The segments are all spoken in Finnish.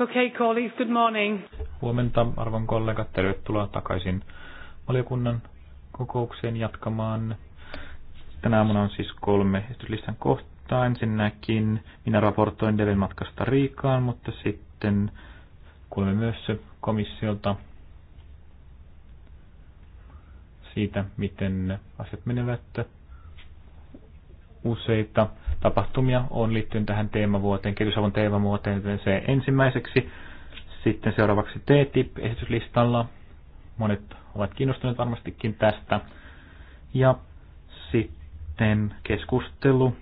Okay, colleagues, good morning. Huomenta, arvon kollegat. Tervetuloa takaisin valiokunnan kokoukseen jatkamaan. Tänä aamuna on siis kolme esityslistan kohtaa. Ensinnäkin minä raportoin Deven matkasta Riikaan, mutta sitten kuulemme myös komissiolta siitä, miten asiat menevät. Useita tapahtumia on liittyen tähän teemavuoteen, kehitysavun teemavuoteen, se ensimmäiseksi. Sitten seuraavaksi TTIP-esityslistalla. Monet ovat kiinnostuneet varmastikin tästä. Ja sitten keskustelu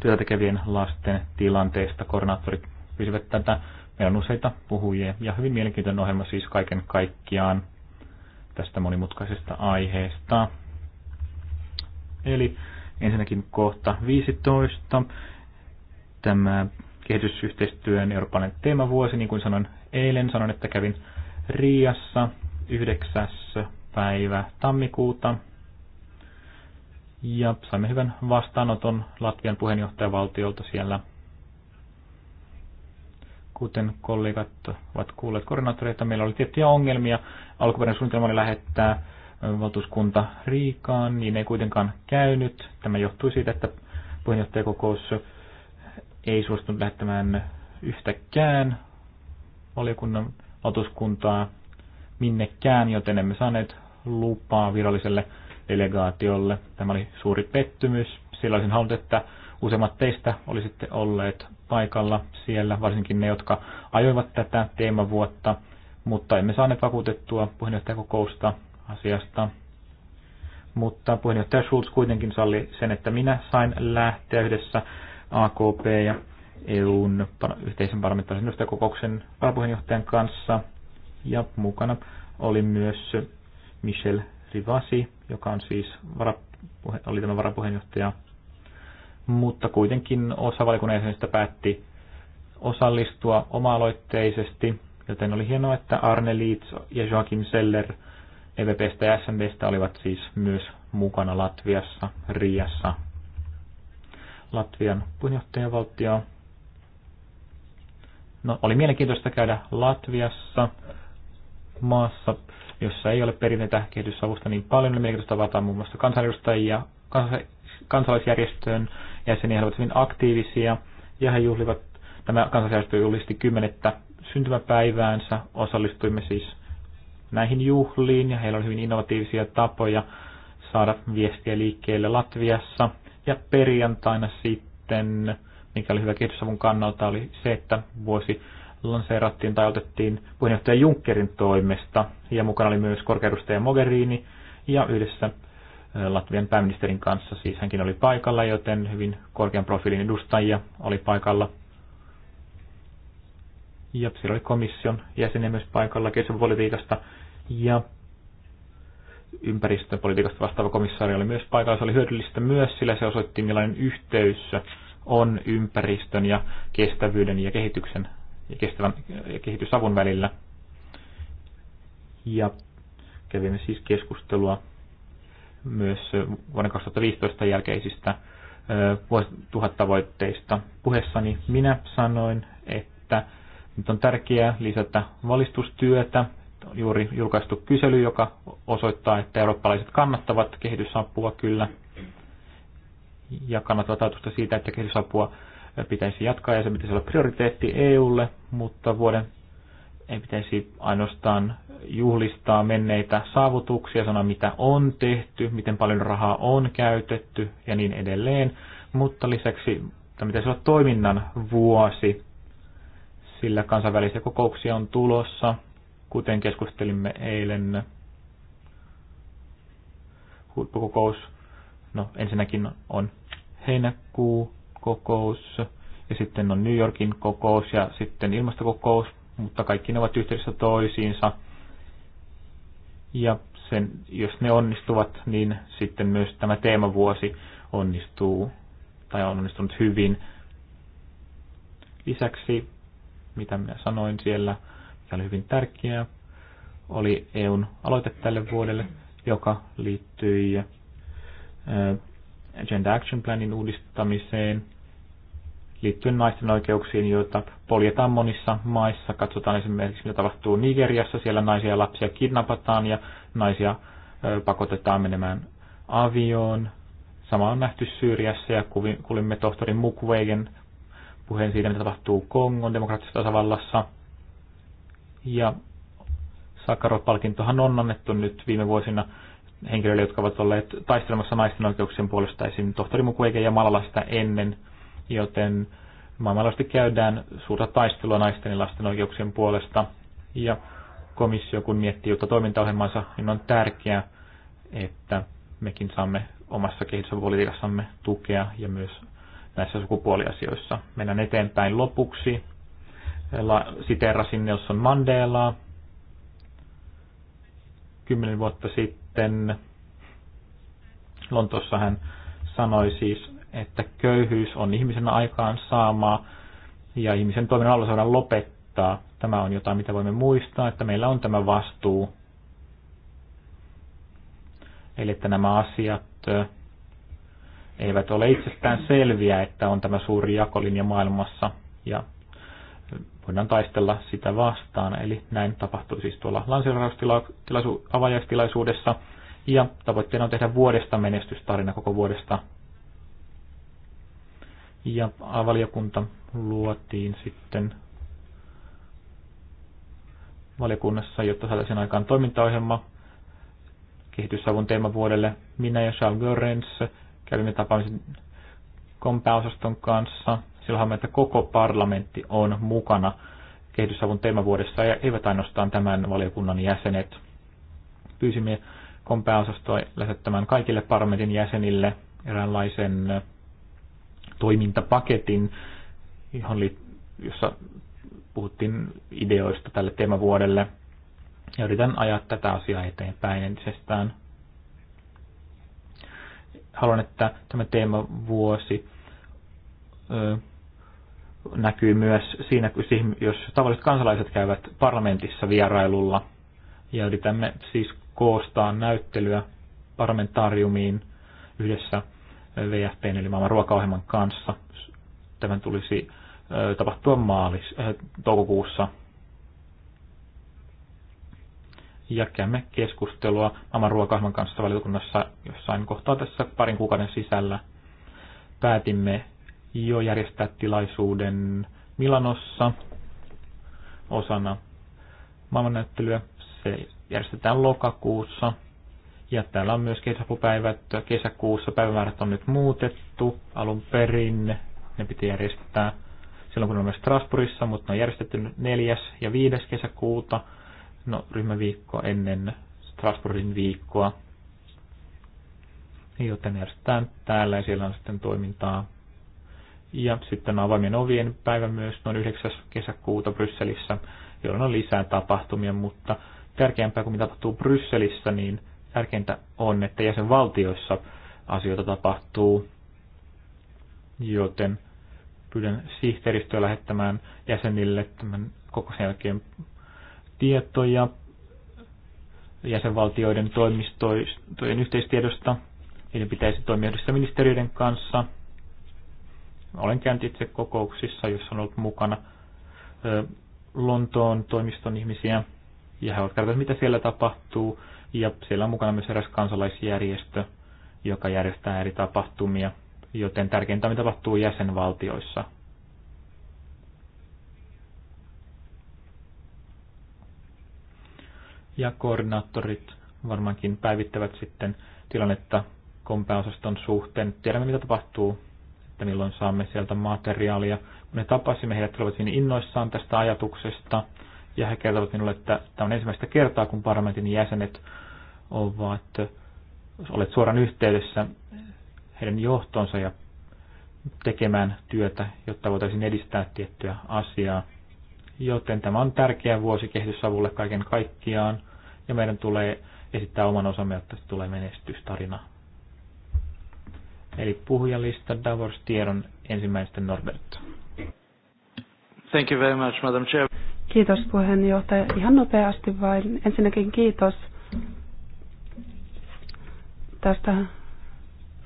työtä tekevien lasten tilanteesta. Koordinaattorit pysyvät tätä. Meillä on useita puhujia ja hyvin mielenkiintoinen ohjelma siis kaiken kaikkiaan tästä monimutkaisesta aiheesta. Eli Ensinnäkin kohta 15. Tämä kehitysyhteistyön eurooppalainen teemavuosi, niin kuin sanoin eilen, sanoin, että kävin Riassa 9. päivä tammikuuta. Ja saimme hyvän vastaanoton Latvian puheenjohtajavaltiolta siellä. Kuten kollegat ovat kuulleet koordinaattoreita, meillä oli tiettyjä ongelmia. Alkuperäinen suunnitelma oli lähettää valtuuskunta Riikaan, niin ei kuitenkaan käynyt. Tämä johtui siitä, että puheenjohtajakokous ei suostunut lähettämään yhtäkään valiokunnan valtuuskuntaa minnekään, joten emme saaneet lupaa viralliselle delegaatiolle. Tämä oli suuri pettymys. Sillä olisin halunnut, että useimmat teistä olisitte olleet paikalla siellä, varsinkin ne, jotka ajoivat tätä teemavuotta, mutta emme saaneet vakuutettua puheenjohtajakokousta asiasta. Mutta puheenjohtaja Schulz kuitenkin salli sen, että minä sain lähteä yhdessä AKP ja EUn yhteisen parlamentaarisen yhtäkokouksen varapuheenjohtajan kanssa. Ja mukana oli myös Michel Rivasi, joka on siis varapuhe, oli tämä varapuheenjohtaja. Mutta kuitenkin osa valikunnan jäsenistä päätti osallistua oma-aloitteisesti, joten oli hienoa, että Arne Liitz ja Joachim Seller – EVPstä ja SMBstä olivat siis myös mukana Latviassa, Riassa. Latvian puheenjohtajavaltio. No, oli mielenkiintoista käydä Latviassa maassa, jossa ei ole perinteitä kehitysavusta niin paljon. Oli mielenkiintoista tavata muun muassa kansanedustajia, kansalaisjärjestöön jäseniä, he olivat hyvin aktiivisia ja he juhlivat, tämä kansalaisjärjestö julisti kymmenettä syntymäpäiväänsä. Osallistuimme siis näihin juhliin ja heillä on hyvin innovatiivisia tapoja saada viestiä liikkeelle Latviassa. Ja perjantaina sitten, mikä oli hyvä kehitysavun kannalta, oli se, että vuosi lanseerattiin tai otettiin puheenjohtaja Junckerin toimesta ja mukana oli myös korkeudustaja Mogherini ja yhdessä eh, Latvian pääministerin kanssa, siis hänkin oli paikalla, joten hyvin korkean profiilin edustajia oli paikalla. Ja siellä oli komission jäseniä myös paikalla kesäpolitiikasta ja ympäristöpolitiikasta vastaava komissaari oli myös paikalla. Se oli hyödyllistä myös, sillä se osoitti, millainen yhteys on ympäristön ja kestävyyden ja kehityksen ja kestävän ja kehitysavun välillä. Ja kävimme siis keskustelua myös vuoden 2015 jälkeisistä vuosituhattavoitteista. Puheessani minä sanoin, että nyt on tärkeää lisätä valistustyötä juuri julkaistu kysely, joka osoittaa, että eurooppalaiset kannattavat kehitysapua kyllä ja kannattavat ajatusta siitä, että kehitysapua pitäisi jatkaa ja se pitäisi olla prioriteetti EUlle, mutta vuoden ei pitäisi ainoastaan juhlistaa menneitä saavutuksia, sanoa mitä on tehty, miten paljon rahaa on käytetty ja niin edelleen, mutta lisäksi tämä pitäisi olla toiminnan vuosi, sillä kansainvälisiä kokouksia on tulossa, Kuten keskustelimme eilen, huippukokous, no ensinnäkin on heinäkuu kokous ja sitten on New Yorkin kokous ja sitten ilmastokokous, mutta kaikki ne ovat yhteydessä toisiinsa. Ja sen, jos ne onnistuvat, niin sitten myös tämä teemavuosi onnistuu tai on onnistunut hyvin. Lisäksi, mitä minä sanoin siellä, mikä oli hyvin e tärkeää. Oli EUn aloite tälle vuodelle, joka liittyi Agenda Action Planin uudistamiseen liittyen naisten oikeuksiin, joita poljetaan monissa maissa. Katsotaan esimerkiksi, mitä tapahtuu Nigeriassa. Siellä naisia ja lapsia kidnapataan ja naisia pakotetaan menemään avioon. Sama on nähty Syyriassa ja kuulimme tohtori Mukwegen puheen siitä, mitä tapahtuu Kongon demokraattisessa tasavallassa – ja Sakarov-palkintohan on annettu nyt viime vuosina henkilöille, jotka ovat olleet taistelemassa naisten oikeuksien puolesta, esim. tohtori Mukwege ja Malala sitä ennen, joten maailmanlaajuisesti käydään suurta taistelua naisten ja lasten oikeuksien puolesta. Ja komissio, kun miettii uutta toimintaohjelmaansa, niin on tärkeää, että mekin saamme omassa kehityspolitiikassamme tukea ja myös näissä sukupuoliasioissa. Mennään eteenpäin lopuksi siteerasin Nelson Mandelaa kymmenen vuotta sitten. Lontossa hän sanoi siis, että köyhyys on ihmisen aikaan saamaa ja ihmisen toiminnan alla saadaan lopettaa. Tämä on jotain, mitä voimme muistaa, että meillä on tämä vastuu. Eli että nämä asiat eivät ole itsestään selviä, että on tämä suuri jakolinja maailmassa ja voidaan taistella sitä vastaan. Eli näin tapahtui siis tuolla lanseeraustilaisuudessa. Ja tavoitteena on tehdä vuodesta menestystarina koko vuodesta. Ja valiokunta luotiin sitten valiokunnassa, jotta saataisiin aikaan toimintaohjelma kehitysavun teemavuodelle. Minä ja Charles Görens kävimme tapaamisen kompääosaston kanssa – Silloin me, että koko parlamentti on mukana kehitysavun teemavuodessa ja eivät ainoastaan tämän valiokunnan jäsenet. Pyysimme kompääosastoa lähettämään kaikille parlamentin jäsenille eräänlaisen toimintapaketin, johon li- jossa puhuttiin ideoista tälle teemavuodelle. Ja yritän ajaa tätä asiaa eteenpäin entisestään. Haluan, että tämä teemavuosi näkyy myös siinä, jos tavalliset kansalaiset käyvät parlamentissa vierailulla ja yritämme siis koostaa näyttelyä parlamentaariumiin yhdessä VFPn eli maailman ruokaohjelman kanssa. Tämän tulisi tapahtua maalis, äh, toukokuussa. Ja käymme keskustelua maailman ruokaohjelman kanssa valiokunnassa jossain kohtaa tässä parin kuukauden sisällä. Päätimme jo järjestää tilaisuuden Milanossa osana maailmannäyttelyä. Se järjestetään lokakuussa. Ja täällä on myös kesäpupäivät. Kesäkuussa päivämäärät on nyt muutettu. Alun perin ne piti järjestää silloin, kun olemme Strasbourgissa, mutta ne on järjestetty 4. ja 5. kesäkuuta, no ryhmäviikko ennen Strasbourgin viikkoa. Joten järjestetään täällä ja siellä on sitten toimintaa ja sitten avaimen ovien päivä myös noin 9. kesäkuuta Brysselissä, jolloin on lisää tapahtumia, mutta tärkeämpää kuin mitä tapahtuu Brysselissä, niin tärkeintä on, että jäsenvaltioissa asioita tapahtuu, joten pyydän sihteeristöä lähettämään jäsenille tämän sen jälkeen tietoja jäsenvaltioiden toimistojen yhteistiedosta. Niiden pitäisi toimia yhdessä ministeriöiden kanssa – olen käynyt itse kokouksissa, jossa on ollut mukana Lontoon toimiston ihmisiä, ja he ovat kertoneet, mitä siellä tapahtuu, ja siellä on mukana myös eräs kansalaisjärjestö, joka järjestää eri tapahtumia, joten tärkeintä mitä tapahtuu jäsenvaltioissa. Ja koordinaattorit varmaankin päivittävät sitten tilannetta kompääosaston suhteen. Tiedämme, mitä tapahtuu että milloin saamme sieltä materiaalia. ne tapasimme heidät, olivat siinä innoissaan tästä ajatuksesta, ja he kertovat minulle, että tämä on ensimmäistä kertaa, kun parlamentin jäsenet ovat olet suoran yhteydessä heidän johtonsa ja tekemään työtä, jotta voitaisiin edistää tiettyä asiaa. Joten tämä on tärkeä vuosi kehitysavulle kaiken kaikkiaan, ja meidän tulee esittää oman osamme, jotta se tulee menestystarina. Eli puhujalista Davos Tiedon ensimmäistä Norbert. Thank you very much, Madam Chair. Kiitos puheenjohtaja. Ihan nopeasti vain. Ensinnäkin kiitos tästä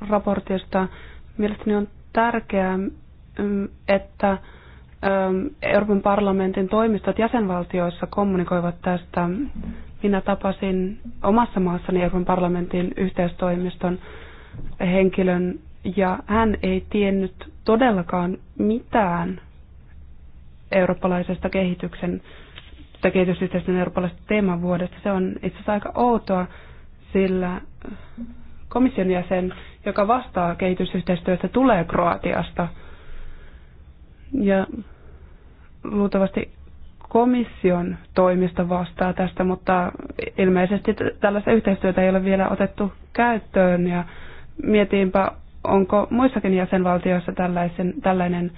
raportista. Mielestäni on tärkeää, mm, että mm, Euroopan parlamentin toimistot jäsenvaltioissa kommunikoivat tästä. Minä tapasin omassa maassani Euroopan parlamentin yhteistoimiston henkilön ja hän ei tiennyt todellakaan mitään eurooppalaisesta kehityksen tai kehitysyhteistyön eurooppalaisesta teemavuodesta. Se on itse asiassa aika outoa, sillä komission jäsen, joka vastaa kehitysyhteistyöstä, tulee Kroatiasta. Ja luultavasti komission toimista vastaa tästä, mutta ilmeisesti tällaista yhteistyötä ei ole vielä otettu käyttöön ja Mietinpä, onko muissakin jäsenvaltioissa tällaisen, tällainen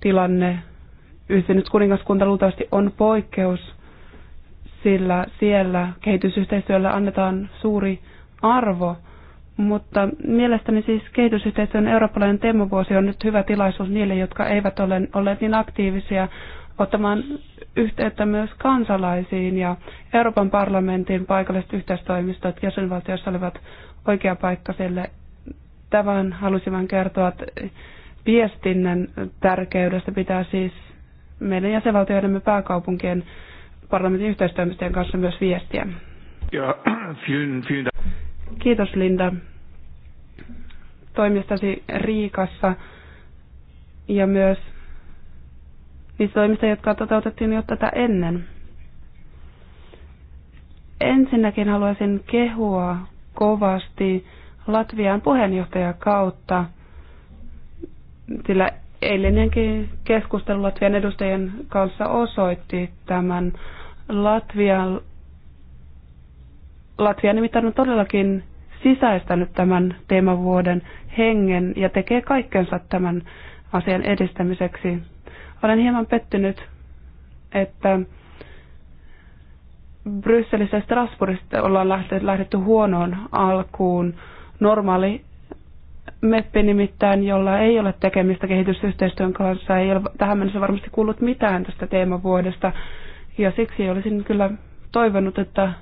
tilanne. Yhdistynyt kuningaskunta luultavasti on poikkeus, sillä siellä kehitysyhteistyöllä annetaan suuri arvo. Mutta mielestäni siis kehitysyhteistyön eurooppalainen teemavuosi on nyt hyvä tilaisuus niille, jotka eivät ole olleet niin aktiivisia ottamaan yhteyttä myös kansalaisiin ja Euroopan parlamentin paikalliset yhteistoimistot jäsenvaltiossa olivat oikea paikka sille. Tämän halusin vain kertoa, että viestinnän tärkeydestä pitää siis meidän jäsenvaltioidemme pääkaupunkien parlamentin yhteistoimistojen kanssa myös viestiä. Ja, vielen, vielen. Kiitos Linda toimistasi Riikassa ja myös niistä toimista, jotka toteutettiin jo tätä ennen. Ensinnäkin haluaisin kehua kovasti Latvian puheenjohtajakautta, sillä eilinenkin keskustelu Latvian edustajien kanssa osoitti tämän. Latvian, Latvia nimittäin on todellakin sisäistänyt tämän teemavuoden hengen ja tekee kaikkensa tämän asian edistämiseksi. Olen hieman pettynyt, että Brysselissä ja Strasbourgissa ollaan lähdetty huonoon alkuun. Normaali meppi nimittäin, jolla ei ole tekemistä kehitysyhteistyön kanssa, ei ole tähän mennessä varmasti kuullut mitään tästä teemavuodesta. Ja siksi olisin kyllä toivonut, että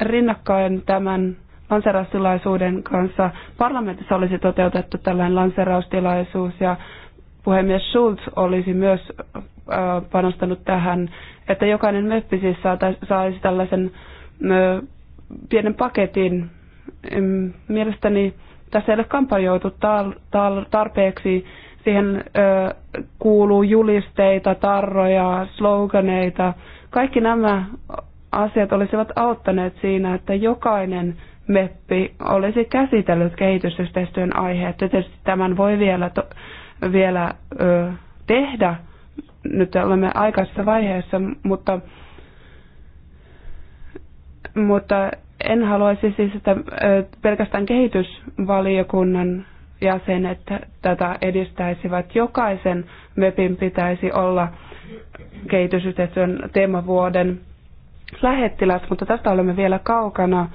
rinnakkain tämän lanseraustilaisuuden kanssa parlamentissa olisi toteutettu tällainen lanseraustilaisuus ja puhemies Schulz olisi myös äh, panostanut tähän, että jokainen meppi siis saisi tällaisen pienen paketin. Mielestäni tässä ei ole kampanjoitu tarpeeksi. Siihen kuuluu julisteita, tarroja, sloganeita. Kaikki nämä asiat olisivat auttaneet siinä, että jokainen MEPPI olisi käsitellyt kehitysyhteistyön aiheet. Tietysti tämän voi vielä, to, vielä ö, tehdä. Nyt olemme aikaisessa vaiheessa, mutta mutta en haluaisi siis, että pelkästään kehitysvaliokunnan jäsenet tätä edistäisivät. Jokaisen webin pitäisi olla kehitysyhteistyön teemavuoden lähettiläs, mutta tästä olemme vielä kaukana.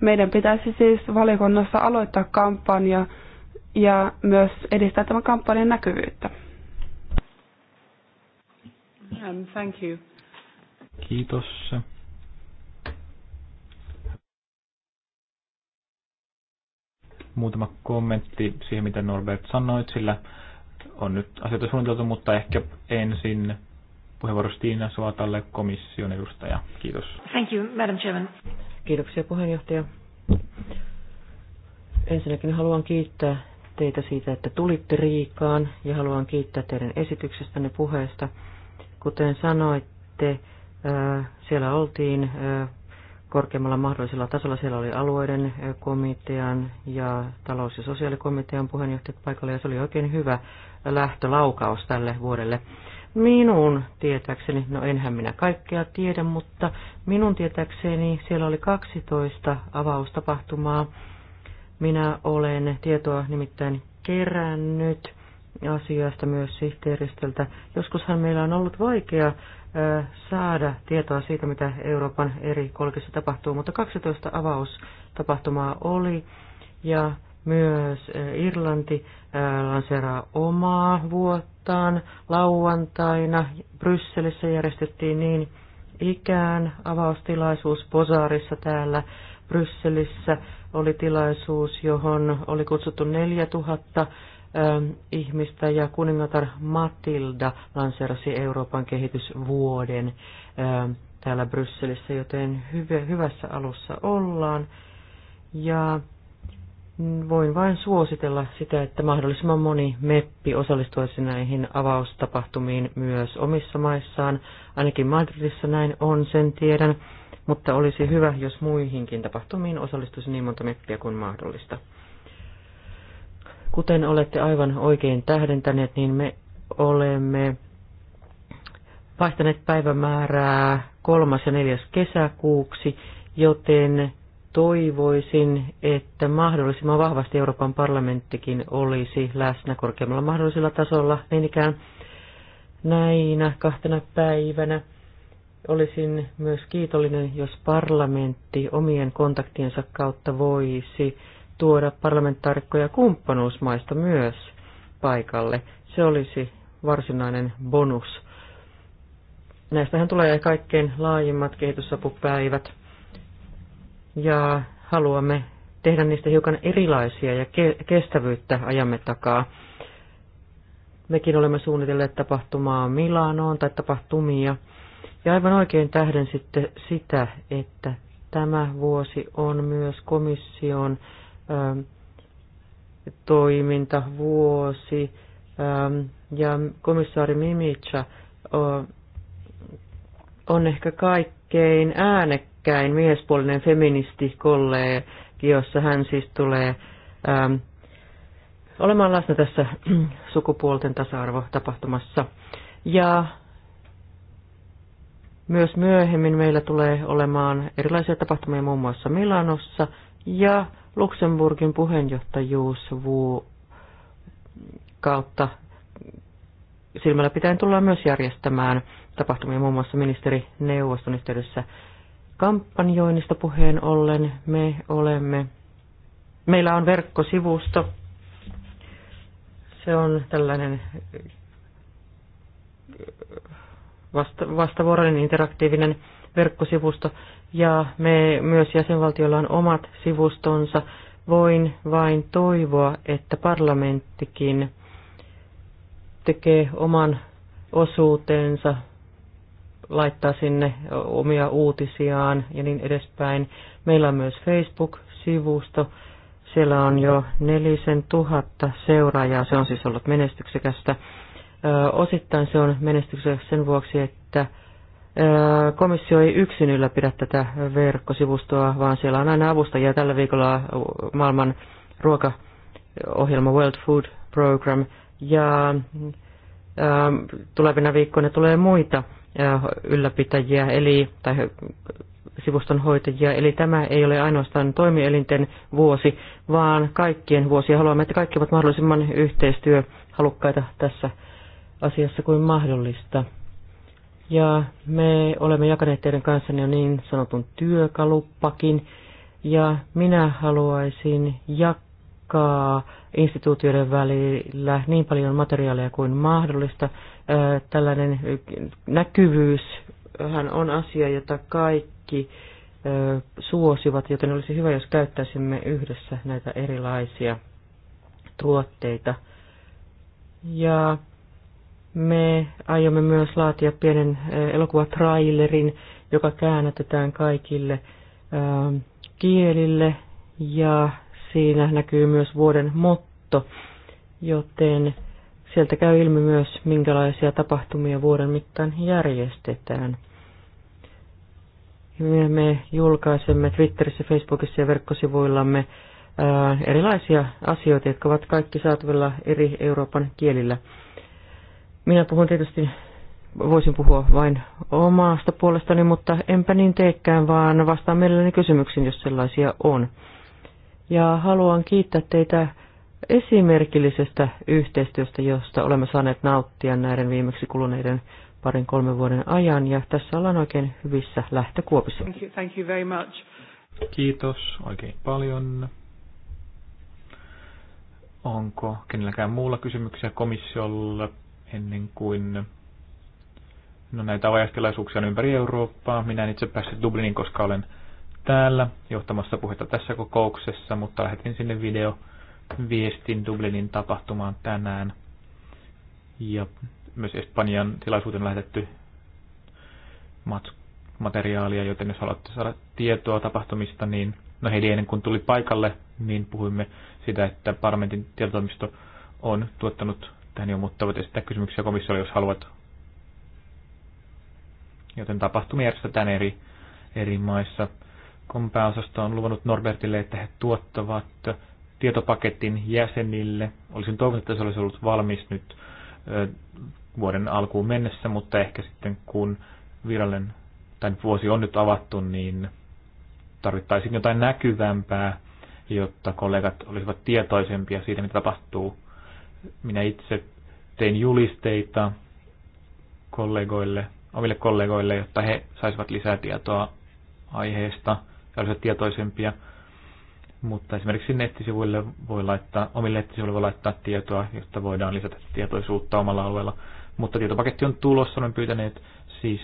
Meidän pitäisi siis valiokunnassa aloittaa kampanja ja myös edistää tämän kampanjan näkyvyyttä. Um, thank you. Kiitos. muutama kommentti siihen, mitä Norbert sanoi, sillä on nyt asioita suunniteltu, mutta ehkä ensin puheenvuoro Stina Suotalle, komission edustaja. Kiitos. Thank you, Madam Chairman. Kiitoksia puheenjohtaja. Ensinnäkin haluan kiittää teitä siitä, että tulitte Riikaan ja haluan kiittää teidän esityksestänne puheesta. Kuten sanoitte, äh, siellä oltiin äh, korkeimmalla mahdollisella tasolla. Siellä oli alueiden komitean ja talous- ja sosiaalikomitean puheenjohtajat paikalla ja se oli oikein hyvä lähtölaukaus tälle vuodelle. Minun tietääkseni, no enhän minä kaikkea tiedä, mutta minun tietääkseni siellä oli 12 avaustapahtumaa. Minä olen tietoa nimittäin kerännyt asiasta myös sihteeristöltä. Joskushan meillä on ollut vaikea saada tietoa siitä, mitä Euroopan eri kolkissa tapahtuu, mutta 12 avaustapahtumaa oli ja myös Irlanti lanseeraa omaa vuottaan. Lauantaina Brysselissä järjestettiin niin ikään avaustilaisuus Posaarissa täällä Brysselissä oli tilaisuus, johon oli kutsuttu 4000 ihmistä ja kuningatar Matilda lanserasi Euroopan kehitysvuoden täällä Brysselissä, joten hyvässä alussa ollaan. Ja voin vain suositella sitä, että mahdollisimman moni meppi osallistuisi näihin avaustapahtumiin myös omissa maissaan. Ainakin Madridissa näin on, sen tiedän, mutta olisi hyvä, jos muihinkin tapahtumiin osallistuisi niin monta meppiä kuin mahdollista. Kuten olette aivan oikein tähdentäneet, niin me olemme vaihtaneet päivämäärää kolmas ja neljäs kesäkuuksi, joten toivoisin, että mahdollisimman vahvasti Euroopan parlamenttikin olisi läsnä korkeammalla mahdollisella tasolla, niin ikään näinä kahtena päivänä. Olisin myös kiitollinen, jos parlamentti omien kontaktiensa kautta voisi tuoda parlamentaarikkoja kumppanuusmaista myös paikalle. Se olisi varsinainen bonus. Näistähän tulee kaikkein laajimmat kehitysapupäivät ja haluamme tehdä niistä hiukan erilaisia ja ke- kestävyyttä ajamme takaa. Mekin olemme suunnitelleet tapahtumaa Milanoon tai tapahtumia. Ja aivan oikein tähden sitten sitä, että tämä vuosi on myös komission Ähm, toimintavuosi ähm, ja komissaari Mimitsa on ehkä kaikkein äänekkäin miespuolinen feministi kollegi, jossa hän siis tulee ähm, olemaan läsnä tässä sukupuolten tasa-arvotapahtumassa. Ja myös myöhemmin meillä tulee olemaan erilaisia tapahtumia muun muassa Milanossa – ja Luxemburgin puheenjohtajuus kautta silmällä pitäen tullaan myös järjestämään tapahtumia muun muassa ministerineuvoston yhteydessä kampanjoinnista puheen ollen. Me olemme, meillä on verkkosivusto. Se on tällainen äh, vasta, vastavuoroinen interaktiivinen verkkosivusto, ja me myös jäsenvaltiolla on omat sivustonsa. Voin vain toivoa, että parlamenttikin tekee oman osuutensa, laittaa sinne omia uutisiaan ja niin edespäin. Meillä on myös Facebook-sivusto. Siellä on jo nelisen tuhatta seuraajaa. Se on siis ollut menestyksekästä. Osittain se on menestyksekästä sen vuoksi, että Komissio ei yksin ylläpidä tätä verkkosivustoa, vaan siellä on aina avustajia. Tällä viikolla maailman ruokaohjelma World Food Program ja tulevina viikkoina tulee muita ylläpitäjiä eli, tai sivuston hoitajia. Eli tämä ei ole ainoastaan toimielinten vuosi, vaan kaikkien vuosi. haluamme, että kaikki ovat mahdollisimman yhteistyöhalukkaita tässä asiassa kuin mahdollista. Ja me olemme jakaneet teidän kanssanne jo niin sanotun työkaluppakin. Ja minä haluaisin jakaa instituutioiden välillä niin paljon materiaalia kuin mahdollista. Tällainen näkyvyys hän on asia, jota kaikki suosivat, joten olisi hyvä, jos käyttäisimme yhdessä näitä erilaisia tuotteita. Ja me aiomme myös laatia pienen elokuvatrailerin, joka käännätetään kaikille kielille ja siinä näkyy myös vuoden motto, joten sieltä käy ilmi myös, minkälaisia tapahtumia vuoden mittaan järjestetään. Me julkaisemme Twitterissä, Facebookissa ja verkkosivuillamme erilaisia asioita, jotka ovat kaikki saatavilla eri Euroopan kielillä. Minä puhun tietysti, voisin puhua vain omasta puolestani, mutta enpä niin teekään, vaan vastaan mielelläni kysymyksiin, jos sellaisia on. Ja haluan kiittää teitä esimerkillisestä yhteistyöstä, josta olemme saaneet nauttia näiden viimeksi kuluneiden parin kolmen vuoden ajan, ja tässä ollaan oikein hyvissä lähtökuopissa. Thank you, thank you very much. Kiitos oikein paljon. Onko kenelläkään muulla kysymyksiä komissiolle? ennen kuin no, näitä ajaskelaisuuksia on ympäri Eurooppaa. Minä en itse päässyt Dublinin, koska olen täällä johtamassa puhetta tässä kokouksessa, mutta lähetin sinne video viestin Dublinin tapahtumaan tänään. Ja myös Espanjan tilaisuuteen lähetetty materiaalia, joten jos haluatte saada tietoa tapahtumista, niin no heidän ennen kuin tuli paikalle, niin puhuimme sitä, että parlamentin tietotoimisto on tuottanut tähän jo, mutta voit esittää kysymyksiä komissiolle, jos haluat. Joten tapahtumia järjestetään eri, eri maissa. Kompääosasto on luvannut Norbertille, että he tuottavat tietopaketin jäsenille. Olisin toivonut, että se olisi ollut valmis nyt vuoden alkuun mennessä, mutta ehkä sitten kun virallinen tai vuosi on nyt avattu, niin tarvittaisiin jotain näkyvämpää, jotta kollegat olisivat tietoisempia siitä, mitä tapahtuu minä itse tein julisteita kollegoille, omille kollegoille, jotta he saisivat lisää tietoa aiheesta ja olisivat tietoisempia. Mutta esimerkiksi nettisivuille voi laittaa, omille nettisivuille voi laittaa tietoa, jotta voidaan lisätä tietoisuutta omalla alueella. Mutta tietopaketti on tulossa, olen pyytäneet siis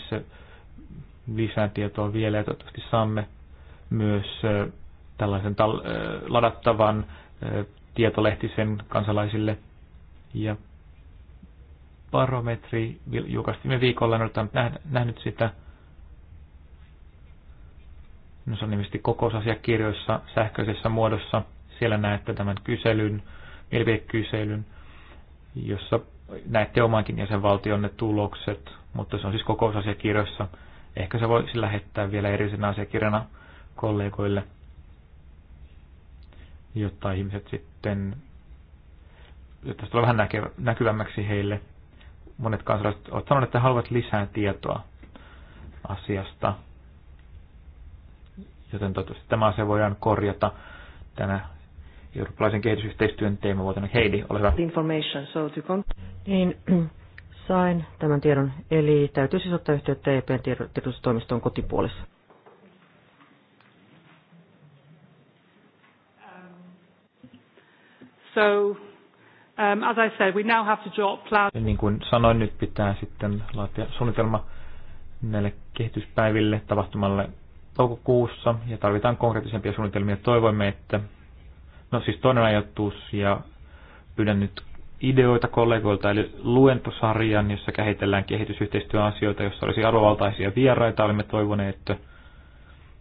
lisää tietoa vielä ja toivottavasti saamme myös tällaisen tal- ladattavan tietolehtisen kansalaisille – ja barometri viime viikolla, en ole nähnyt sitä. No se on nimesti kokousasiakirjoissa sähköisessä muodossa. Siellä näette tämän kyselyn, mielipidekyselyn, jossa näette omankin jäsenvaltionne tulokset, mutta se on siis kokousasiakirjoissa. Ehkä se voisi lähettää vielä erillisenä asiakirjana kollegoille, jotta ihmiset sitten jotta se tulee vähän näkyvämmäksi heille. Monet kansalaiset ovat sanoneet, että haluavat lisää tietoa asiasta. Joten toivottavasti tämä asia voidaan korjata tänä eurooppalaisen kehitysyhteistyön teemavuotena. Heidi, ole hyvä. Information, so to con- niin, sain tämän tiedon, eli täytyy siis ottaa yhteyttä EPn tiedotustoimistoon kotipuolessa. So Um, as I said, we now have to draw niin kuin sanoin, nyt pitää sitten laatia suunnitelma näille kehityspäiville tapahtumalle toukokuussa ja tarvitaan konkreettisempia suunnitelmia. Toivoimme, että no siis toinen ajatus ja pyydän nyt ideoita kollegoilta, eli luentosarjan, jossa kehitellään kehitysyhteistyöasioita, jossa olisi arvovaltaisia vieraita, olimme toivoneet, että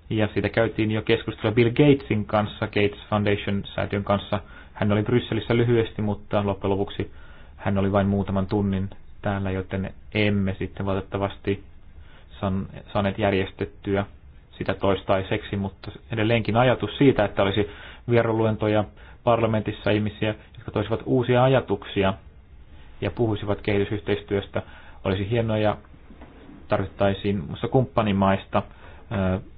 ja siitä käytiin jo keskustelua Bill Gatesin kanssa, Gates Foundation-säätiön kanssa, hän oli Brysselissä lyhyesti, mutta loppujen lopuksi hän oli vain muutaman tunnin täällä, joten emme sitten valitettavasti saaneet järjestettyä sitä toistaiseksi, mutta edelleenkin ajatus siitä, että olisi vierailuentoja parlamentissa ihmisiä, jotka toisivat uusia ajatuksia ja puhuisivat kehitysyhteistyöstä, olisi hienoa ja tarvittaisiin muassa kumppanimaista,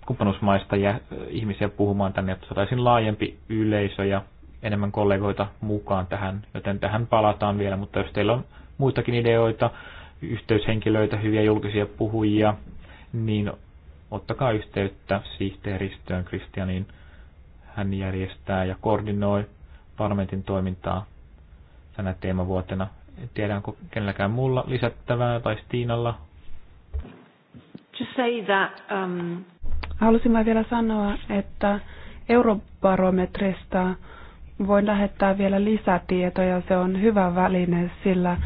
kumppanuusmaista ja ihmisiä puhumaan tänne, että saataisiin laajempi yleisö ja enemmän kollegoita mukaan tähän, joten tähän palataan vielä, mutta jos teillä on muitakin ideoita, yhteyshenkilöitä, hyviä julkisia puhujia, niin ottakaa yhteyttä sihteeristöön Kristianiin. Hän järjestää ja koordinoi parlamentin toimintaa tänä teemavuotena. En tiedä, onko kenelläkään muulla lisättävää tai Stiinalla. Just say that, um... Halusin vielä sanoa, että eurobarometrista voin lähettää vielä lisätietoja. Se on hyvä väline, sillä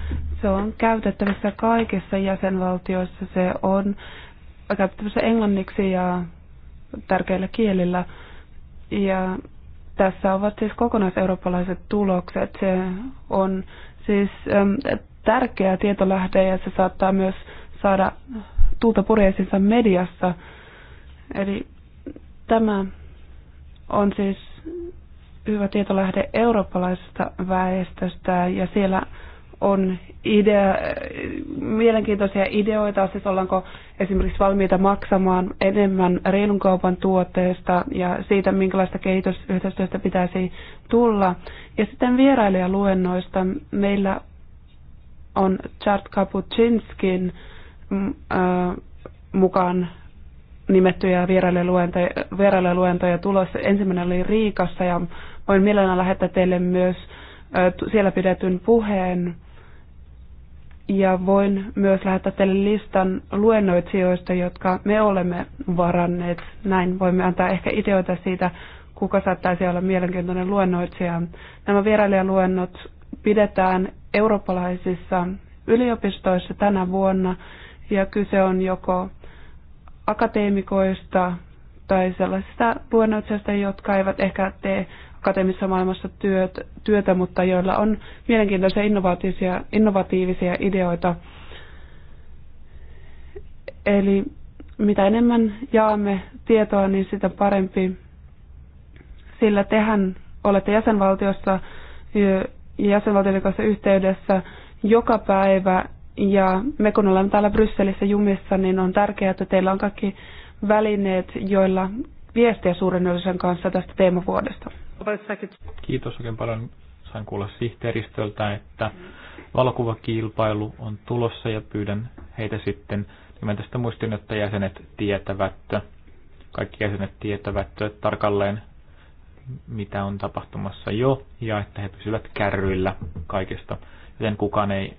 se on käytettävissä kaikissa jäsenvaltioissa. Se on käytettävissä englanniksi ja tärkeillä kielillä. Ja tässä ovat siis kokonaiseurooppalaiset tulokset. Se on siis äm, tärkeä tietolähde ja se saattaa myös saada tulta purjeisinsa mediassa. Eli tämä on siis hyvä tietolähde eurooppalaisesta väestöstä ja siellä on idea, mielenkiintoisia ideoita, siis ollaanko esimerkiksi valmiita maksamaan enemmän reilun kaupan tuotteesta ja siitä, minkälaista kehitysyhteistyöstä pitäisi tulla. Ja sitten vierailijaluennoista meillä on Chart Kaputinskin mm, äh, mukaan nimettyjä vierailijaluentoja, vierailijaluentoja tulossa. Ensimmäinen oli Riikassa ja Voin mielellään lähettää teille myös siellä pidetyn puheen. Ja voin myös lähettää teille listan luennoitsijoista, jotka me olemme varanneet. Näin voimme antaa ehkä ideoita siitä, kuka saattaisi olla mielenkiintoinen luennoitsija. Nämä vierailijaluennot pidetään eurooppalaisissa yliopistoissa tänä vuonna, ja kyse on joko akateemikoista tai sellaisista luennoitsijoista, jotka eivät ehkä tee akateemisessa maailmassa työt, työtä, mutta joilla on mielenkiintoisia innovatiivisia, innovatiivisia ideoita. Eli mitä enemmän jaamme tietoa, niin sitä parempi, sillä tehän olette jäsenvaltiossa ja jäsenvaltioiden kanssa yhteydessä joka päivä. Ja me kun olemme täällä Brysselissä jumissa, niin on tärkeää, että teillä on kaikki välineet, joilla viestiä suuren kanssa tästä teemavuodesta. Kiitos oikein paljon. Sain kuulla sihteeristöltä, että valokuvakilpailu on tulossa ja pyydän heitä sitten tekemään tästä muistin, että jäsenet tietävät, kaikki jäsenet tietävät tarkalleen, mitä on tapahtumassa jo ja että he pysyvät kärryillä kaikesta. Joten kukaan ei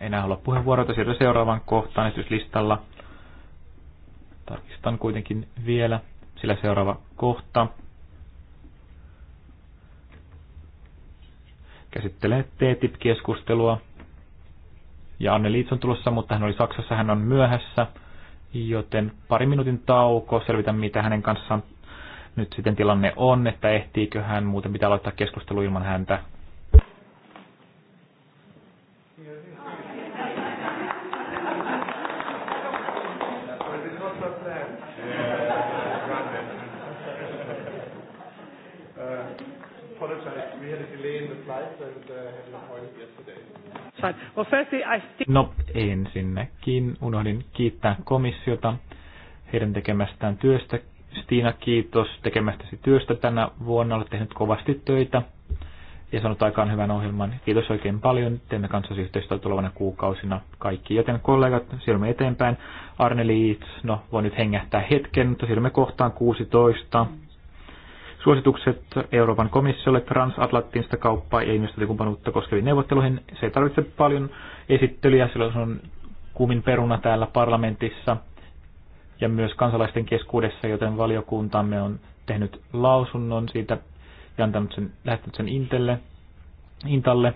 enää halua puheenvuoroita. Siirrytään seuraavaan kohtaan esityslistalla. Tarkistan kuitenkin vielä, sillä seuraava kohta käsittelee TTIP-keskustelua. Ja Anne Liits on tulossa, mutta hän oli Saksassa, hän on myöhässä, joten pari minuutin tauko, selvitän mitä hänen kanssaan nyt sitten tilanne on, että ehtiikö hän, muuten pitää aloittaa keskustelu ilman häntä. No ensinnäkin unohdin kiittää komissiota heidän tekemästään työstä. Stiina, kiitos tekemästäsi työstä tänä vuonna. Olet tehnyt kovasti töitä ja sanot aikaan hyvän ohjelman. Kiitos oikein paljon. Teemme kanssasi yhteistyötä tulevana kuukausina kaikki. Joten kollegat, siirrymme eteenpäin. Arne Liits, no voi nyt hengähtää hetken, mutta siirrymme kohtaan 16. Suositukset Euroopan komissiolle transatlanttista kauppaa ja investointikumppanuutta koskeviin neuvotteluihin. Se ei tarvitse paljon esittelyjä, sillä se on kuumin peruna täällä parlamentissa ja myös kansalaisten keskuudessa, joten valiokuntamme on tehnyt lausunnon siitä ja antanut sen, lähettänyt sen Intelle, Intalle.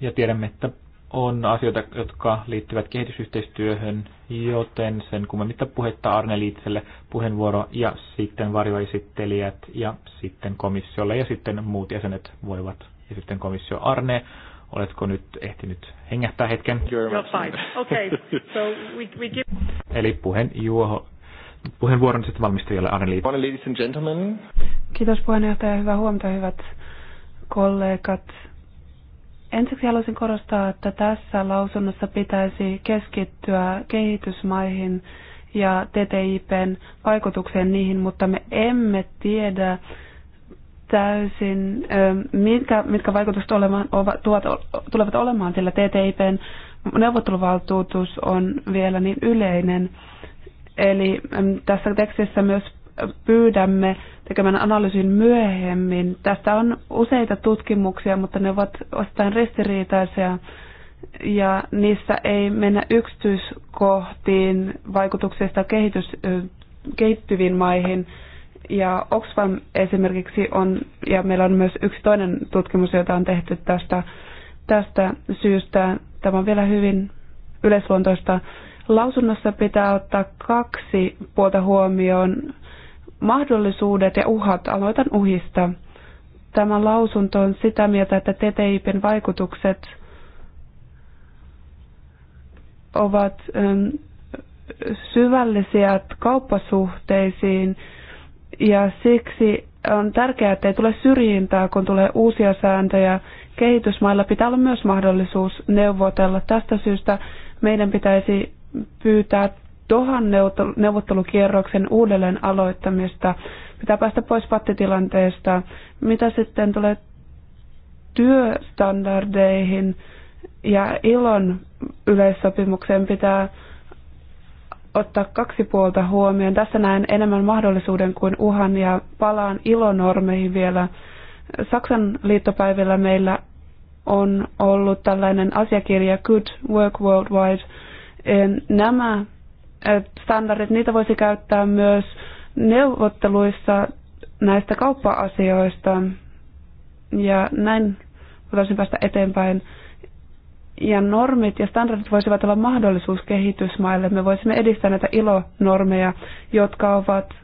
Ja tiedämme, että on asioita, jotka liittyvät kehitysyhteistyöhön, joten sen kummemmitta puhetta Arne Liitselle puheenvuoro ja sitten varjoesittelijät ja sitten komissiolle ja sitten muut jäsenet voivat. Ja sitten komissio Arne, oletko nyt ehtinyt hengähtää hetken? Okay. So we, we give... Eli puheen juoho, puheenvuoron sitten valmistajalle Arne Liitselle. Ladies and gentlemen. Kiitos puheenjohtaja, hyvää huomenta hyvät kollegat Ensiksi haluaisin korostaa, että tässä lausunnossa pitäisi keskittyä kehitysmaihin ja TTIPn vaikutukseen niihin, mutta me emme tiedä täysin, mitkä, mitkä vaikutukset olemaan, tuot, tulevat olemaan, sillä TTIPn neuvotteluvaltuutus on vielä niin yleinen. Eli tässä tekstissä myös pyydämme tekemään analyysin myöhemmin. Tästä on useita tutkimuksia, mutta ne ovat osittain ristiriitaisia ja niissä ei mennä yksityiskohtiin vaikutuksista kehitys, kehittyviin maihin. Ja Oxfam esimerkiksi on, ja meillä on myös yksi toinen tutkimus, jota on tehty tästä, tästä syystä. Tämä on vielä hyvin yleisluontoista. Lausunnossa pitää ottaa kaksi puolta huomioon mahdollisuudet ja uhat. Aloitan uhista. Tämä lausunto on sitä mieltä, että TTIPin vaikutukset ovat ähm, syvällisiä kauppasuhteisiin ja siksi on tärkeää, että ei tule syrjintää, kun tulee uusia sääntöjä. Kehitysmailla pitää olla myös mahdollisuus neuvotella. Tästä syystä meidän pitäisi pyytää Dohan neuvottelukierroksen uudelleen aloittamista. Pitää päästä pois pattitilanteesta. Mitä sitten tulee työstandardeihin ja ilon yleissopimukseen pitää ottaa kaksi puolta huomioon. Tässä näen enemmän mahdollisuuden kuin uhan ja palaan ilonormeihin vielä. Saksan liittopäivillä meillä on ollut tällainen asiakirja Good Work Worldwide. Nämä standardit, niitä voisi käyttää myös neuvotteluissa näistä kauppa-asioista. Ja näin voitaisiin päästä eteenpäin. Ja normit ja standardit voisivat olla mahdollisuus kehitysmaille. Me voisimme edistää näitä ilonormeja, jotka ovat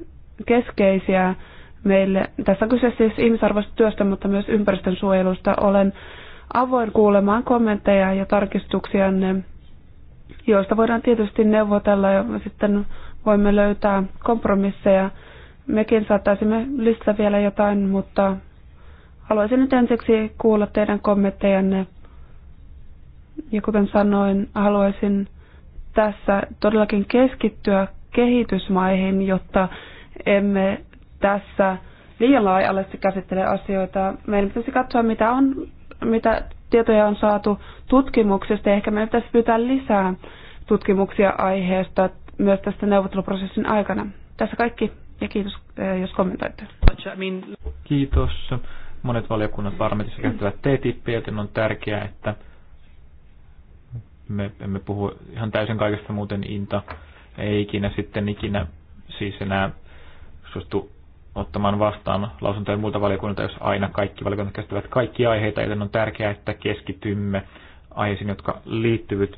keskeisiä meille. Tässä on kyse siis ihmisarvoista työstä, mutta myös ympäristön suojelusta. Olen avoin kuulemaan kommentteja ja tarkistuksianne joista voidaan tietysti neuvotella ja sitten voimme löytää kompromisseja. Mekin saattaisimme lisätä vielä jotain, mutta haluaisin nyt ensiksi kuulla teidän kommenttejanne. Ja kuten sanoin, haluaisin tässä todellakin keskittyä kehitysmaihin, jotta emme tässä liian laajalle käsittele asioita. Meidän pitäisi katsoa, mitä on mitä tietoja on saatu tutkimuksesta ehkä meidän pitäisi pyytää lisää tutkimuksia aiheesta myös tästä neuvotteluprosessin aikana. Tässä kaikki ja kiitos, eh, jos kommentoitte. Kiitos. Monet valiokunnat parlamentissa käyttävät T-tippiä, joten on tärkeää, että me emme puhu ihan täysin kaikesta muuten Inta ei ikinä sitten ikinä siis enää suostu ottamaan vastaan lausuntoja muilta valiokunnilta, jos aina kaikki valiokunnat käsittävät kaikki aiheita, joten on tärkeää, että keskitymme aiheisiin, jotka liittyvät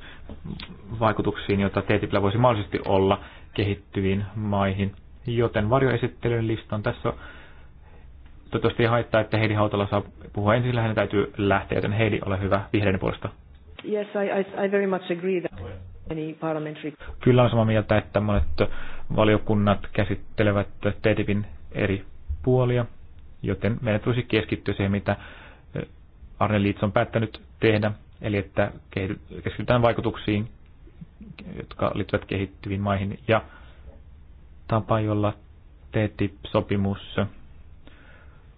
vaikutuksiin, joita TTIPillä voisi mahdollisesti olla kehittyviin maihin. Joten varjoesittelyn listan tässä toivottavasti ei haittaa, että Heidi Hautala saa puhua ensin, hänen täytyy lähteä, joten Heidi, ole hyvä vihreän puolesta. Yes, I, I, I very much agree that any parliamentary... Kyllä on samaa mieltä, että monet valiokunnat käsittelevät TTIPin eri puolia, joten meidän tulisi keskittyä siihen, mitä Arne Liits on päättänyt tehdä, eli että keskitytään vaikutuksiin, jotka liittyvät kehittyviin maihin, ja tapa, jolla TTIP-sopimus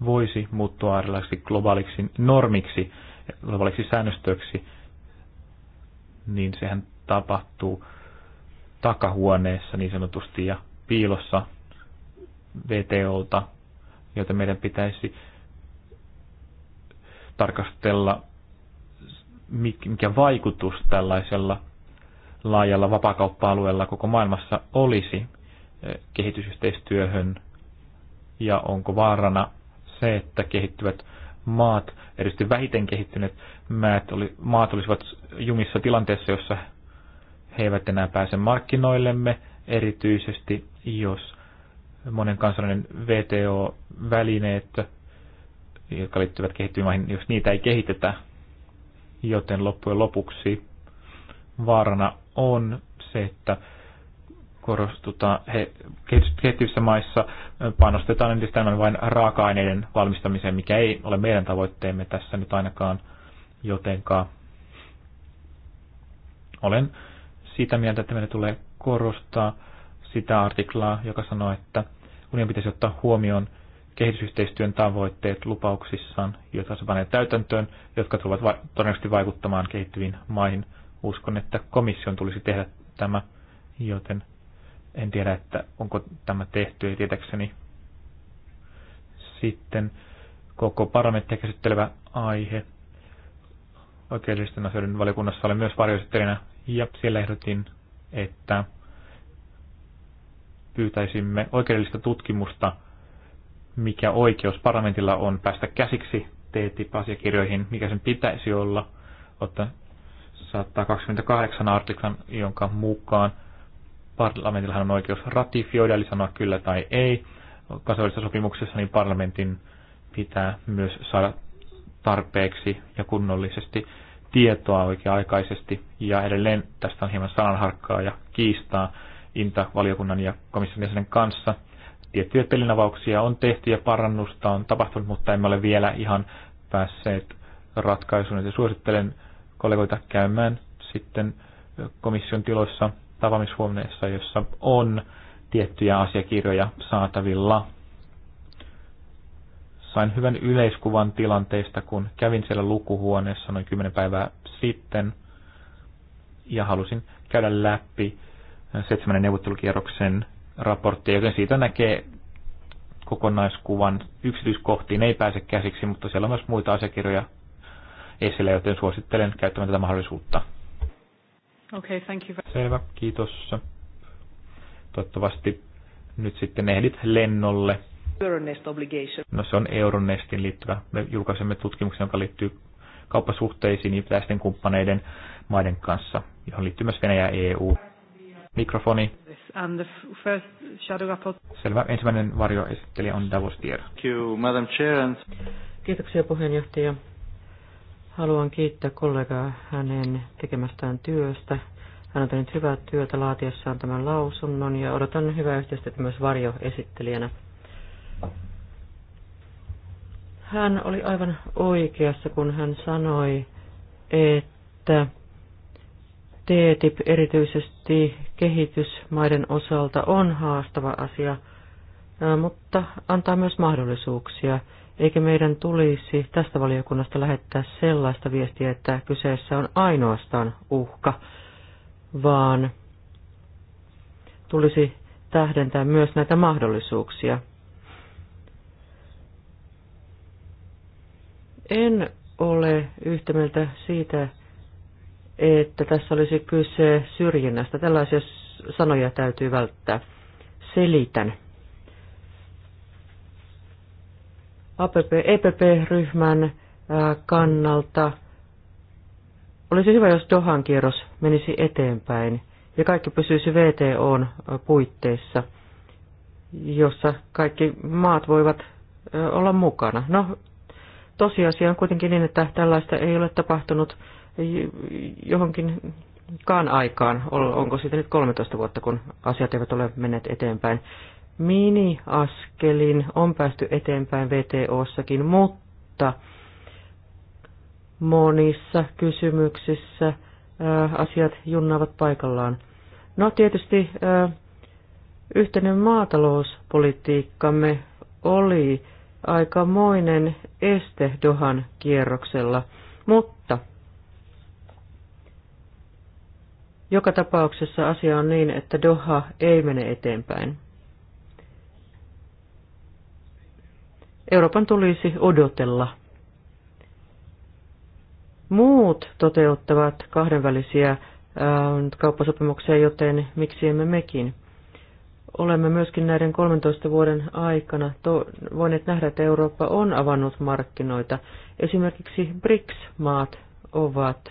voisi muuttua erilaisiksi globaaliksi normiksi, globaaliksi säännöstöksi, niin sehän tapahtuu takahuoneessa niin sanotusti ja piilossa VTOlta, joita meidän pitäisi tarkastella, mikä vaikutus tällaisella laajalla vapakauppa-alueella koko maailmassa olisi eh, kehitysyhteistyöhön ja onko vaarana se, että kehittyvät maat, erityisesti vähiten kehittyneet maat, oli, maat olisivat jumissa tilanteessa, jossa he eivät enää pääse markkinoillemme, erityisesti jos monen kansallinen VTO-välineet, jotka liittyvät kehittyviin maihin, jos niitä ei kehitetä, joten loppujen lopuksi vaarana on se, että korostutaan he, kehittyvissä maissa, panostetaan entistä enemmän vain raaka-aineiden valmistamiseen, mikä ei ole meidän tavoitteemme tässä nyt ainakaan, jotenka olen sitä mieltä, että meidän tulee korostaa sitä artiklaa, joka sanoo, että unionin pitäisi ottaa huomioon kehitysyhteistyön tavoitteet lupauksissaan, joita se panee täytäntöön, jotka tulevat va- todennäköisesti vaikuttamaan kehittyviin maihin. Uskon, että komission tulisi tehdä tämä, joten en tiedä, että onko tämä tehty, ei tietäkseni. Sitten koko parlamenttia käsittelevä aihe. Oikeudellisten asioiden valiokunnassa olen myös varjoisittelijänä, ja siellä ehdotin, että pyytäisimme oikeudellista tutkimusta, mikä oikeus parlamentilla on päästä käsiksi TTIP-asiakirjoihin, mikä sen pitäisi olla, että 128 artiklan, jonka mukaan parlamentilla on oikeus ratifioida, eli sanoa kyllä tai ei. Kansainvälisessä sopimuksessa niin parlamentin pitää myös saada tarpeeksi ja kunnollisesti tietoa oikea-aikaisesti. Ja edelleen tästä on hieman sananharkkaa ja kiistaa, INTA-valiokunnan ja komission jäsenen kanssa. Tiettyjä pelinavauksia on tehty ja parannusta on tapahtunut, mutta emme ole vielä ihan päässeet ratkaisuun. Ja suosittelen kollegoita käymään sitten komission tiloissa tapaamishuoneessa, jossa on tiettyjä asiakirjoja saatavilla. Sain hyvän yleiskuvan tilanteesta, kun kävin siellä lukuhuoneessa noin 10 päivää sitten ja halusin käydä läpi seitsemännen neuvottelukierroksen raporttia, joten siitä näkee kokonaiskuvan yksityiskohtiin ei pääse käsiksi, mutta siellä on myös muita asiakirjoja esillä, joten suosittelen käyttämään tätä mahdollisuutta. Okay, thank you. Selvä, kiitos. Toivottavasti nyt sitten ehdit lennolle. Euronest obligation. No se on Euronestin liittyvä. Me julkaisemme tutkimuksen, joka liittyy kauppasuhteisiin ja kumppaneiden maiden kanssa, johon liittyy myös Venäjä ja EU. Mikrofoni. Selvä. Ensimmäinen varjoesittelijä on Davos Tier. Kiitoksia puheenjohtaja. Haluan kiittää kollegaa hänen tekemästään työstä. Hän on tehnyt hyvää työtä laatiessaan tämän lausunnon ja odotan hyvää yhteistyötä myös varjoesittelijänä. Hän oli aivan oikeassa, kun hän sanoi, että TTIP erityisesti kehitysmaiden osalta on haastava asia, mutta antaa myös mahdollisuuksia. Eikä meidän tulisi tästä valiokunnasta lähettää sellaista viestiä, että kyseessä on ainoastaan uhka, vaan tulisi tähdentää myös näitä mahdollisuuksia. En ole yhtä mieltä siitä, että tässä olisi kyse syrjinnästä. Tällaisia sanoja täytyy välttää. Selitän. EPP-ryhmän äh, kannalta olisi hyvä, jos Dohan kierros menisi eteenpäin ja kaikki pysyisi VTOn äh, puitteissa, jossa kaikki maat voivat äh, olla mukana. No, tosiasia on kuitenkin niin, että tällaista ei ole tapahtunut johonkin kaan aikaan, onko siitä nyt 13 vuotta, kun asiat eivät ole menneet eteenpäin. Mini-askelin on päästy eteenpäin VTOssakin, mutta monissa kysymyksissä äh, asiat junnaavat paikallaan. No tietysti äh, yhteinen maatalouspolitiikkamme oli aikamoinen este Dohan kierroksella, mutta Joka tapauksessa asia on niin, että Doha ei mene eteenpäin. Euroopan tulisi odotella. Muut toteuttavat kahdenvälisiä äh, kauppasopimuksia, joten miksi emme mekin? Olemme myöskin näiden 13 vuoden aikana to- voineet nähdä, että Eurooppa on avannut markkinoita. Esimerkiksi BRICS-maat ovat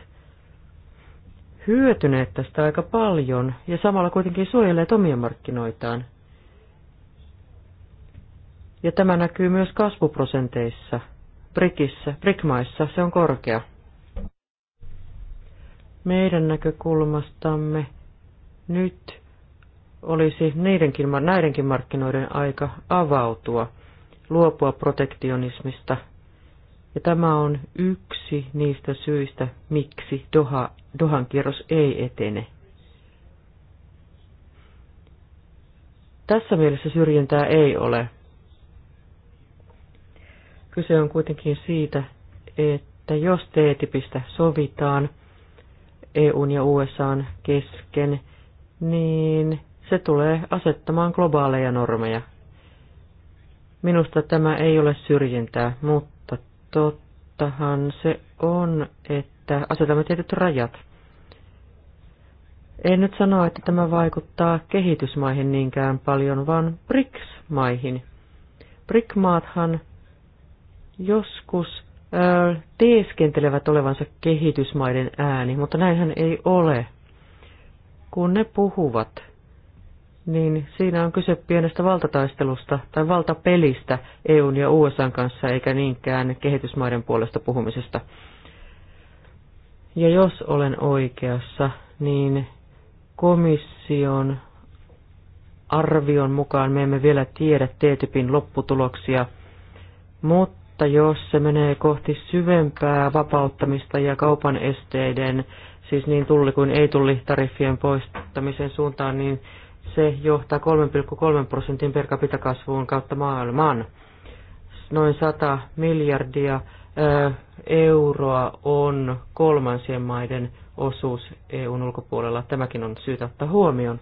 hyötyneet tästä aika paljon ja samalla kuitenkin suojelleet omia markkinoitaan. Ja tämä näkyy myös kasvuprosenteissa. Brikissä, Brikmaissa se on korkea. Meidän näkökulmastamme nyt olisi niidenkin, näidenkin markkinoiden aika avautua, luopua protektionismista. Ja tämä on yksi niistä syistä, miksi Doha Dohan kierros ei etene. Tässä mielessä syrjintää ei ole. Kyse on kuitenkin siitä, että jos T-tipistä sovitaan EUn ja USAn kesken, niin se tulee asettamaan globaaleja normeja. Minusta tämä ei ole syrjintää, mutta tottahan se on, että että asetamme tietyt rajat. En nyt sano, että tämä vaikuttaa kehitysmaihin niinkään paljon, vaan BRICS-maihin. BRIC-maathan joskus ö, äh, teeskentelevät olevansa kehitysmaiden ääni, mutta näinhän ei ole. Kun ne puhuvat, niin siinä on kyse pienestä valtataistelusta tai valtapelistä EUn ja USAn kanssa, eikä niinkään kehitysmaiden puolesta puhumisesta. Ja jos olen oikeassa, niin komission arvion mukaan me emme vielä tiedä TTIPin lopputuloksia, mutta jos se menee kohti syvempää vapauttamista ja kaupan esteiden, siis niin tulli kuin ei tulli tariffien poistamisen suuntaan, niin se johtaa 3,3 prosentin per capita kasvuun kautta maailman. Noin 100 miljardia euroa on kolmansien maiden osuus EUn ulkopuolella. Tämäkin on syytä ottaa huomioon.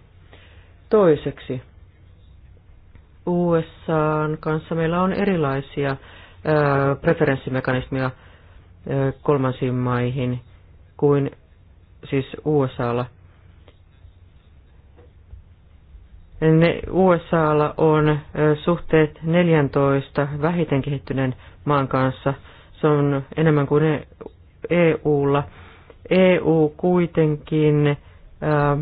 Toiseksi, USAn kanssa meillä on erilaisia preferenssimekanismia kolmansiin maihin kuin siis USAlla. Ne USAlla on suhteet 14 vähiten kehittyneen maan kanssa – se on enemmän kuin EUlla. EU kuitenkin, ää, äh,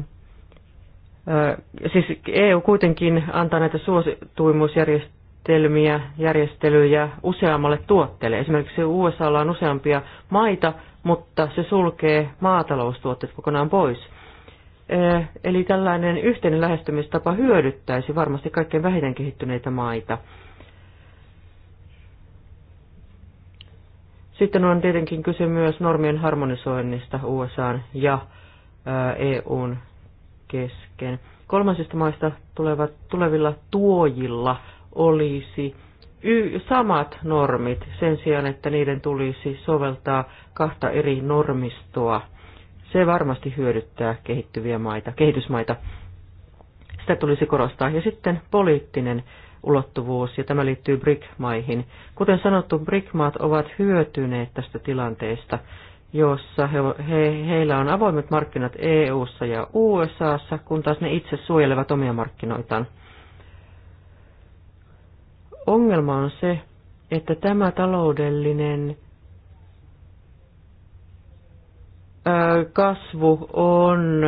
ää, äh, siis EU kuitenkin antaa näitä suosituimuusjärjestelmiä, järjestelyjä useammalle tuotteelle. Esimerkiksi USAlla on useampia maita, mutta se sulkee maataloustuotteet kokonaan pois. Äh, eli tällainen yhteinen lähestymistapa hyödyttäisi varmasti kaikkein vähiten kehittyneitä maita. Sitten on tietenkin kyse myös normien harmonisoinnista USA ja EUn kesken. Kolmansista maista tulevat, tulevilla tuojilla olisi y- samat normit sen sijaan, että niiden tulisi soveltaa kahta eri normistoa. Se varmasti hyödyttää kehittyviä maita, kehitysmaita. Sitä tulisi korostaa. Ja sitten poliittinen ulottuvuus, ja tämä liittyy BRIC-maihin. Kuten sanottu, BRIC-maat ovat hyötyneet tästä tilanteesta, jossa he, he, heillä on avoimet markkinat EU:ssa ja USAssa, kun taas ne itse suojelevat omia markkinoitaan. Ongelma on se, että tämä taloudellinen kasvu on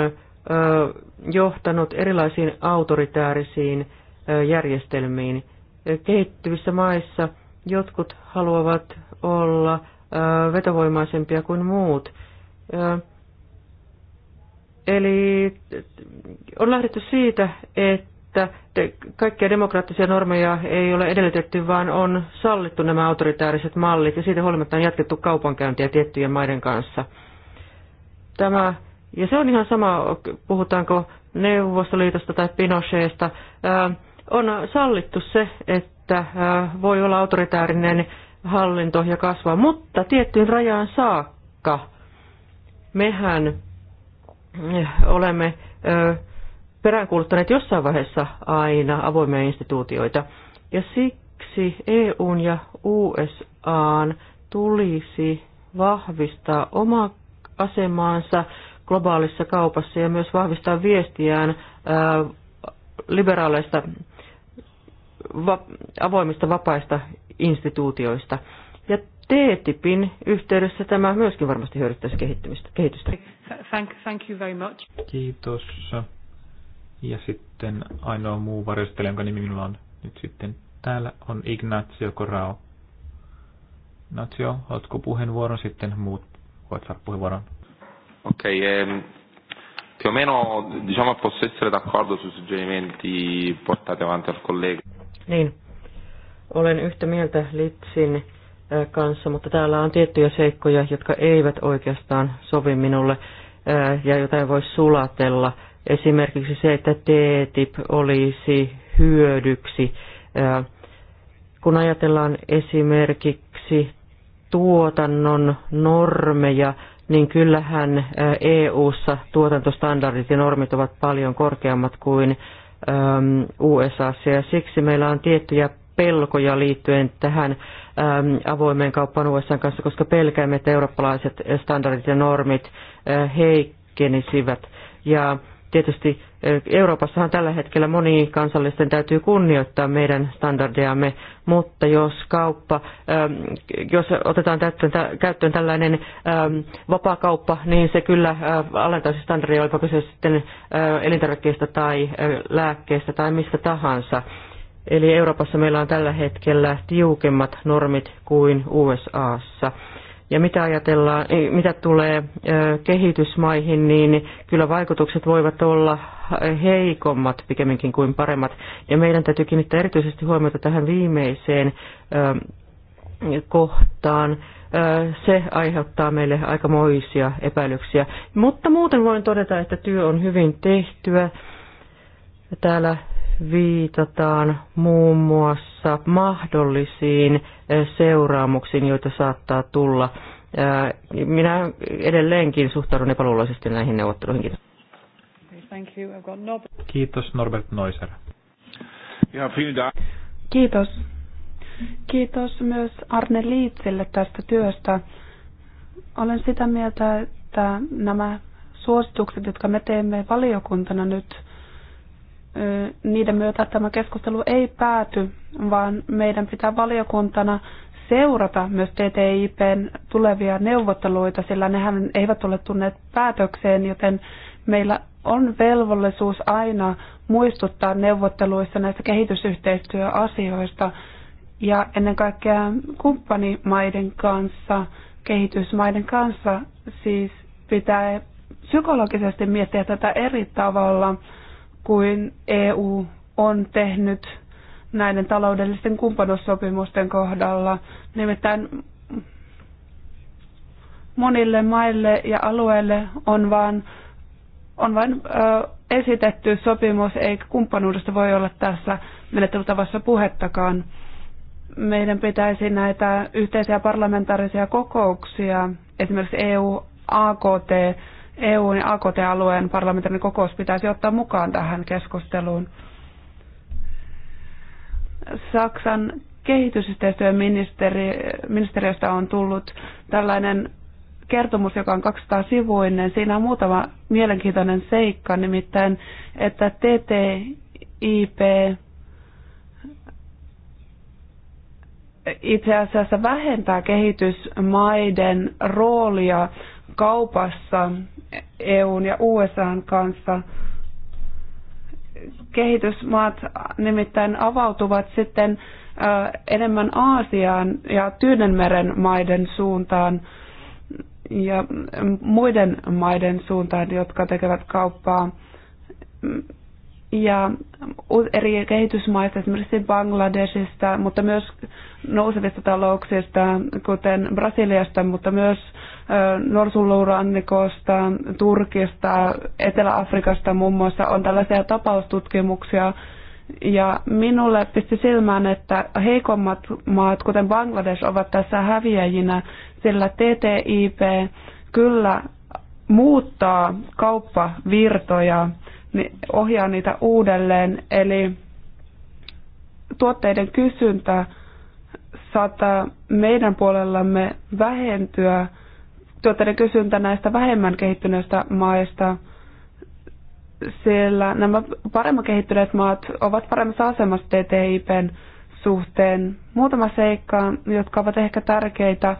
johtanut erilaisiin autoritäärisiin järjestelmiin. Kehittyvissä maissa jotkut haluavat olla vetovoimaisempia kuin muut. Eli on lähdetty siitä, että kaikkia demokraattisia normeja ei ole edellytetty, vaan on sallittu nämä autoritääriset mallit, ja siitä huolimatta on jatkettu kaupankäyntiä tiettyjen maiden kanssa. Tämä, ja se on ihan sama, puhutaanko Neuvostoliitosta tai Pinocheesta. Ää, on sallittu se, että äh, voi olla autoritäärinen hallinto ja kasvaa, mutta tiettyyn rajaan saakka mehän äh, olemme äh, peräänkuuluttaneet jossain vaiheessa aina avoimia instituutioita. Ja siksi EUn ja USAan tulisi vahvistaa oma asemaansa globaalissa kaupassa ja myös vahvistaa viestiään liberaaleista avoimista vapaista instituutioista. Ja TTIPin yhteydessä tämä myöskin varmasti hyödyttäisi kehittymistä, kehitystä. Thank, thank you very much. Kiitos. Ja sitten ainoa muu varjostelija, jonka nimi minulla on nyt sitten täällä, on Ignacio Corrao. Ignacio, oletko puheenvuoron sitten muut? Voit saada puheenvuoron. Okei, okay, um... più o meno diciamo posso essere d'accordo sui suggerimenti portati avanti al collega. Niin, olen yhtä mieltä Litsin kanssa, mutta täällä on tiettyjä seikkoja, jotka eivät oikeastaan sovi minulle ja jotain voi sulatella. Esimerkiksi se, että TTIP olisi hyödyksi. Kun ajatellaan esimerkiksi tuotannon normeja, niin kyllähän EU-ssa tuotantostandardit ja normit ovat paljon korkeammat kuin Ähm, USAssa ja siksi meillä on tiettyjä pelkoja liittyen tähän ähm, avoimeen kauppaan USA kanssa, koska pelkäämme, että eurooppalaiset standardit ja normit äh, heikkenisivät. Ja tietysti Euroopassahan tällä hetkellä monikansallisten täytyy kunnioittaa meidän standardejamme, mutta jos kauppa, jos otetaan käyttöön tällainen vapaakauppa, niin se kyllä alentaisi standardia, olipa kyse sitten elintarvikkeista tai lääkkeistä tai mistä tahansa. Eli Euroopassa meillä on tällä hetkellä tiukemmat normit kuin USAssa. Ja mitä, ajatellaan, mitä tulee kehitysmaihin, niin kyllä vaikutukset voivat olla heikommat pikemminkin kuin paremmat. Ja meidän täytyy kiinnittää erityisesti huomiota tähän viimeiseen kohtaan. Se aiheuttaa meille aikamoisia epäilyksiä. Mutta muuten voin todeta, että työ on hyvin tehtyä. Täällä viitataan muun muassa vastauksessa mahdollisiin seuraamuksiin, joita saattaa tulla. Minä edelleenkin suhtaudun epäluuloisesti näihin neuvotteluihin. Kiitos Norbert Noiser. Kiitos. Kiitos myös Arne Liitsille tästä työstä. Olen sitä mieltä, että nämä suositukset, jotka me teemme valiokuntana nyt, niiden myötä tämä keskustelu ei pääty, vaan meidän pitää valiokuntana seurata myös TTIPn tulevia neuvotteluita, sillä nehän eivät ole tunneet päätökseen, joten meillä on velvollisuus aina muistuttaa neuvotteluissa näistä kehitysyhteistyöasioista ja ennen kaikkea kumppanimaiden kanssa, kehitysmaiden kanssa, siis pitää psykologisesti miettiä tätä eri tavalla kuin EU on tehnyt näiden taloudellisten kumppanuussopimusten kohdalla. Nimittäin monille maille ja alueille on vain on vain ö, esitetty sopimus, eikä kumppanuudesta voi olla tässä menettelytavassa puhettakaan. Meidän pitäisi näitä yhteisiä parlamentaarisia kokouksia, esimerkiksi EU-AKT, EUn ja AKT-alueen parlamentaarinen kokous pitäisi ottaa mukaan tähän keskusteluun. Saksan kehitysyhteistyöministeriöstä on tullut tällainen kertomus, joka on 200-sivuinen. Siinä on muutama mielenkiintoinen seikka, nimittäin, että TTIP itse asiassa vähentää kehitysmaiden roolia kaupassa EUn ja USAn kanssa. Kehitysmaat nimittäin avautuvat sitten enemmän Aasiaan ja Tyynenmeren maiden suuntaan ja muiden maiden suuntaan, jotka tekevät kauppaa ja eri kehitysmaista, esimerkiksi Bangladesista, mutta myös nousevista talouksista, kuten Brasiliasta, mutta myös norsunluurannikosta, Turkista, Etelä-Afrikasta muun muassa on tällaisia tapaustutkimuksia. Ja minulle pisti silmään, että heikommat maat, kuten Bangladesh, ovat tässä häviäjinä, sillä TTIP kyllä muuttaa kauppavirtoja niin ohjaa niitä uudelleen. Eli tuotteiden kysyntä saattaa meidän puolellamme vähentyä, tuotteiden kysyntä näistä vähemmän kehittyneistä maista, sillä nämä paremmin kehittyneet maat ovat paremmassa asemassa TTIPn suhteen. Muutama seikka, jotka ovat ehkä tärkeitä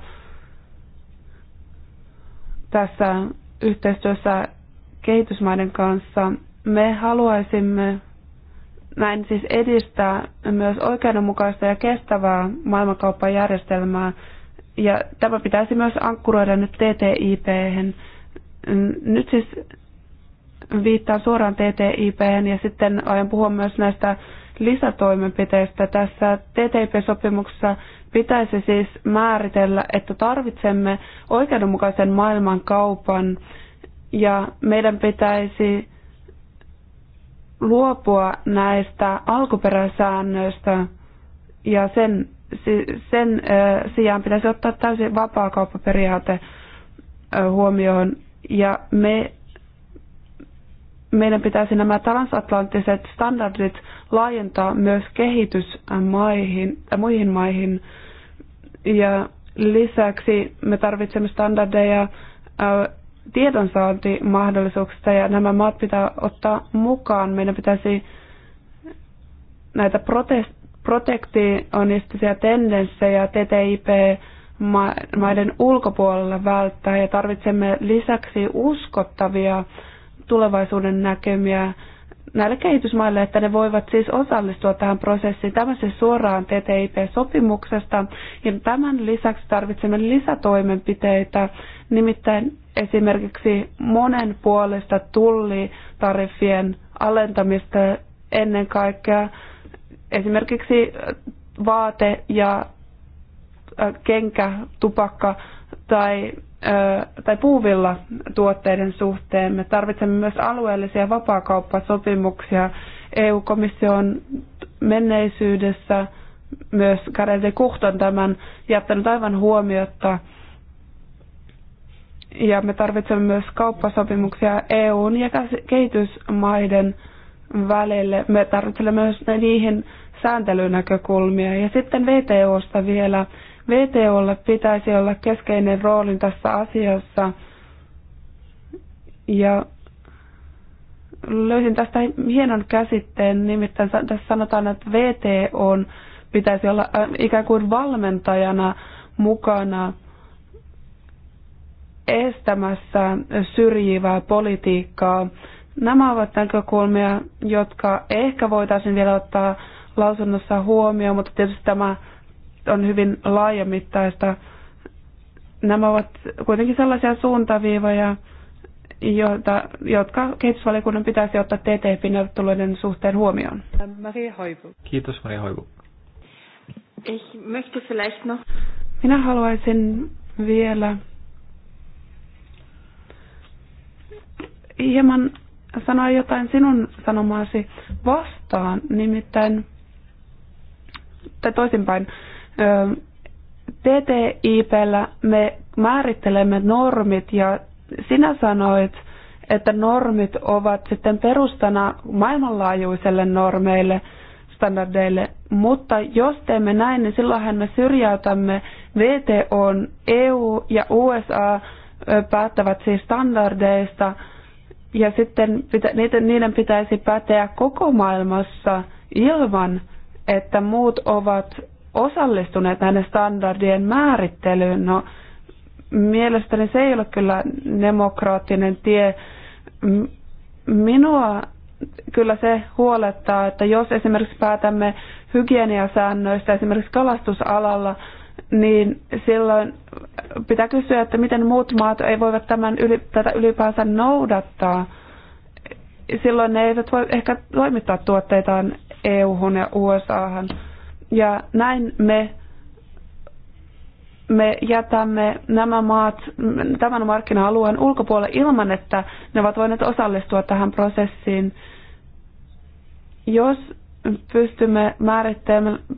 tässä yhteistyössä kehitysmaiden kanssa me haluaisimme näin siis edistää myös oikeudenmukaista ja kestävää maailmankauppajärjestelmää. Ja tämä pitäisi myös ankkuroida nyt ttip -hän. Nyt siis viittaan suoraan ttip ja sitten aion puhua myös näistä lisätoimenpiteistä. Tässä TTIP-sopimuksessa pitäisi siis määritellä, että tarvitsemme oikeudenmukaisen maailmankaupan ja meidän pitäisi luopua näistä alkuperäsäännöistä ja sen, sen sijaan pitäisi ottaa täysin vapaakauppaperiaate huomioon ja me, meidän pitäisi nämä transatlanttiset standardit laajentaa myös kehitysmaihin ja äh, muihin maihin ja lisäksi me tarvitsemme standardeja tiedonsaantimahdollisuuksista ja nämä maat pitää ottaa mukaan. Meidän pitäisi näitä protest- protektionistisia tendenssejä TTIP-maiden ulkopuolella välttää ja tarvitsemme lisäksi uskottavia tulevaisuuden näkymiä näille kehitysmaille, että ne voivat siis osallistua tähän prosessiin. Tämä siis suoraan TTIP-sopimuksesta. Ja tämän lisäksi tarvitsemme lisätoimenpiteitä Nimittäin esimerkiksi monen puolesta tullitariffien alentamista ennen kaikkea esimerkiksi vaate- ja kenkä, tupakka tai, tai puuvilla tuotteiden suhteen. Me tarvitsemme myös alueellisia vapaakauppasopimuksia. EU-komissio on menneisyydessä myös Karel de Kuhton tämän jättänyt aivan huomiota ja me tarvitsemme myös kauppasopimuksia EUn ja kehitysmaiden välille. Me tarvitsemme myös niihin sääntelynäkökulmia. Ja sitten VTOsta vielä. VTOlla pitäisi olla keskeinen rooli tässä asiassa. Ja löysin tästä hienon käsitteen, nimittäin tässä sanotaan, että VTO pitäisi olla äh, ikään kuin valmentajana mukana estämässä syrjivää politiikkaa. Nämä ovat näkökulmia, jotka ehkä voitaisiin vielä ottaa lausunnossa huomioon, mutta tietysti tämä on hyvin laajamittaista. Nämä ovat kuitenkin sellaisia suuntaviivoja, joita, jotka kehitysvaliokunnan pitäisi ottaa ttp neuvotteluiden suhteen huomioon. Maria Hoivu. Kiitos Maria Hoivu. Ich möchte vielleicht noch... Minä haluaisin vielä hieman sanoa jotain sinun sanomaasi vastaan, nimittäin tai toisinpäin. TTIPllä me määrittelemme normit ja sinä sanoit, että normit ovat sitten perustana maailmanlaajuiselle normeille, standardeille, mutta jos teemme näin, niin silloinhan me syrjäytämme VTOn, EU ja USA päättävät siis standardeista – ja sitten pitä, niiden pitäisi päteä koko maailmassa ilman, että muut ovat osallistuneet näiden standardien määrittelyyn. No, mielestäni se ei ole kyllä demokraattinen tie. Minua kyllä se huolettaa, että jos esimerkiksi päätämme hygieniasäännöistä esimerkiksi kalastusalalla, niin silloin pitää kysyä, että miten muut maat ei voivat tämän yli, tätä ylipäänsä noudattaa. Silloin ne eivät voi ehkä toimittaa tuotteitaan EU-hun ja USAhan. Ja näin me, me jätämme nämä maat tämän markkina-alueen ulkopuolelle ilman, että ne ovat voineet osallistua tähän prosessiin. Jos pystymme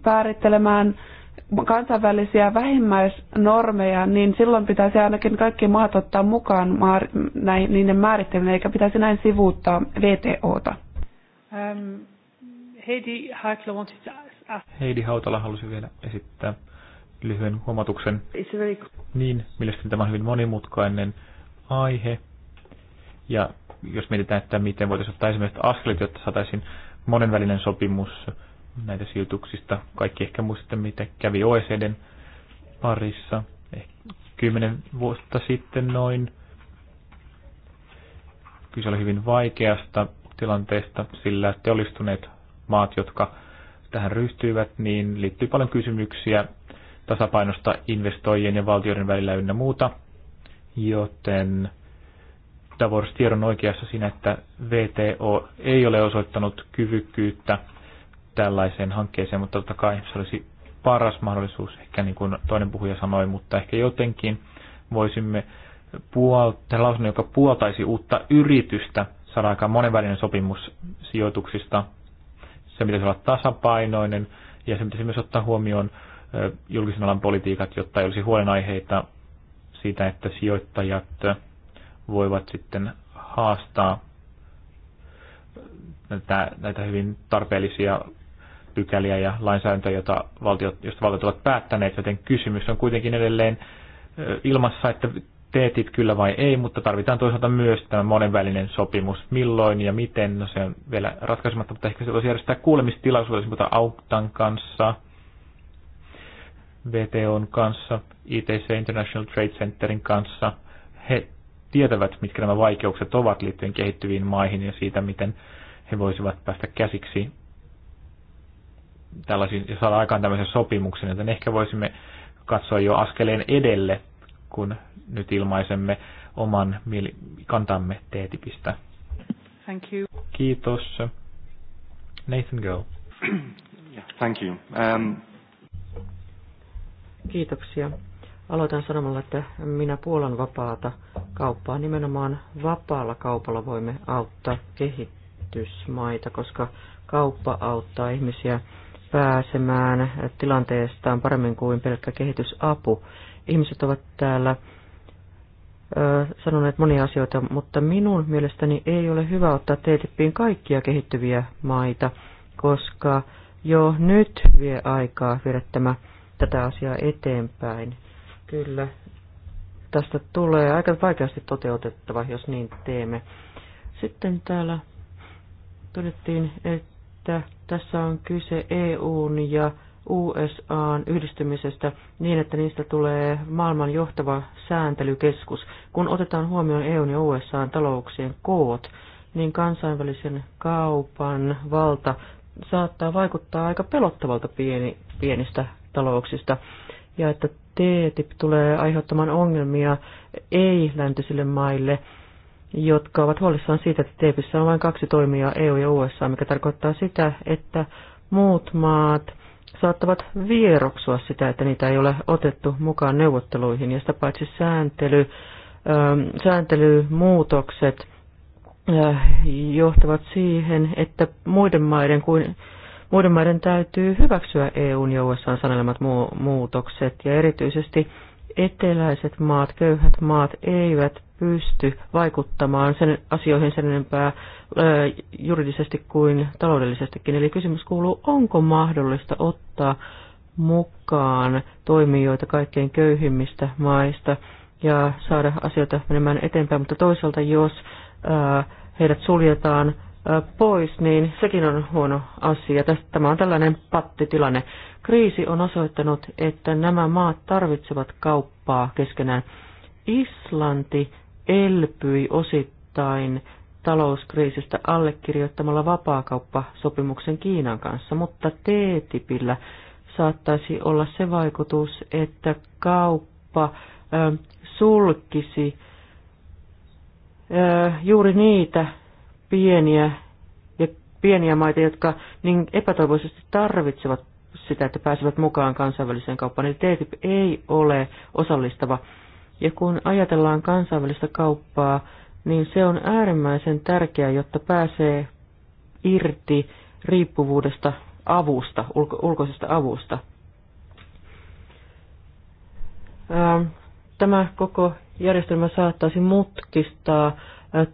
määrittelemään kansainvälisiä vähimmäisnormeja, niin silloin pitäisi ainakin kaikki maat ottaa mukaan näin, niiden määrittelyyn, eikä pitäisi näin sivuuttaa VTOta. Um, ähm, Heidi, Hautala Heidi Hautala halusi vielä esittää lyhyen huomautuksen. Very... Niin, mielestäni tämä on hyvin monimutkainen aihe. Ja jos mietitään, että miten voitaisiin ottaa esimerkiksi askelit, jotta saataisiin monenvälinen sopimus näitä sijoituksista. Kaikki ehkä muistatte, mitä kävi OECDn parissa. Ehkä kymmenen vuotta sitten noin. Kyse oli hyvin vaikeasta tilanteesta, sillä teollistuneet maat, jotka tähän ryhtyivät, niin liittyy paljon kysymyksiä tasapainosta investoijien ja valtioiden välillä ynnä muuta. Joten Davos tiedon oikeassa siinä, että VTO ei ole osoittanut kyvykkyyttä tällaiseen hankkeeseen, mutta totta kai se olisi paras mahdollisuus, ehkä niin kuin toinen puhuja sanoi, mutta ehkä jotenkin voisimme puolta, lausunnon, joka puoltaisi uutta yritystä, saada aika monenvälinen sopimus sijoituksista. Se pitäisi olla tasapainoinen ja se pitäisi myös ottaa huomioon julkisen alan politiikat, jotta ei olisi huolenaiheita siitä, että sijoittajat voivat sitten haastaa näitä, näitä hyvin tarpeellisia pykäliä ja lainsäädäntöä, jota valtiot, josta valtiot ovat päättäneet, joten kysymys on kuitenkin edelleen ilmassa, että teetit kyllä vai ei, mutta tarvitaan toisaalta myös tämä monenvälinen sopimus. Milloin ja miten, no se on vielä ratkaisematta, mutta ehkä se voisi järjestää kuulemistilaisuuden Autan kanssa, VTOn kanssa, ITC International Trade Centerin kanssa. He tietävät, mitkä nämä vaikeukset ovat liittyen kehittyviin maihin ja siitä, miten he voisivat päästä käsiksi tällaisiin, ja saada aikaan tämmöisen sopimuksen, joten ehkä voisimme katsoa jo askeleen edelle, kun nyt ilmaisemme oman kantamme TTIPistä. Thank you. Kiitos. Nathan Go. thank you. Um... Kiitoksia. Aloitan sanomalla, että minä puolan vapaata kauppaa. Nimenomaan vapaalla kaupalla voimme auttaa kehitysmaita, koska kauppa auttaa ihmisiä pääsemään tilanteestaan paremmin kuin pelkkä kehitysapu. Ihmiset ovat täällä sanoneet monia asioita, mutta minun mielestäni ei ole hyvä ottaa TTIPiin kaikkia kehittyviä maita, koska jo nyt vie aikaa viedä tämä, tätä asiaa eteenpäin. Kyllä, tästä tulee aika vaikeasti toteutettava, jos niin teemme. Sitten täällä todettiin, että että tässä on kyse EUn ja USAn yhdistymisestä niin, että niistä tulee maailman johtava sääntelykeskus. Kun otetaan huomioon EUn ja USAn talouksien koot, niin kansainvälisen kaupan valta saattaa vaikuttaa aika pelottavalta pieni, pienistä talouksista. Ja että TTIP tulee aiheuttamaan ongelmia ei-läntisille maille – jotka ovat huolissaan siitä, että TEPissä on vain kaksi toimijaa, EU ja USA, mikä tarkoittaa sitä, että muut maat saattavat vieroksua sitä, että niitä ei ole otettu mukaan neuvotteluihin. Ja sitä paitsi sääntely, ähm, sääntelymuutokset äh, johtavat siihen, että muiden maiden, kuin, muiden maiden täytyy hyväksyä EUn ja USA sanelemat muutokset ja erityisesti eteläiset maat, köyhät maat eivät pysty vaikuttamaan sen asioihin sen enempää juridisesti kuin taloudellisestikin. Eli kysymys kuuluu, onko mahdollista ottaa mukaan toimijoita kaikkein köyhimmistä maista ja saada asioita menemään eteenpäin, mutta toisaalta jos heidät suljetaan pois, niin sekin on huono asia. Tämä on tällainen pattitilanne. Kriisi on osoittanut, että nämä maat tarvitsevat kauppaa keskenään. Islanti elpyi osittain talouskriisistä allekirjoittamalla vapaakauppasopimuksen Kiinan kanssa, mutta TTIPillä saattaisi olla se vaikutus, että kauppa ö, sulkisi ö, juuri niitä pieniä ja pieniä maita, jotka niin epätoivoisesti tarvitsevat sitä, että pääsevät mukaan kansainväliseen kauppaan. Eli TTIP ei ole osallistava. Ja kun ajatellaan kansainvälistä kauppaa, niin se on äärimmäisen tärkeää, jotta pääsee irti riippuvuudesta avusta, ulko- ulkoisesta avusta. Ähm, tämä koko järjestelmä saattaisi mutkistaa äh,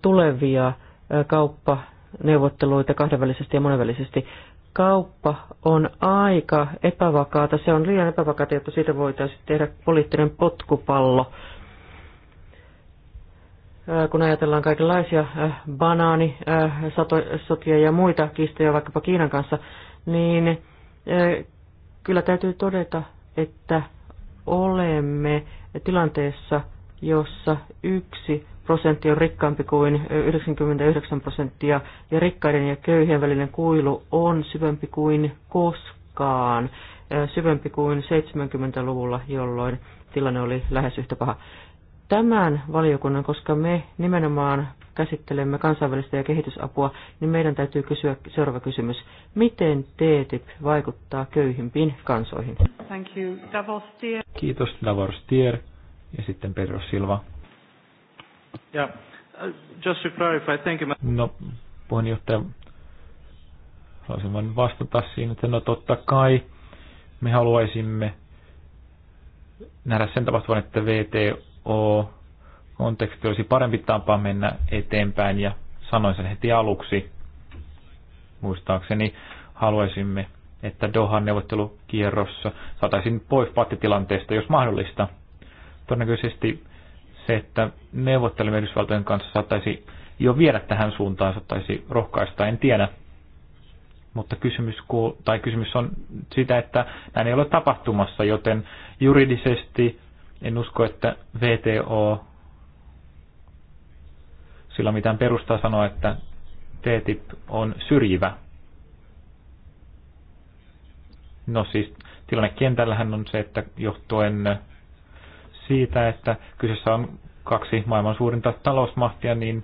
tulevia kauppaneuvotteluita kahdenvälisesti ja monenvälisesti. Kauppa on aika epävakaata, se on liian epävakaata, jotta siitä voitaisiin tehdä poliittinen potkupallo. Kun ajatellaan kaikenlaisia banaani, sotia ja muita kistoja vaikkapa Kiinan kanssa, niin kyllä täytyy todeta, että olemme tilanteessa, jossa yksi prosentti on rikkaampi kuin 99 prosenttia, ja rikkaiden ja köyhien välinen kuilu on syvempi kuin koskaan, syvempi kuin 70-luvulla, jolloin tilanne oli lähes yhtä paha. Tämän valiokunnan, koska me nimenomaan käsittelemme kansainvälistä ja kehitysapua, niin meidän täytyy kysyä seuraava kysymys. Miten TTIP vaikuttaa köyhimpiin kansoihin? Thank you. Davos Kiitos Davos Tier ja sitten Pedro Silva. Yeah. Uh, just to clarify, thank you. No, puheenjohtaja, haluaisin vain vastata siinä, että no totta kai me haluaisimme nähdä sen tapahtuvan, että VTO konteksti olisi parempi tapa mennä eteenpäin ja sanoin sen heti aluksi. Muistaakseni haluaisimme, että Dohan neuvottelukierrossa saataisiin pois pattitilanteesta, jos mahdollista. Todennäköisesti se, että neuvottelemme Yhdysvaltojen kanssa saattaisi jo viedä tähän suuntaan, saattaisi rohkaista, en tiedä. Mutta kysymys, tai kysymys on sitä, että näin ei ole tapahtumassa, joten juridisesti en usko, että VTO sillä mitään perustaa sanoa, että TTIP on syrjivä. No siis tilanne kentällähän on se, että johtuen siitä, että kyseessä on kaksi maailman suurinta talousmahtia, niin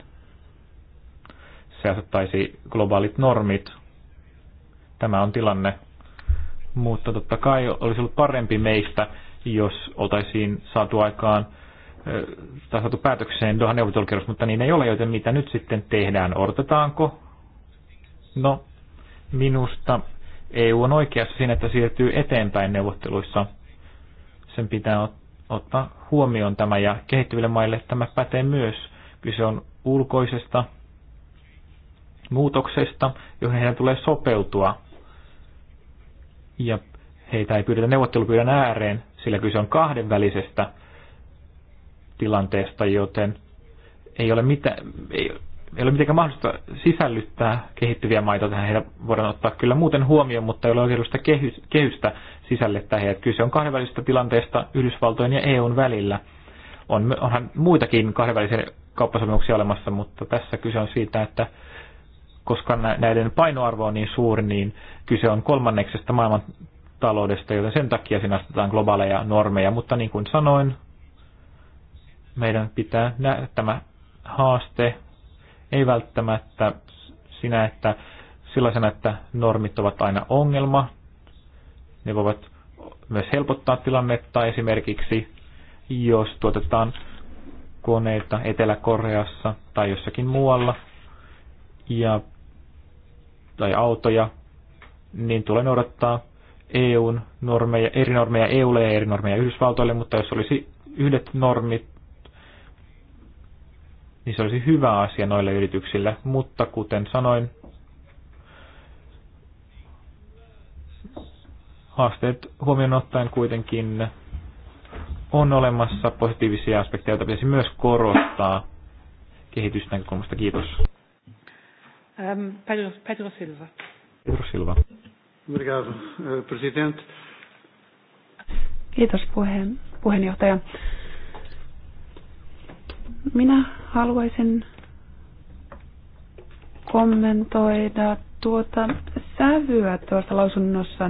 se asettaisi globaalit normit. Tämä on tilanne. Mutta totta kai olisi ollut parempi meistä, jos oltaisiin saatu aikaan tai saatu päätökseen Dohan neuvottelukierros, mutta niin ei ole, joten mitä nyt sitten tehdään? Odotetaanko? No, minusta EU on oikeassa siinä, että siirtyy eteenpäin neuvotteluissa. Sen pitää ottaa ottaa huomioon tämä ja kehittyville maille tämä pätee myös. Kyse on ulkoisesta muutoksesta, johon heidän tulee sopeutua. Ja heitä ei pyydetä neuvottelupyydän ääreen, sillä kyse on kahdenvälisestä tilanteesta, joten ei ole, mitä, ei, ei ole mitenkään mahdollista sisällyttää kehittyviä maita tähän. Heitä voidaan ottaa kyllä muuten huomioon, mutta ei ole oikeudellista kehystä, sisälle tai heidät. Kyse on kahdenvälisestä tilanteesta Yhdysvaltojen ja EUn välillä. On, onhan muitakin kahdenvälisiä kauppasopimuksia olemassa, mutta tässä kyse on siitä, että koska näiden painoarvo on niin suuri, niin kyse on kolmanneksesta maailman taloudesta, joten sen takia siinä astetaan globaaleja normeja. Mutta niin kuin sanoin, meidän pitää nähdä tämä haaste, ei välttämättä sinä, että sellaisena, että normit ovat aina ongelma, ne voivat myös helpottaa tilannetta esimerkiksi, jos tuotetaan koneita Etelä-Koreassa tai jossakin muualla ja, tai autoja, niin tulee noudattaa EUn normeja, eri normeja EUlle ja eri normeja Yhdysvaltoille, mutta jos olisi yhdet normit, niin se olisi hyvä asia noille yrityksille, mutta kuten sanoin, haasteet huomioon ottaen kuitenkin on olemassa positiivisia aspekteja, joita pitäisi myös korostaa kehitysnäkökulmasta. Kiitos. Um, Pedro, Pedro Silva. Pedro Silva. Obrigado, eh, Kiitos puheen, puheenjohtaja. Minä haluaisin kommentoida tuota sävyä tuossa lausunnossa,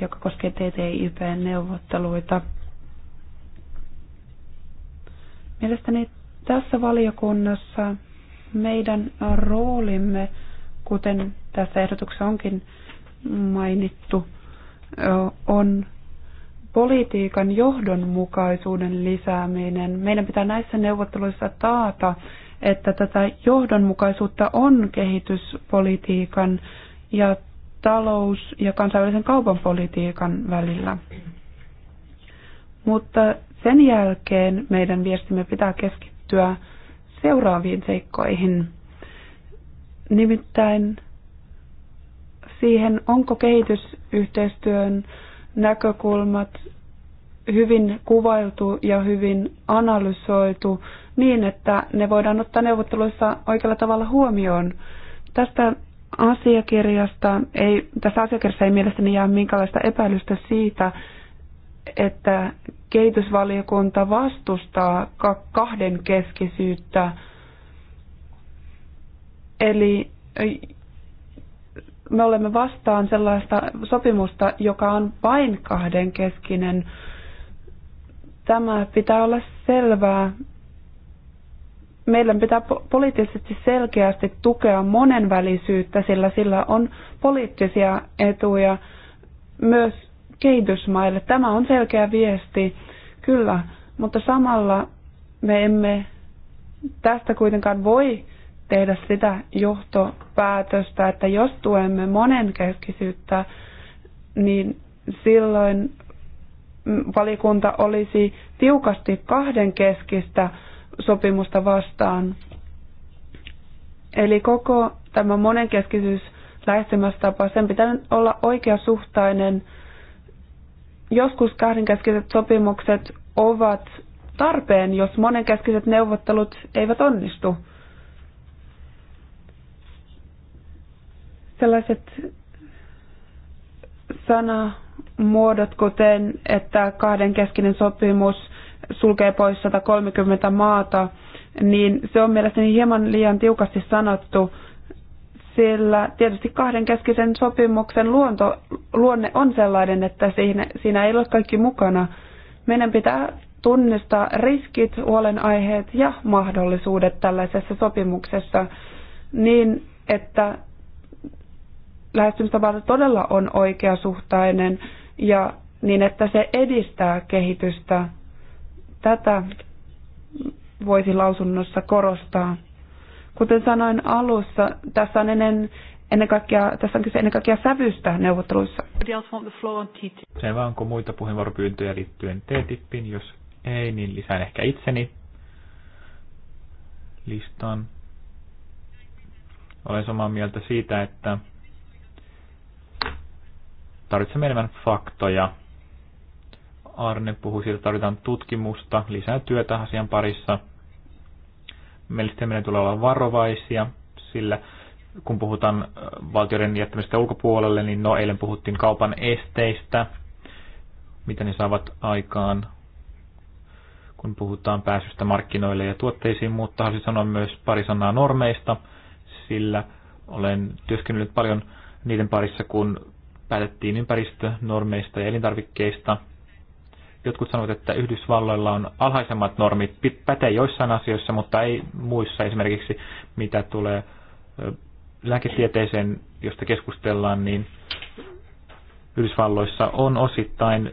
joka koskee TTIP-neuvotteluita. Mielestäni tässä valiokunnassa meidän roolimme, kuten tässä ehdotuksessa onkin mainittu, on politiikan johdonmukaisuuden lisääminen. Meidän pitää näissä neuvotteluissa taata, että tätä johdonmukaisuutta on kehityspolitiikan ja talous- ja kansainvälisen kaupan politiikan välillä. Mutta sen jälkeen meidän viestimme pitää keskittyä seuraaviin seikkoihin. Nimittäin siihen, onko kehitysyhteistyön näkökulmat hyvin kuvailtu ja hyvin analysoitu niin, että ne voidaan ottaa neuvotteluissa oikealla tavalla huomioon. Tästä asiakirjasta ei, tässä asiakirjassa ei mielestäni jää minkälaista epäilystä siitä, että kehitysvaliokunta vastustaa kahden keskisyyttä. Eli me olemme vastaan sellaista sopimusta, joka on vain kahden keskinen. Tämä pitää olla selvää meidän pitää poliittisesti selkeästi tukea monenvälisyyttä, sillä sillä on poliittisia etuja myös kehitysmaille. Tämä on selkeä viesti, kyllä, mutta samalla me emme tästä kuitenkaan voi tehdä sitä johtopäätöstä, että jos tuemme monenkeskisyyttä, niin silloin valikunta olisi tiukasti kahdenkeskistä sopimusta vastaan. Eli koko tämä monenkeskisyys lähestymistapa, sen pitää olla oikeasuhtainen. Joskus kahdenkeskiset sopimukset ovat tarpeen, jos monenkeskiset neuvottelut eivät onnistu. Sellaiset sanamuodot, kuten että kahdenkeskinen sopimus sulkee pois 130 maata, niin se on mielestäni hieman liian tiukasti sanottu, sillä tietysti kahdenkeskisen sopimuksen luonto, luonne on sellainen, että siinä, siinä ei ole kaikki mukana. Meidän pitää tunnistaa riskit, huolenaiheet ja mahdollisuudet tällaisessa sopimuksessa niin, että lähestymistapa todella on oikeasuhtainen ja niin, että se edistää kehitystä Tätä voisi lausunnossa korostaa. Kuten sanoin alussa, tässä on ennen, ennen kaikkea, tässä on kyse ennen kaikkea sävystä neuvotteluissa. Se vaan, onko muita puheenvuoropyyntöjä liittyen TTIPin, jos ei, niin lisään ehkä itseni listaan. Olen samaa mieltä siitä, että tarvitsemme enemmän faktoja Arne puhui siitä, että tarvitaan tutkimusta, lisää työtä asian parissa. Mielestäni meidän tulee olla varovaisia, sillä kun puhutaan äh, valtioiden jättämistä ulkopuolelle, niin no eilen puhuttiin kaupan esteistä, mitä ne saavat aikaan, kun puhutaan pääsystä markkinoille ja tuotteisiin, mutta haluaisin sanoa myös pari sanaa normeista, sillä olen työskennellyt paljon niiden parissa, kun päätettiin ympäristönormeista ja elintarvikkeista – Jotkut sanovat, että Yhdysvalloilla on alhaisemmat normit, pätee joissain asioissa, mutta ei muissa. Esimerkiksi mitä tulee lääketieteeseen, josta keskustellaan, niin Yhdysvalloissa on osittain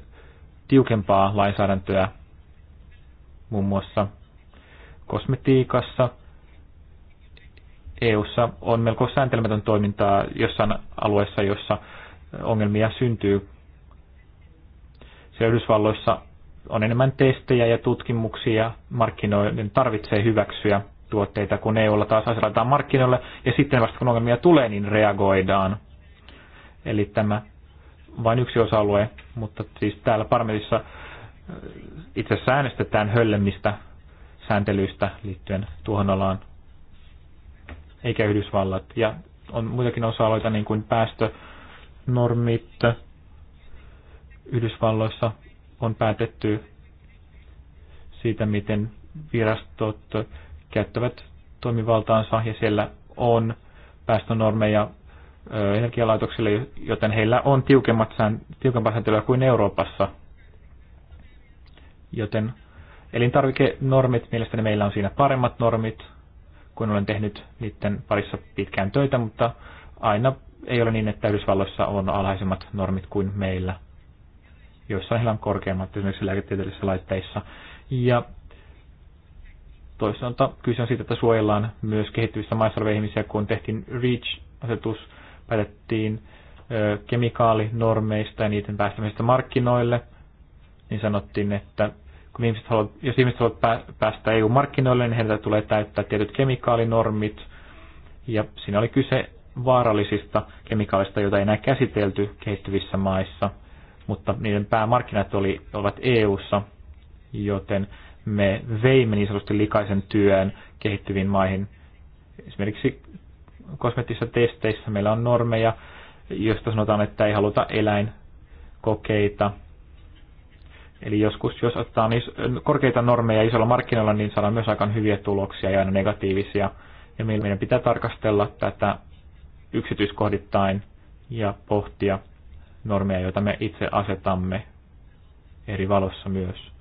tiukempaa lainsäädäntöä muun muassa kosmetiikassa. EU:ssa on melko sääntelemätön toimintaa jossain alueessa, jossa ongelmia syntyy siellä Yhdysvalloissa on enemmän testejä ja tutkimuksia, markkinoiden tarvitsee hyväksyä tuotteita, kun EUlla taas asetetaan markkinoille, ja sitten vasta kun ongelmia tulee, niin reagoidaan. Eli tämä vain yksi osa-alue, mutta siis täällä Parmetissa äh, itse asiassa äänestetään höllemmistä sääntelyistä liittyen tuohon alaan, eikä Yhdysvallat. Ja on muitakin osa-alueita, niin kuin päästönormit, Yhdysvalloissa on päätetty siitä, miten virastot käyttävät toimivaltaansa ja siellä on päästönormeja energialaitoksille, joten heillä on tiukemmat sään, tiukempaa sääntelyä kuin Euroopassa. Joten elintarvikenormit, mielestäni meillä on siinä paremmat normit, kun olen tehnyt niiden parissa pitkään töitä, mutta aina ei ole niin, että Yhdysvalloissa on alhaisemmat normit kuin meillä joissa heillä on korkeammat esimerkiksi lääketieteellisissä laitteissa. Ja toisaalta kyse on siitä, että suojellaan myös kehittyvissä maissa olevia ihmisiä, kun tehtiin REACH-asetus, päätettiin ö, kemikaalinormeista ja niiden päästämisestä markkinoille, niin sanottiin, että kun ihmiset haluat, jos ihmiset haluavat päästä EU-markkinoille, niin heiltä tulee täyttää tietyt kemikaalinormit, ja siinä oli kyse vaarallisista kemikaalista, joita ei enää käsitelty kehittyvissä maissa – mutta niiden päämarkkinat oli, olivat EU-ssa, joten me veimme niin sanotusti likaisen työn kehittyviin maihin. Esimerkiksi kosmettisissa testeissä meillä on normeja, joista sanotaan, että ei haluta eläinkokeita. Eli joskus, jos ottaa niin korkeita normeja isolla markkinoilla, niin saadaan myös aika hyviä tuloksia ja aina negatiivisia. Ja meidän pitää tarkastella tätä yksityiskohdittain ja pohtia, normeja, joita me itse asetamme eri valossa myös.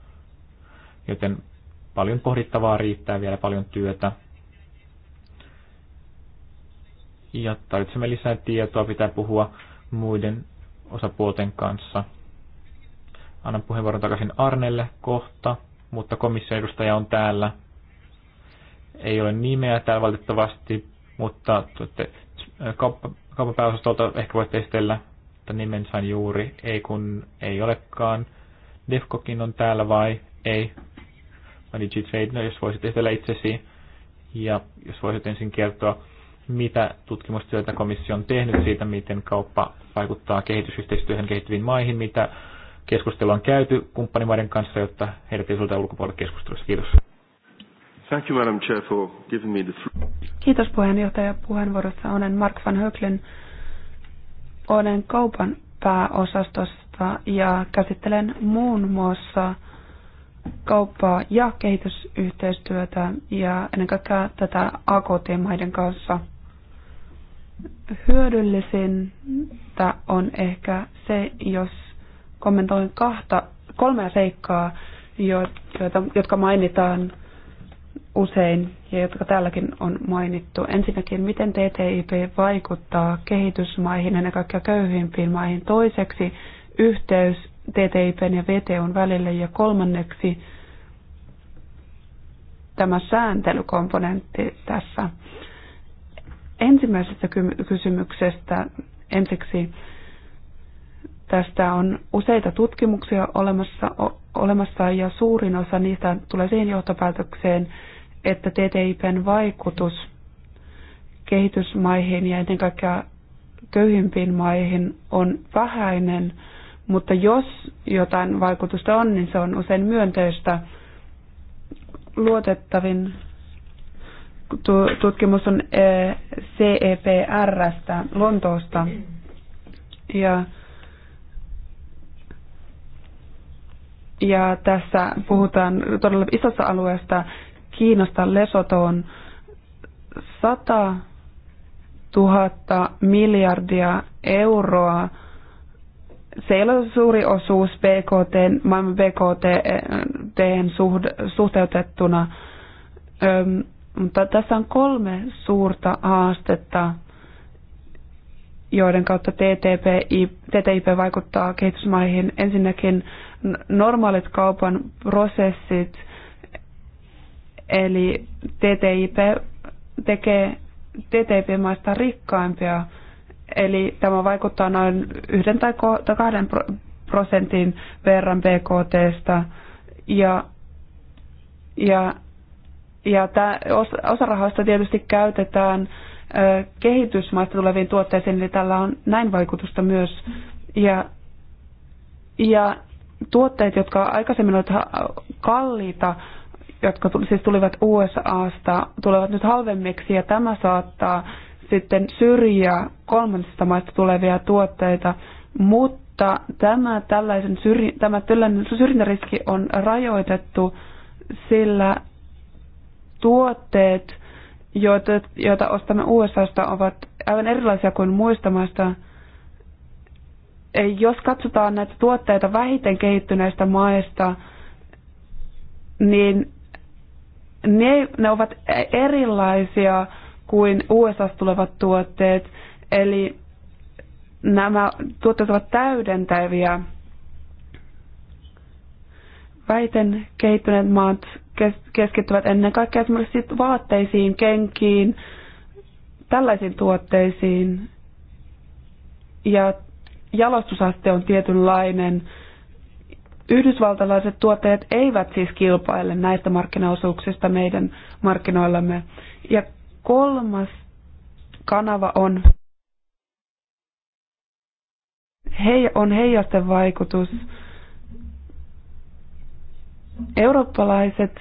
Joten paljon pohdittavaa riittää, vielä paljon työtä. Ja tarvitsemme lisää tietoa, pitää puhua muiden osapuolten kanssa. Annan puheenvuoron takaisin Arnelle kohta, mutta komission edustaja on täällä. Ei ole nimeä täällä valitettavasti, mutta äh, kauppapääosastolta ehkä voitte esitellä mutta nimensä juuri. Ei kun ei olekaan. Defkokin on täällä vai ei? Mä Digitrade, no jos voisit esitellä itsesi ja jos voisit ensin kertoa, mitä tutkimustyötä komissio on tehnyt siitä, miten kauppa vaikuttaa kehitysyhteistyöhön kehittyviin maihin, mitä keskustelua on käyty kumppanimaiden kanssa, jotta heidät ei sulta ulkopuolelle keskustelussa. Kiitos. Thank you, Madam Chair, for giving me the Kiitos puheenjohtaja puheenvuorossa. Olen Mark van Höglen olen kaupan pääosastosta ja käsittelen muun muassa kauppaa ja kehitysyhteistyötä ja ennen kaikkea tätä AKT-maiden kanssa. Hyödyllisintä on ehkä se, jos kommentoin kahta, kolmea seikkaa, jotka mainitaan usein ja jotka täälläkin on mainittu. Ensinnäkin, miten TTIP vaikuttaa kehitysmaihin, ennen kaikkea köyhimpiin maihin. Toiseksi, yhteys TTIPn ja VTUn välille. Ja kolmanneksi, tämä sääntelykomponentti tässä. Ensimmäisestä kysymyksestä ensiksi tästä on useita tutkimuksia olemassa, olemassa ja suurin osa niistä tulee siihen johtopäätökseen, että TTIPn vaikutus kehitysmaihin ja ennen kaikkea köyhimpiin maihin on vähäinen, mutta jos jotain vaikutusta on, niin se on usein myönteistä. Luotettavin tutkimus on eh, CEPRstä Lontoosta. Ja, ja tässä puhutaan todella isossa alueesta Kiinasta Lesotoon 100 000 miljardia euroa. Se ei ole suuri osuus BKT, maailman BKT eh, suhteutettuna, Öm, mutta tässä on kolme suurta haastetta, joiden kautta TTIP, TTIP vaikuttaa kehitysmaihin. Ensinnäkin normaalit kaupan prosessit – Eli TTIP tekee TTIP-maista rikkaimpia, eli tämä vaikuttaa noin yhden tai kahden prosentin verran BKT. Ja, ja, ja tämä, osa rahoista tietysti käytetään kehitysmaista tuleviin tuotteisiin, eli tällä on näin vaikutusta myös. Ja, ja tuotteet, jotka aikaisemmin olivat kalliita, jotka tuli, siis tulivat USAsta, tulevat nyt halvemmiksi ja tämä saattaa sitten syrjiä kolmansista maista tulevia tuotteita, mutta tämä, tällaisen syrji, tämä tällainen syrjintäriski on rajoitettu, sillä tuotteet, joita, joita ostamme USAsta, ovat aivan erilaisia kuin muista maista. Jos katsotaan näitä tuotteita vähiten kehittyneistä maista, niin ne, ne ovat erilaisia kuin USA tulevat tuotteet, eli nämä tuotteet ovat täydentäviä. Väiten kehittyneet maat keskittyvät ennen kaikkea esimerkiksi vaatteisiin, kenkiin, tällaisiin tuotteisiin. Ja jalostusaste on tietynlainen Yhdysvaltalaiset tuotteet eivät siis kilpaile näistä markkinaosuuksista meidän markkinoillamme. Ja kolmas kanava on, he, on heijasten vaikutus. Eurooppalaiset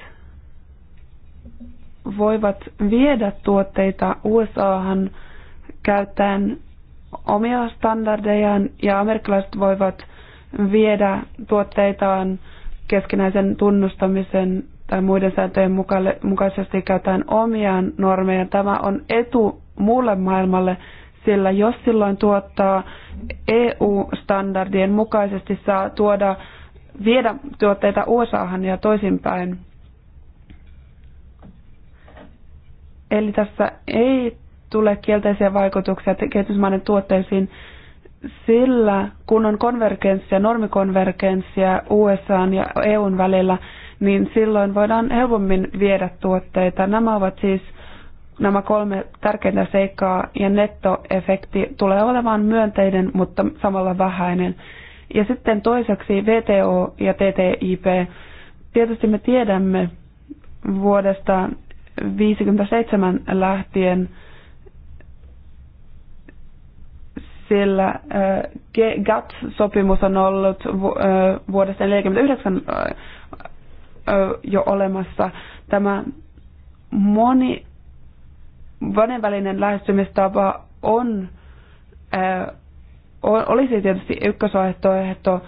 voivat viedä tuotteita USAhan käyttäen omia standardejaan ja amerikkalaiset voivat – viedä tuotteitaan keskinäisen tunnustamisen tai muiden sääntöjen mukaisesti käytetään omia normeja. Tämä on etu muulle maailmalle, sillä jos silloin tuottaa EU-standardien mukaisesti, saa tuoda, viedä tuotteita USAhan ja toisinpäin. Eli tässä ei tule kielteisiä vaikutuksia kehitysmaiden tuotteisiin, sillä, kun on konvergenssia, normikonvergenssia USAn ja EUn välillä, niin silloin voidaan helpommin viedä tuotteita. Nämä ovat siis nämä kolme tärkeintä seikkaa ja nettoefekti tulee olemaan myönteinen, mutta samalla vähäinen. Ja sitten toiseksi VTO ja TTIP. Tietysti me tiedämme vuodesta 1957 lähtien, sillä GATS-sopimus on ollut vuodesta 1949 jo olemassa. Tämä moni välinen lähestymistapa on, olisi tietysti ykkösvaihtoehto.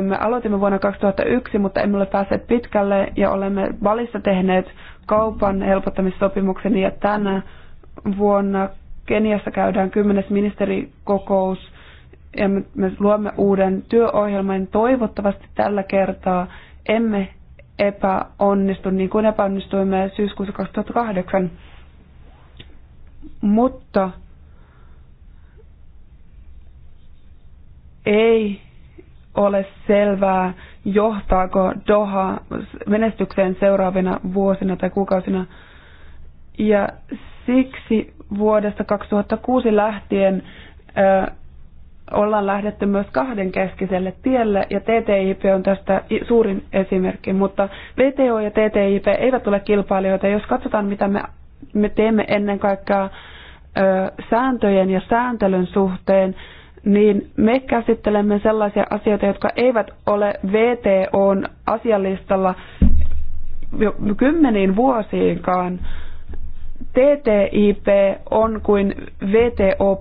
Me aloitimme vuonna 2001, mutta emme ole päässeet pitkälle ja olemme valissa tehneet kaupan helpottamissopimuksen ja tänä vuonna Keniassa käydään kymmenes ministerikokous ja me luomme uuden työohjelman. Toivottavasti tällä kertaa emme epäonnistu niin kuin epäonnistuimme syyskuussa 2008. Mutta ei ole selvää, johtaako Doha menestykseen seuraavina vuosina tai kuukausina – ja siksi vuodesta 2006 lähtien ö, ollaan lähdetty myös kahdenkeskiselle tielle, ja TTIP on tästä suurin esimerkki, mutta VTO ja TTIP eivät ole kilpailijoita. Jos katsotaan, mitä me, me teemme ennen kaikkea ö, sääntöjen ja sääntelyn suhteen, niin me käsittelemme sellaisia asioita, jotka eivät ole VTOn asialistalla jo kymmeniin vuosiinkaan. TTIP on kuin VTO++.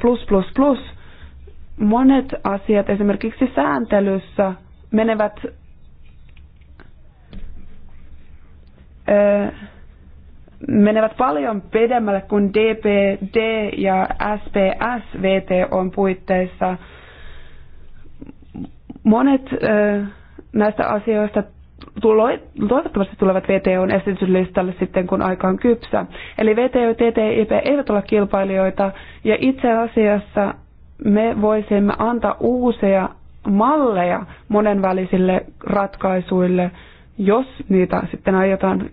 Monet asiat esimerkiksi sääntelyssä menevät menevät paljon pidemmälle kuin DPD ja SPS VTOn puitteissa. Monet näistä asioista toivottavasti tulevat VTOn esityslistalle sitten, kun aika on kypsä. Eli VTO ja TTIP eivät ole kilpailijoita, ja itse asiassa me voisimme antaa uusia malleja monenvälisille ratkaisuille, jos niitä sitten aiotaan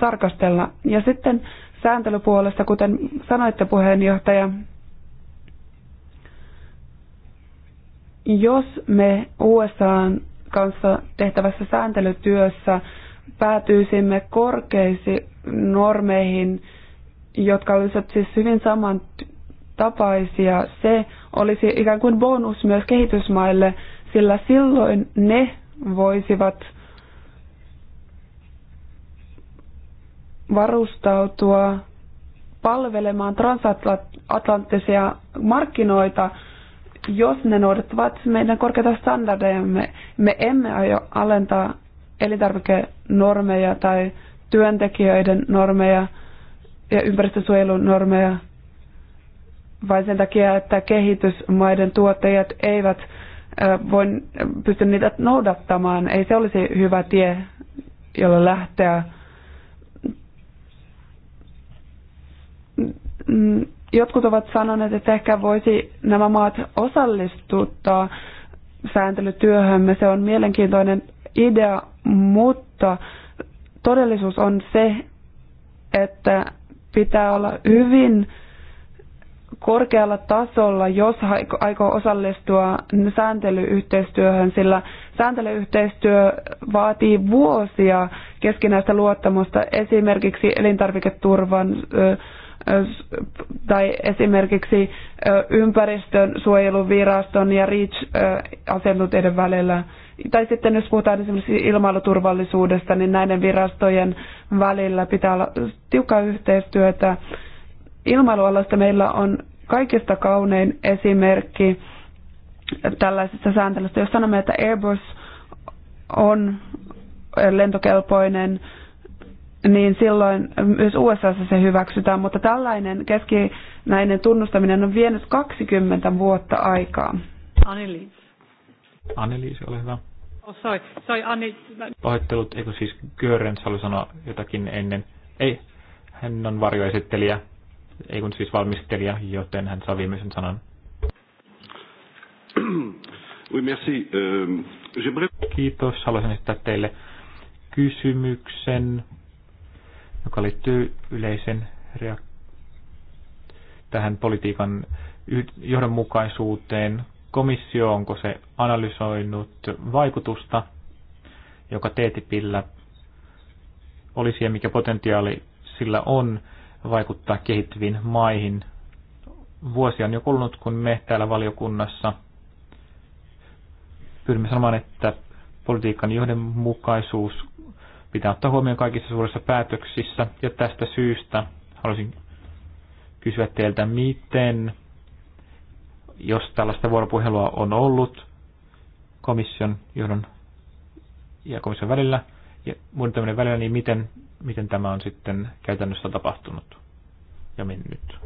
tarkastella. Ja sitten sääntelypuolesta, kuten sanoitte puheenjohtaja, jos me USAn kanssa tehtävässä sääntelytyössä päätyisimme korkeisiin normeihin, jotka olisivat siis hyvin samantapaisia. Se olisi ikään kuin bonus myös kehitysmaille, sillä silloin ne voisivat varustautua palvelemaan transatlanttisia markkinoita – jos ne noudattavat meidän korkeita standardeja, Me emme aio alentaa elintarvikenormeja tai työntekijöiden normeja ja ympäristösuojelun normeja, vain sen takia, että kehitysmaiden tuottajat eivät voi, pysty niitä noudattamaan. Ei se olisi hyvä tie, jolla lähteä mm, jotkut ovat sanoneet, että ehkä voisi nämä maat osallistuttaa sääntelytyöhömme. Se on mielenkiintoinen idea, mutta todellisuus on se, että pitää olla hyvin korkealla tasolla, jos aikoo osallistua sääntelyyhteistyöhön, sillä sääntelyyhteistyö vaatii vuosia keskinäistä luottamusta esimerkiksi elintarviketurvan tai esimerkiksi ympäristön suojeluviraston ja REACH-asiantuntijoiden välillä. Tai sitten jos puhutaan esimerkiksi ilmailuturvallisuudesta, niin näiden virastojen välillä pitää olla tiukkaa yhteistyötä. Ilmailualasta meillä on kaikista kaunein esimerkki tällaisesta sääntelystä. Jos sanomme, että Airbus on lentokelpoinen niin silloin myös USAssa se hyväksytään, mutta tällainen keskinäinen tunnustaminen on vienyt 20 vuotta aikaa. Anneliis. Anneliis, ole hyvä. Oh, sorry, sorry, Anni. Pahoittelut, eikö siis Görens halusi sanoa jotakin ennen? Ei, hän on varjoesittelijä, ei kun siis valmistelija, joten hän saa viimeisen sanan. Oui, merci. Euh, Kiitos, haluaisin esittää teille kysymyksen joka liittyy yleisen reak- tähän politiikan johdonmukaisuuteen. Komissio, onko se analysoinut vaikutusta, joka TTIPillä olisi ja mikä potentiaali sillä on vaikuttaa kehittyviin maihin. Vuosi on jo kulunut, kun me täällä valiokunnassa pyrimme sanomaan, että politiikan johdonmukaisuus pitää ottaa huomioon kaikissa suurissa päätöksissä. Ja tästä syystä haluaisin kysyä teiltä, miten, jos tällaista vuoropuhelua on ollut komission johdon ja komission välillä ja muiden tämmöinen välillä, niin miten, miten tämä on sitten käytännössä tapahtunut ja mennyt?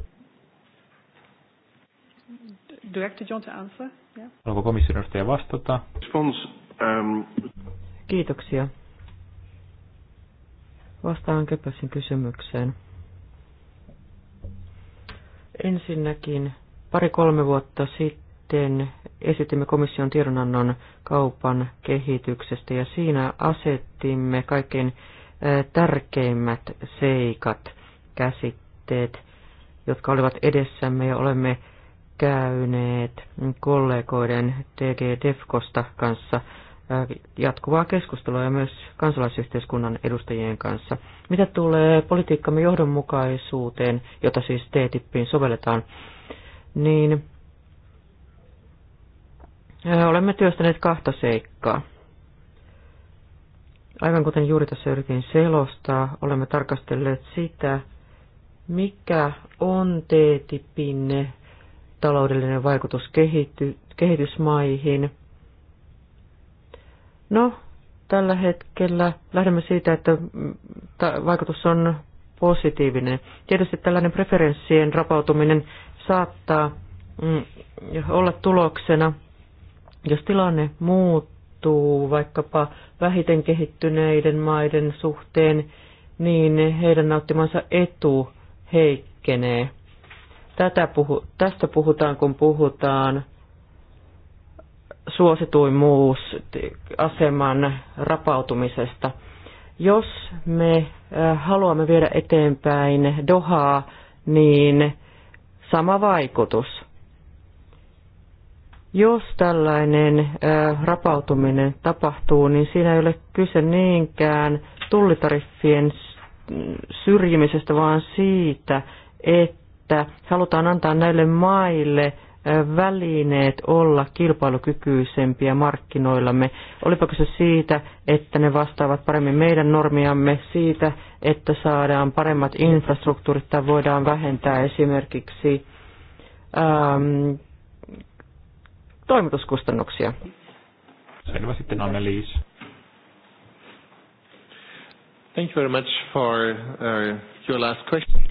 Director John to answer. Yeah. Haluaako komission vastata? um... Kiitoksia Vastaan Köpösin kysymykseen. Ensinnäkin pari-kolme vuotta sitten esitimme komission tiedonannon kaupan kehityksestä ja siinä asettimme kaikkein tärkeimmät seikat, käsitteet, jotka olivat edessämme ja olemme käyneet kollegoiden TG Defkosta kanssa jatkuvaa keskustelua ja myös kansalaisyhteiskunnan edustajien kanssa. Mitä tulee politiikkamme johdonmukaisuuteen, jota siis T-tippiin sovelletaan, niin olemme työstäneet kahta seikkaa. Aivan kuten juuri tässä yritin selostaa, olemme tarkastelleet sitä, mikä on TTIPin taloudellinen vaikutus kehity, kehitysmaihin – No, tällä hetkellä lähdemme siitä, että vaikutus on positiivinen. Tietysti tällainen preferenssien rapautuminen saattaa mm, olla tuloksena, jos tilanne muuttuu vaikkapa vähiten kehittyneiden maiden suhteen, niin heidän nauttimansa etu heikkenee. Tätä puhu, tästä puhutaan, kun puhutaan aseman rapautumisesta. Jos me äh, haluamme viedä eteenpäin Dohaa, niin sama vaikutus. Jos tällainen äh, rapautuminen tapahtuu, niin siinä ei ole kyse niinkään tullitariffien syrjimisestä, vaan siitä, että halutaan antaa näille maille välineet olla kilpailukykyisempiä markkinoillamme. Olipa se siitä, että ne vastaavat paremmin meidän normiamme, siitä, että saadaan paremmat infrastruktuurit tai voidaan vähentää esimerkiksi ähm, toimituskustannuksia. Selvä sitten Anneliis. Thank you very much for uh, your last question.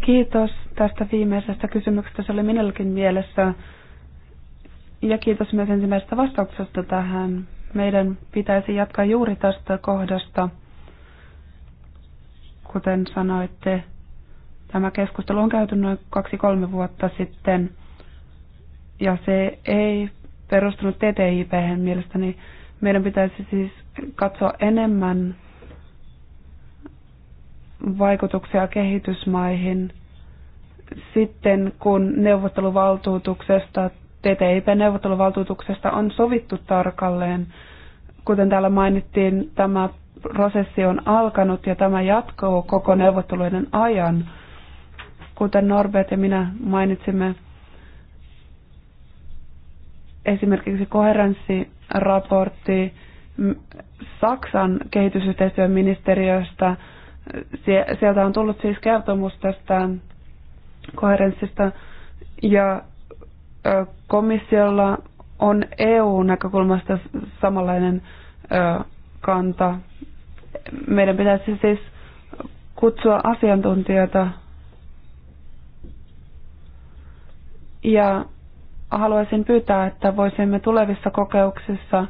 Kiitos tästä viimeisestä kysymyksestä. Se oli minullakin mielessä. Ja kiitos myös ensimmäisestä vastauksesta tähän. Meidän pitäisi jatkaa juuri tästä kohdasta. Kuten sanoitte, tämä keskustelu on käyty noin kaksi-kolme vuotta sitten. Ja se ei perustunut TTIP mielestäni. Meidän pitäisi siis katsoa enemmän vaikutuksia kehitysmaihin. Sitten kun neuvotteluvaltuutuksesta, TTIP-neuvotteluvaltuutuksesta on sovittu tarkalleen, kuten täällä mainittiin, tämä prosessi on alkanut ja tämä jatkuu koko neuvotteluiden ajan. Kuten Norbert ja minä mainitsimme, esimerkiksi koherenssiraportti Saksan kehitysyhteistyöministeriöstä Sieltä on tullut siis kertomus tästä koherenssista ja komissiolla on EU-näkökulmasta samanlainen kanta. Meidän pitäisi siis kutsua asiantuntijoita ja haluaisin pyytää, että voisimme tulevissa kokeuksissa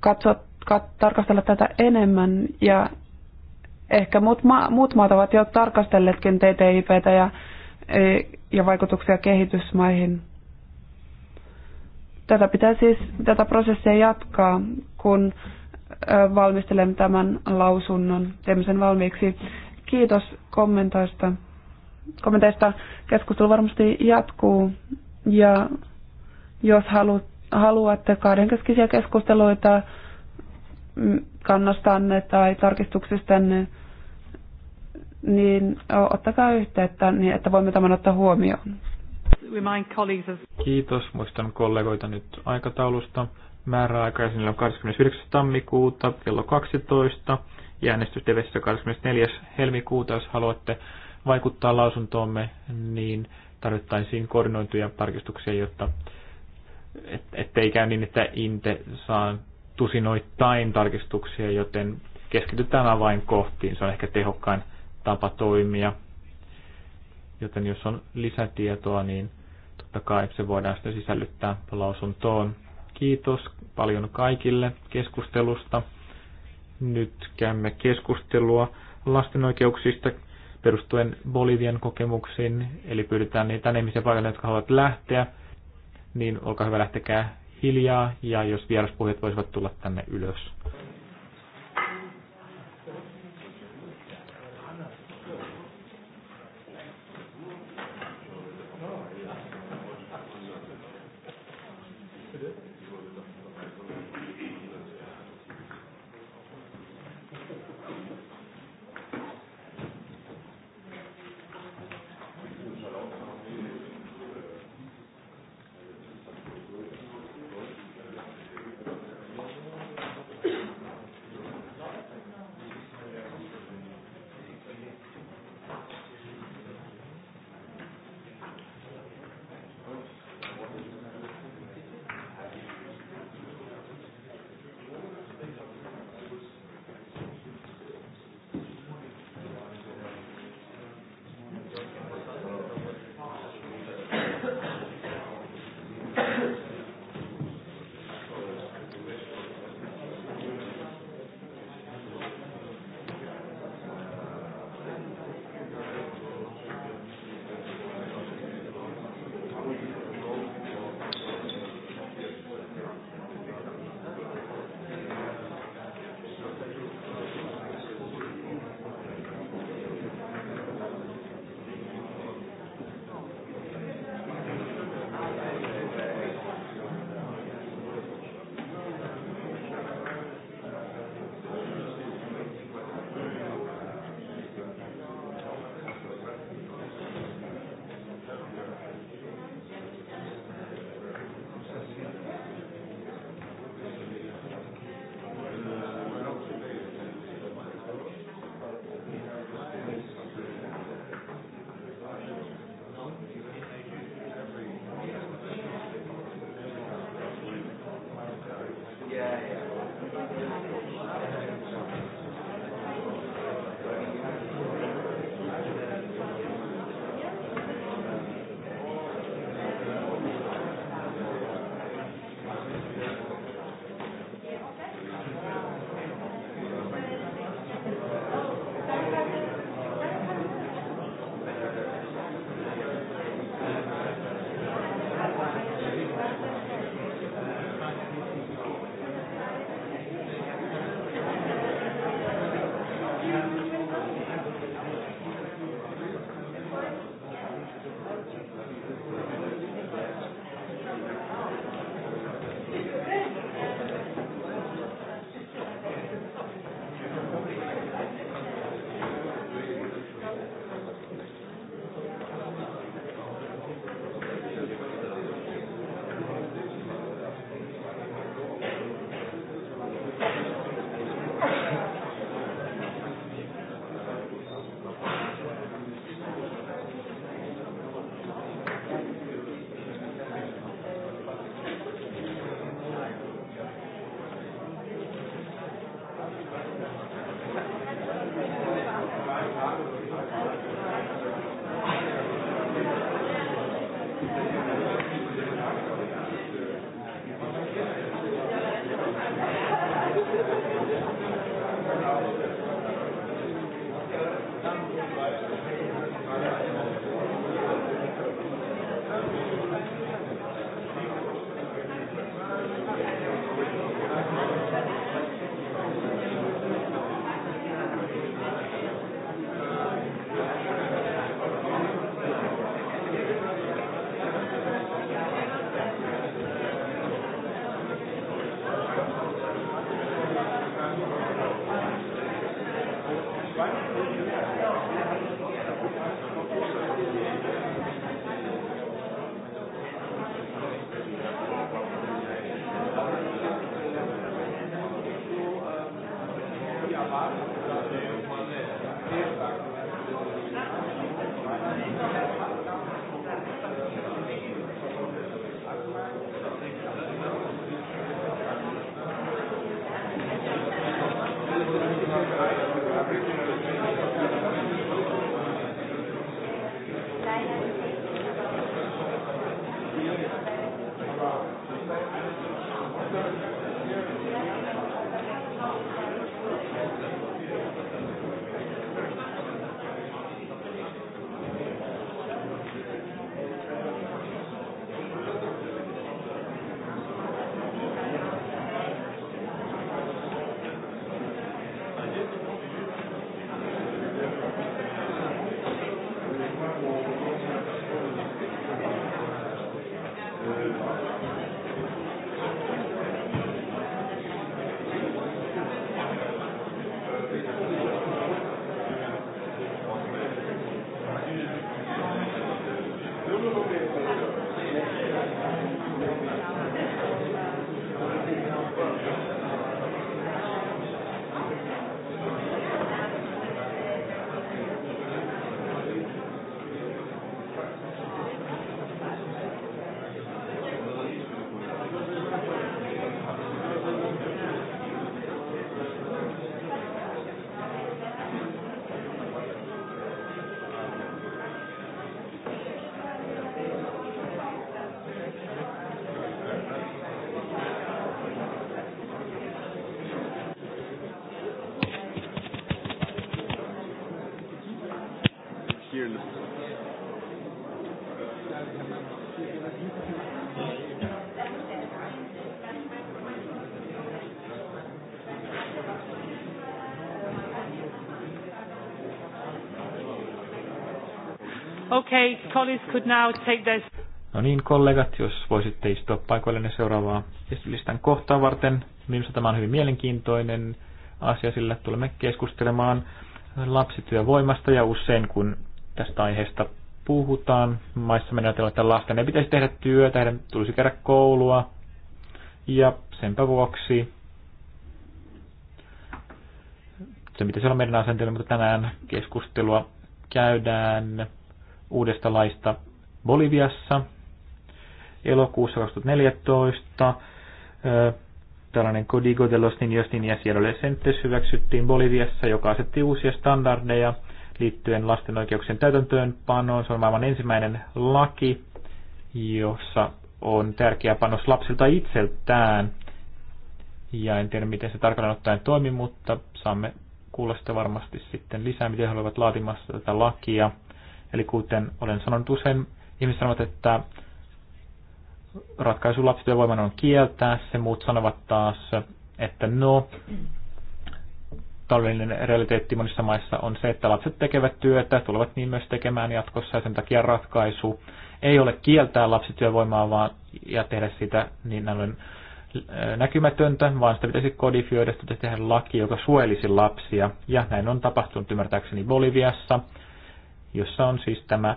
katsoa, kat, tarkastella tätä enemmän ja Ehkä muut, ma- muut maat ovat jo tarkastelleetkin TTIPtä ja, e, ja vaikutuksia kehitysmaihin. Tätä, pitää siis, tätä prosessia jatkaa, kun e, valmistelemme tämän lausunnon. Teemme sen valmiiksi. Kiitos kommentoista. kommenteista. Keskustelu varmasti jatkuu. Ja jos haluat, haluatte kahdenkeskisiä keskusteluita mm, kannastanne tai tarkistuksistanne, niin ottakaa yhteyttä, niin että voimme tämän ottaa huomioon. Kiitos. Muistan kollegoita nyt aikataulusta. Määräaika on 29. tammikuuta kello 12 ja äänestys 24. helmikuuta, jos haluatte vaikuttaa lausuntoomme, niin tarvittaisiin koordinoituja tarkistuksia, jotta et, ettei käy niin, että Inte saa tusinoittain tarkistuksia, joten keskitytään avainkohtiin. Se on ehkä tehokkain tapa toimia. Joten jos on lisätietoa, niin totta kai se voidaan sitten sisällyttää lausuntoon. Kiitos paljon kaikille keskustelusta. Nyt käymme keskustelua lasten oikeuksista perustuen Bolivian kokemuksiin, eli pyydetään niitä ihmisiä paikalle, jotka haluavat lähteä, niin olkaa hyvä, lähtekää hiljaa, ja jos vieraspuhujat voisivat tulla tänne ylös. Okay, colleagues could now take this. No niin, kollegat, jos voisitte istua paikoillenne seuraavaa listan kohtaa varten. Minusta tämä on hyvin mielenkiintoinen asia, sillä tulemme keskustelemaan lapsityövoimasta ja usein kun tästä aiheesta puhutaan, maissa mennään että lasten ei pitäisi tehdä työtä, heidän tulisi käydä koulua ja senpä vuoksi se pitäisi olla meidän asenteella, mutta tänään keskustelua käydään uudesta laista Boliviassa elokuussa 2014. Tällainen Código de los Niños Niñas niin y Adolescentes hyväksyttiin Boliviassa, joka asetti uusia standardeja liittyen lasten oikeuksien täytäntöönpanoon. Se on maailman ensimmäinen laki, jossa on tärkeä panos lapsilta itseltään. Ja en tiedä, miten se tarkalleen ottaen toimii, mutta saamme kuulla sitä varmasti sitten lisää, miten he olivat laatimassa tätä lakia. Eli kuten olen sanonut usein, ihmiset sanovat, että ratkaisu lapsityövoiman on kieltää se. Muut sanovat taas, että no, taloudellinen realiteetti monissa maissa on se, että lapset tekevät työtä, tulevat niin myös tekemään jatkossa ja sen takia ratkaisu ei ole kieltää lapsityövoimaa vaan ja tehdä sitä niin näin näkymätöntä, vaan sitä pitäisi kodifioida, sitä tehdä laki, joka suojelisi lapsia. Ja näin on tapahtunut ymmärtääkseni Boliviassa jossa on siis tämä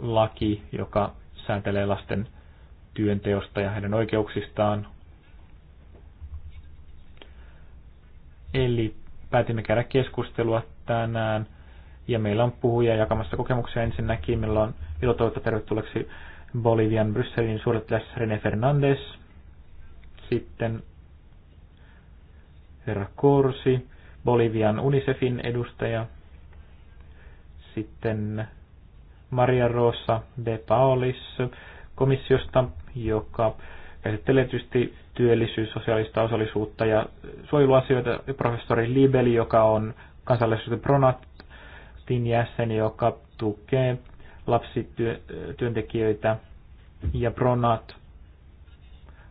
laki, joka sääntelee lasten työnteosta ja heidän oikeuksistaan. Eli päätimme käydä keskustelua tänään ja meillä on puhuja jakamassa kokemuksia ensinnäkin. Meillä on ilo toivottaa tervetulleeksi Bolivian Brysselin suurlähettiläs René Fernandes, sitten herra Korsi, Bolivian UNICEFin edustaja – sitten Maria Rosa de Paolis komissiosta, joka käsittelee tietysti työllisyys, sosiaalista osallisuutta ja suojeluasioita. Professori Libeli, joka on kansallisuuden Pronatin jäsen, joka tukee lapsityöntekijöitä. Ja Pronat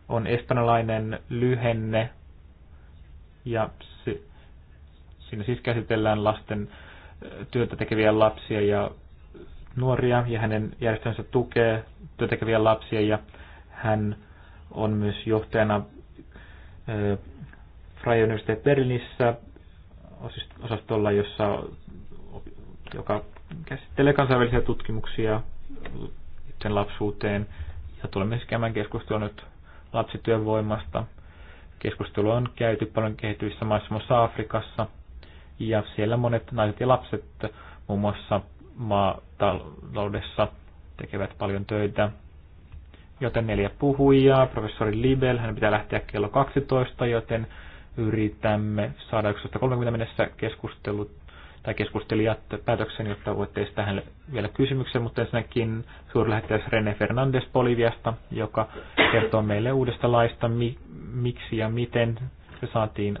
on espanjalainen lyhenne ja se, siinä siis käsitellään lasten työtä tekeviä lapsia ja nuoria ja hänen järjestönsä tukee työtä tekeviä lapsia ja hän on myös johtajana Freie Universität Berlinissä osastolla, jossa, joka käsittelee kansainvälisiä tutkimuksia sen lapsuuteen. Ja tulemme myös siis käymään keskustelua nyt lapsityövoimasta. Keskustelu on käyty paljon kehityissä maissa, muun Afrikassa – ja siellä monet naiset ja lapset muun muassa maataloudessa tekevät paljon töitä. Joten neljä puhujaa, professori Libel, hän pitää lähteä kello 12, joten yritämme saada 11.30 mennessä keskustelut tai keskustelijat päätöksen, jotta voitte esittää hänelle vielä kysymyksen, mutta ensinnäkin suurlähettiläs René Fernandes Boliviasta, joka kertoo meille uudesta laista, mi, miksi ja miten me saatiin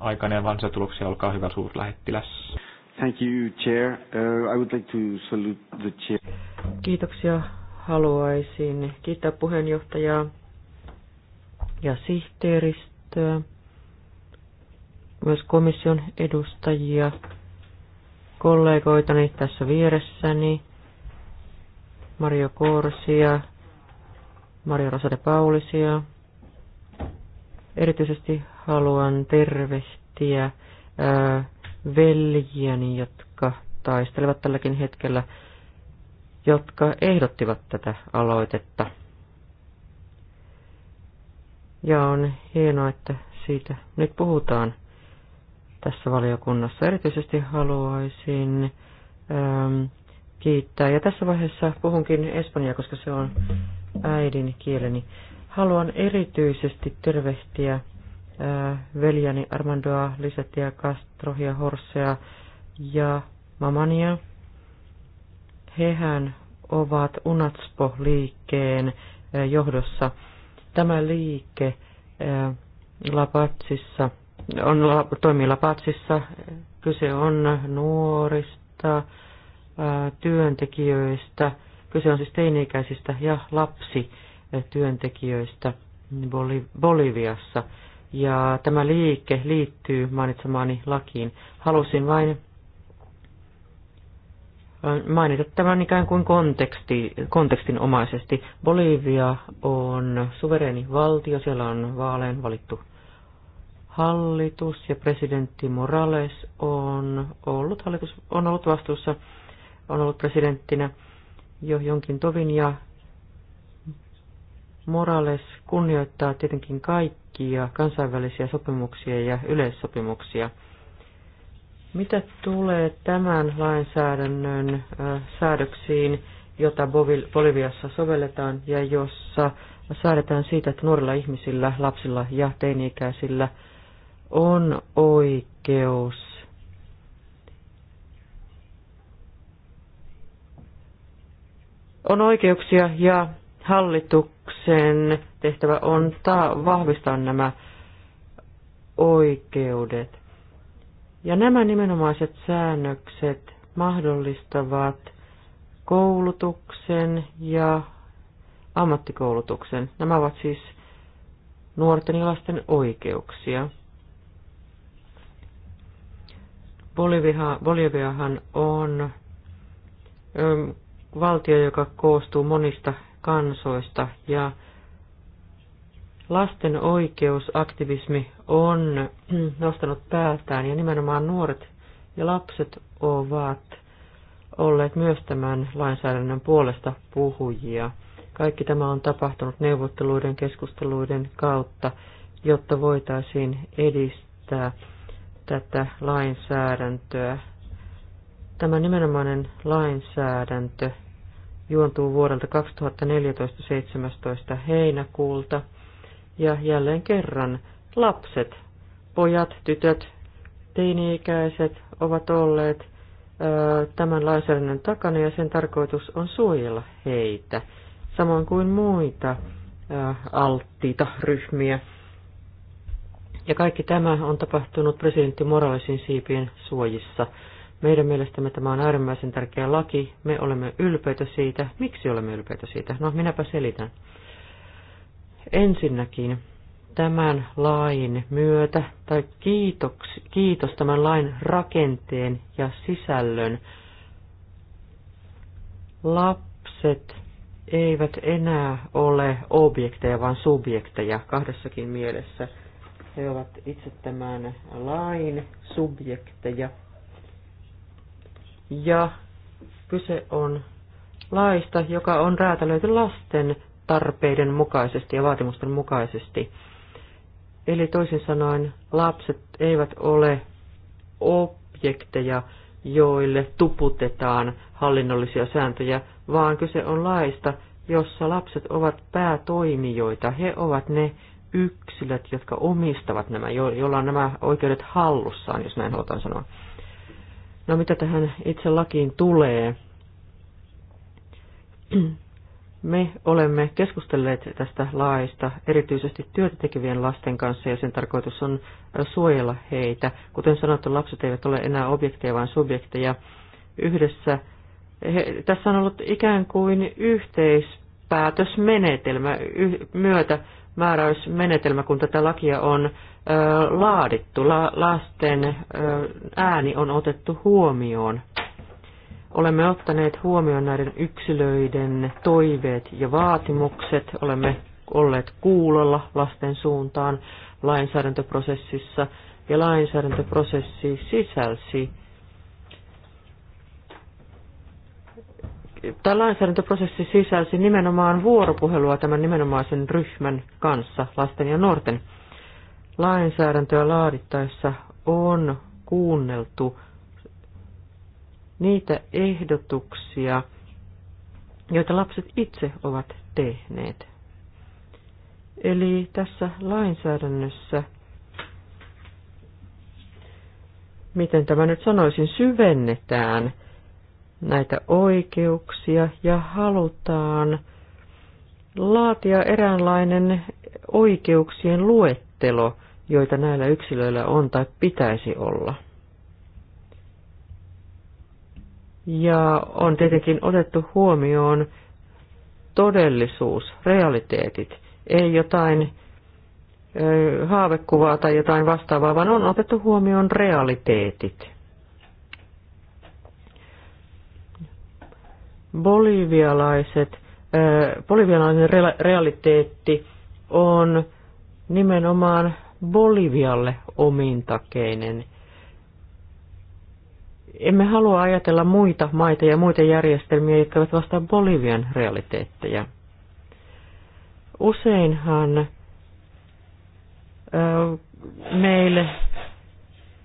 aikana ja vanhoja tuloksia. Olkaa hyvä suurlähettiläs. Thank you, Chair. Uh, I would like to salute the chair. Kiitoksia. Haluaisin kiittää puheenjohtajaa ja sihteeristöä, myös komission edustajia, kollegoitani tässä vieressäni, Mario Korsia, Mario Rosade Paulisia. Erityisesti haluan tervehtiä ää, veljeni, jotka taistelevat tälläkin hetkellä, jotka ehdottivat tätä aloitetta. Ja on hienoa, että siitä nyt puhutaan tässä valiokunnassa. Erityisesti haluaisin äm, kiittää. Ja tässä vaiheessa puhunkin espanjaa, koska se on äidinkieleni. Haluan erityisesti tervehtiä veljani Armandoa, Lisettiä, Castrohia, Horsea ja Mamania. Hehän ovat Unatspo-liikkeen johdossa. Tämä liike Lapatsissa, on, toimii Lapatsissa. Kyse on nuorista työntekijöistä. Kyse on siis teini-ikäisistä ja lapsityöntekijöistä Boliviassa ja tämä liike liittyy mainitsemaani lakiin. Halusin vain mainita tämän ikään kuin konteksti, kontekstinomaisesti. Bolivia on suvereeni valtio, siellä on vaaleen valittu hallitus ja presidentti Morales on ollut, hallitus, on ollut vastuussa, on ollut presidenttinä jo jonkin tovin ja Morales kunnioittaa tietenkin kaikki kaikkia kansainvälisiä sopimuksia ja yleissopimuksia. Mitä tulee tämän lainsäädännön säädöksiin, jota Boliviassa sovelletaan ja jossa säädetään siitä, että nuorilla ihmisillä, lapsilla ja teini-ikäisillä on oikeus on oikeuksia ja hallittu hallituksen tehtävä on ta- vahvistaa nämä oikeudet. Ja nämä nimenomaiset säännökset mahdollistavat koulutuksen ja ammattikoulutuksen. Nämä ovat siis nuorten ja lasten oikeuksia. Bolivia, Boliviahan on ö, valtio, joka koostuu monista kansoista ja lasten oikeusaktivismi on nostanut päätään ja nimenomaan nuoret ja lapset ovat olleet myös tämän lainsäädännön puolesta puhujia. Kaikki tämä on tapahtunut neuvotteluiden, keskusteluiden kautta, jotta voitaisiin edistää tätä lainsäädäntöä. Tämä nimenomainen lainsäädäntö juontuu vuodelta 2014 17. heinäkuulta. Ja jälleen kerran lapset, pojat, tytöt, teini-ikäiset ovat olleet ö, tämän lainsäädännön takana ja sen tarkoitus on suojella heitä, samoin kuin muita ö, alttiita ryhmiä. Ja kaikki tämä on tapahtunut presidentti Moralesin siipien suojissa. Meidän mielestämme tämä on äärimmäisen tärkeä laki. Me olemme ylpeitä siitä. Miksi olemme ylpeitä siitä? No, minäpä selitän. Ensinnäkin tämän lain myötä, tai kiitoks, kiitos tämän lain rakenteen ja sisällön, lapset eivät enää ole objekteja, vaan subjekteja kahdessakin mielessä. He ovat itse tämän lain subjekteja ja kyse on laista, joka on räätälöity lasten tarpeiden mukaisesti ja vaatimusten mukaisesti. Eli toisin sanoen lapset eivät ole objekteja, joille tuputetaan hallinnollisia sääntöjä, vaan kyse on laista, jossa lapset ovat päätoimijoita. He ovat ne yksilöt, jotka omistavat nämä, joilla on nämä oikeudet hallussaan, jos näin halutaan sanoa. No mitä tähän itse lakiin tulee? Me olemme keskustelleet tästä laista erityisesti työtä tekevien lasten kanssa ja sen tarkoitus on suojella heitä. Kuten sanottu, lapset eivät ole enää objekteja vaan subjekteja yhdessä. He, tässä on ollut ikään kuin yhteispäätösmenetelmä myötä määräysmenetelmä, kun tätä lakia on laadittu. La, lasten ääni on otettu huomioon. Olemme ottaneet huomioon näiden yksilöiden toiveet ja vaatimukset. Olemme olleet kuulolla lasten suuntaan lainsäädäntöprosessissa ja lainsäädäntöprosessi sisälsi tämä lainsäädäntöprosessi sisälsi nimenomaan vuoropuhelua tämän nimenomaisen ryhmän kanssa, lasten ja nuorten. Lainsäädäntöä laadittaessa on kuunneltu niitä ehdotuksia, joita lapset itse ovat tehneet. Eli tässä lainsäädännössä, miten tämä nyt sanoisin, syvennetään – näitä oikeuksia ja halutaan laatia eräänlainen oikeuksien luettelo, joita näillä yksilöillä on tai pitäisi olla. Ja on tietenkin otettu huomioon todellisuus, realiteetit, ei jotain haavekuvaa tai jotain vastaavaa, vaan on otettu huomioon realiteetit. bolivialaiset, bolivialainen realiteetti on nimenomaan Bolivialle omintakeinen. Emme halua ajatella muita maita ja muita järjestelmiä, jotka ovat vasta Bolivian realiteetteja. Useinhan meille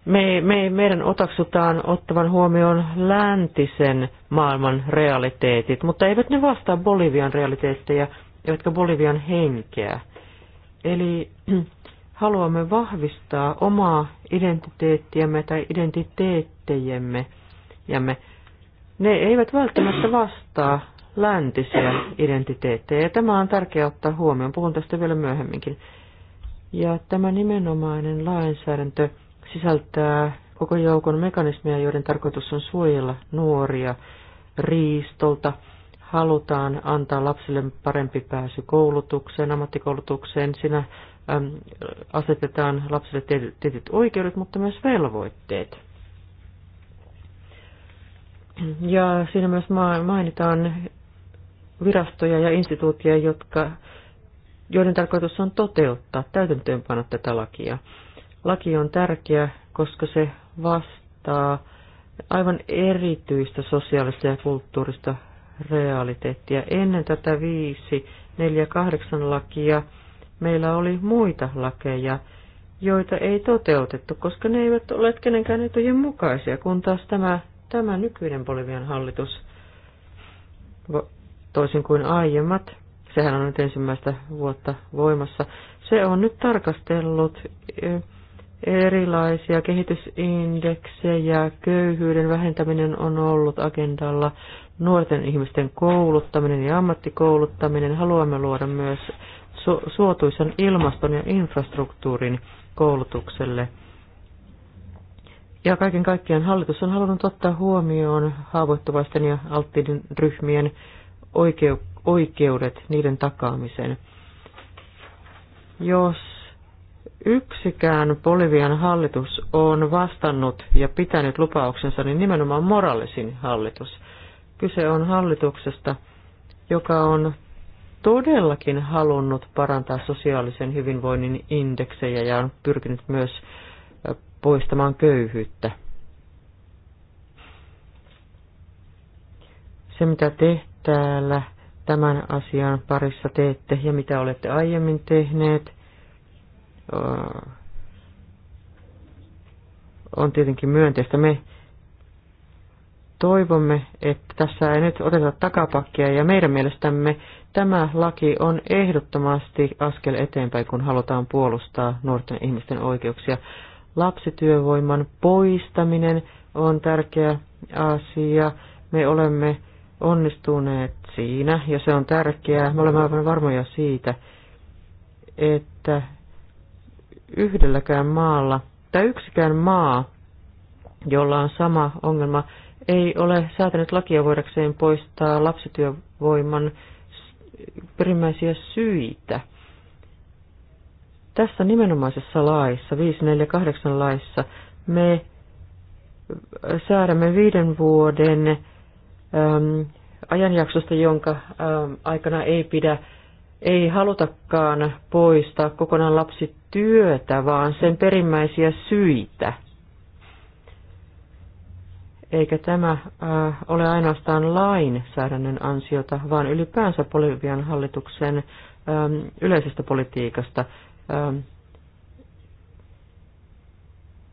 me, me, meidän otaksutaan ottavan huomioon läntisen maailman realiteetit, mutta eivät ne vastaa Bolivian realiteetteja, eivätkä Bolivian henkeä. Eli haluamme vahvistaa omaa identiteettiämme tai identiteettejemme. me Ne eivät välttämättä vastaa läntisiä identiteettejä, ja tämä on tärkeää ottaa huomioon. Puhun tästä vielä myöhemminkin. Ja tämä nimenomainen lainsäädäntö sisältää koko joukon mekanismeja, joiden tarkoitus on suojella nuoria riistolta. Halutaan antaa lapsille parempi pääsy koulutukseen, ammattikoulutukseen. Siinä äm, asetetaan lapsille tietyt oikeudet, mutta myös velvoitteet. Ja siinä myös mainitaan virastoja ja instituutioja, jotka, joiden tarkoitus on toteuttaa, täytäntöönpanna tätä lakia. Laki on tärkeä, koska se vastaa aivan erityistä sosiaalista ja kulttuurista realiteettia. Ennen tätä 548 lakia meillä oli muita lakeja, joita ei toteutettu, koska ne eivät ole kenenkään etujen mukaisia, kun taas tämä, tämä nykyinen Bolivian hallitus, toisin kuin aiemmat, sehän on nyt ensimmäistä vuotta voimassa, se on nyt tarkastellut eh, erilaisia kehitysindeksejä, köyhyyden vähentäminen on ollut agendalla, nuorten ihmisten kouluttaminen ja ammattikouluttaminen. Haluamme luoda myös su- suotuisan ilmaston ja infrastruktuurin koulutukselle. Ja kaiken kaikkiaan hallitus on halunnut ottaa huomioon haavoittuvaisten ja alttiiden ryhmien oikeu- oikeudet, niiden takaamiseen. Jos yksikään Bolivian hallitus on vastannut ja pitänyt lupauksensa, niin nimenomaan moraalisin hallitus. Kyse on hallituksesta, joka on todellakin halunnut parantaa sosiaalisen hyvinvoinnin indeksejä ja on pyrkinyt myös poistamaan köyhyyttä. Se, mitä te täällä tämän asian parissa teette ja mitä olette aiemmin tehneet – on tietenkin myönteistä. Me toivomme, että tässä ei nyt oteta takapakkia ja meidän mielestämme tämä laki on ehdottomasti askel eteenpäin, kun halutaan puolustaa nuorten ihmisten oikeuksia. Lapsityövoiman poistaminen on tärkeä asia. Me olemme onnistuneet siinä ja se on tärkeää. Me olemme aivan varmoja siitä, että yhdelläkään maalla, tai yksikään maa, jolla on sama ongelma, ei ole säätänyt lakia voidakseen poistaa lapsityövoiman perimmäisiä syitä. Tässä nimenomaisessa laissa, 548 laissa, me säädämme viiden vuoden äm, ajanjaksosta, jonka äm, aikana ei pidä, ei halutakaan poistaa kokonaan lapsit työtä, vaan sen perimmäisiä syitä. Eikä tämä äh, ole ainoastaan lainsäädännön ansiota, vaan ylipäänsä Bolivian hallituksen ähm, yleisestä politiikasta, ähm,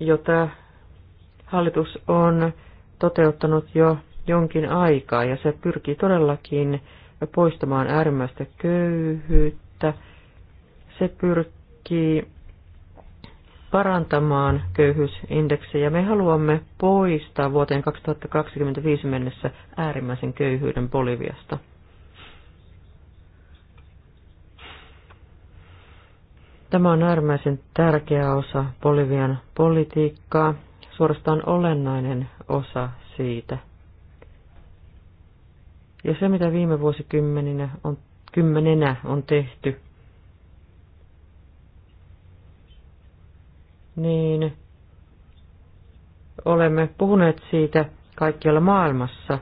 jota hallitus on toteuttanut jo jonkin aikaa, ja se pyrkii todellakin poistamaan äärimmäistä köyhyyttä. Se pyrkii pyrkii parantamaan köyhyysindeksejä. Me haluamme poistaa vuoteen 2025 mennessä äärimmäisen köyhyyden Boliviasta. Tämä on äärimmäisen tärkeä osa Bolivian politiikkaa, suorastaan olennainen osa siitä. Ja se, mitä viime vuosikymmeninä on, kymmenenä on tehty, niin olemme puhuneet siitä kaikkialla maailmassa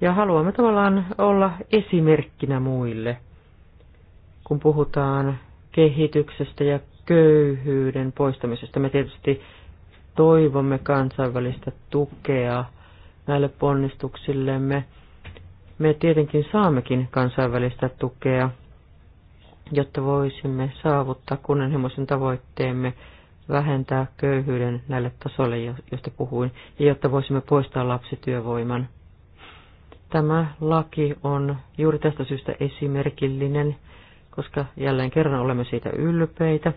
ja haluamme tavallaan olla esimerkkinä muille, kun puhutaan kehityksestä ja köyhyyden poistamisesta. Me tietysti toivomme kansainvälistä tukea näille ponnistuksillemme. Me tietenkin saammekin kansainvälistä tukea, jotta voisimme saavuttaa kunnianhimoisen tavoitteemme vähentää köyhyyden näille tasolle, josta puhuin, ja jotta voisimme poistaa lapsityövoiman. Tämä laki on juuri tästä syystä esimerkillinen, koska jälleen kerran olemme siitä ylpeitä.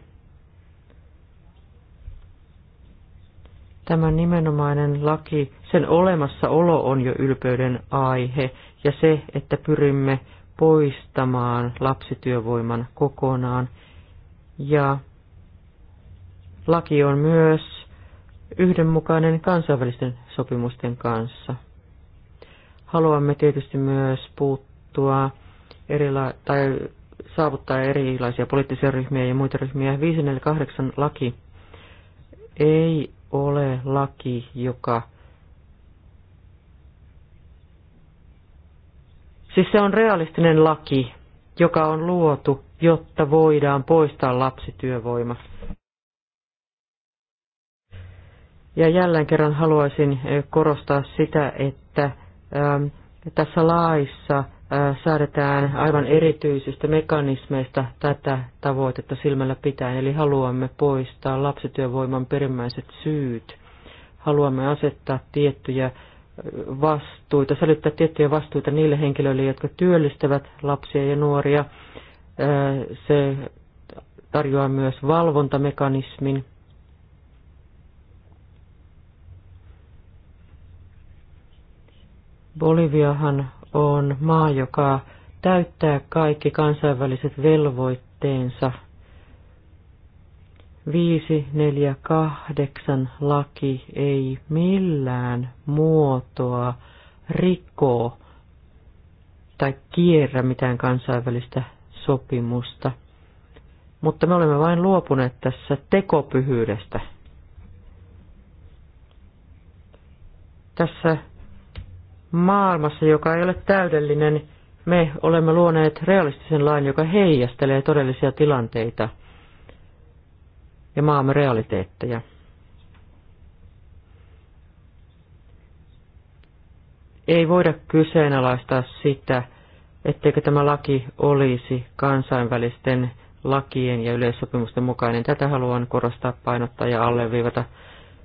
Tämä nimenomainen laki, sen olemassaolo on jo ylpeyden aihe, ja se, että pyrimme poistamaan lapsityövoiman kokonaan, ja Laki on myös yhdenmukainen kansainvälisten sopimusten kanssa. Haluamme tietysti myös puuttua erila- tai saavuttaa erilaisia poliittisia ryhmiä ja muita ryhmiä. 548 laki ei ole laki, joka... Siis se on realistinen laki, joka on luotu, jotta voidaan poistaa lapsityövoimasta. Ja jälleen kerran haluaisin korostaa sitä, että tässä laissa säädetään aivan erityisistä mekanismeista tätä tavoitetta silmällä pitäen, eli haluamme poistaa lapsityövoiman perimmäiset syyt. Haluamme asettaa tiettyjä vastuita, sälyttää tiettyjä vastuita niille henkilöille, jotka työllistävät lapsia ja nuoria. Se tarjoaa myös valvontamekanismin Boliviahan on maa, joka täyttää kaikki kansainväliset velvoitteensa. 548 laki ei millään muotoa rikoo tai kierrä mitään kansainvälistä sopimusta. Mutta me olemme vain luopuneet tässä tekopyhyydestä. Tässä maailmassa, joka ei ole täydellinen, me olemme luoneet realistisen lain, joka heijastelee todellisia tilanteita ja maamme realiteetteja. Ei voida kyseenalaistaa sitä, etteikö tämä laki olisi kansainvälisten lakien ja yleissopimusten mukainen. Tätä haluan korostaa, painottaa ja alleviivata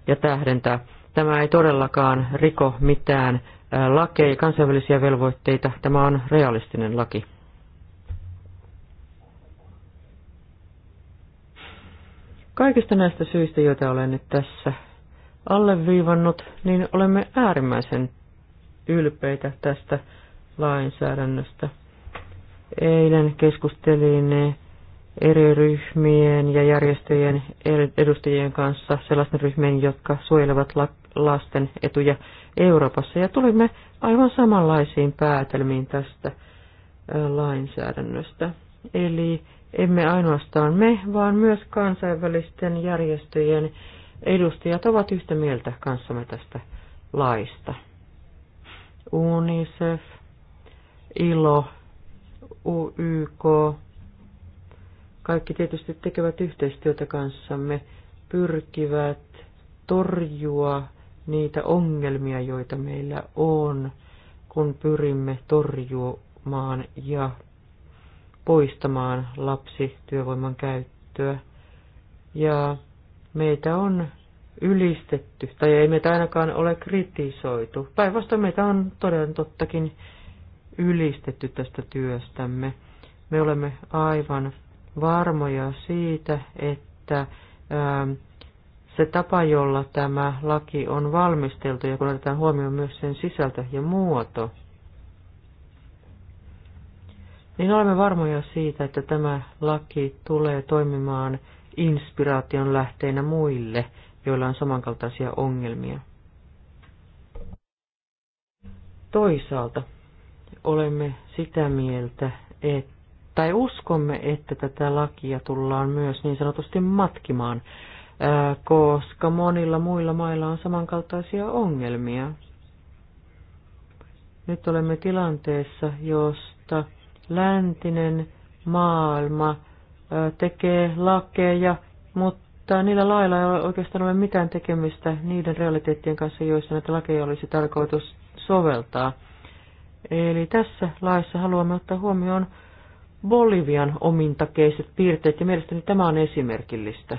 ja tähdentää. Tämä ei todellakaan riko mitään lakeja, kansainvälisiä velvoitteita. Tämä on realistinen laki. Kaikista näistä syistä, joita olen nyt tässä alleviivannut, niin olemme äärimmäisen ylpeitä tästä lainsäädännöstä. Eilen keskustelin eri ryhmien ja järjestöjen edustajien kanssa, sellaisten ryhmien, jotka suojelevat lasten etuja Euroopassa. Ja tulimme aivan samanlaisiin päätelmiin tästä lainsäädännöstä. Eli emme ainoastaan me, vaan myös kansainvälisten järjestöjen edustajat ovat yhtä mieltä kanssamme tästä laista. UNICEF, ILO, UYK, kaikki tietysti tekevät yhteistyötä kanssamme, pyrkivät torjua niitä ongelmia, joita meillä on, kun pyrimme torjumaan ja poistamaan lapsityövoiman käyttöä. Ja meitä on ylistetty, tai ei meitä ainakaan ole kritisoitu. Päinvastoin meitä on todella tottakin ylistetty tästä työstämme. Me olemme aivan varmoja siitä, että ää, ähm, se tapa, jolla tämä laki on valmisteltu ja kun otetaan huomioon myös sen sisältö ja muoto, niin olemme varmoja siitä, että tämä laki tulee toimimaan inspiraation lähteenä muille, joilla on samankaltaisia ongelmia. Toisaalta olemme sitä mieltä, että, tai uskomme, että tätä lakia tullaan myös niin sanotusti matkimaan koska monilla muilla mailla on samankaltaisia ongelmia. Nyt olemme tilanteessa, josta läntinen maailma tekee lakeja, mutta niillä lailla ei ole oikeastaan ole mitään tekemistä niiden realiteettien kanssa, joissa näitä lakeja olisi tarkoitus soveltaa. Eli tässä laissa haluamme ottaa huomioon Bolivian omintakeiset piirteet, ja mielestäni tämä on esimerkillistä.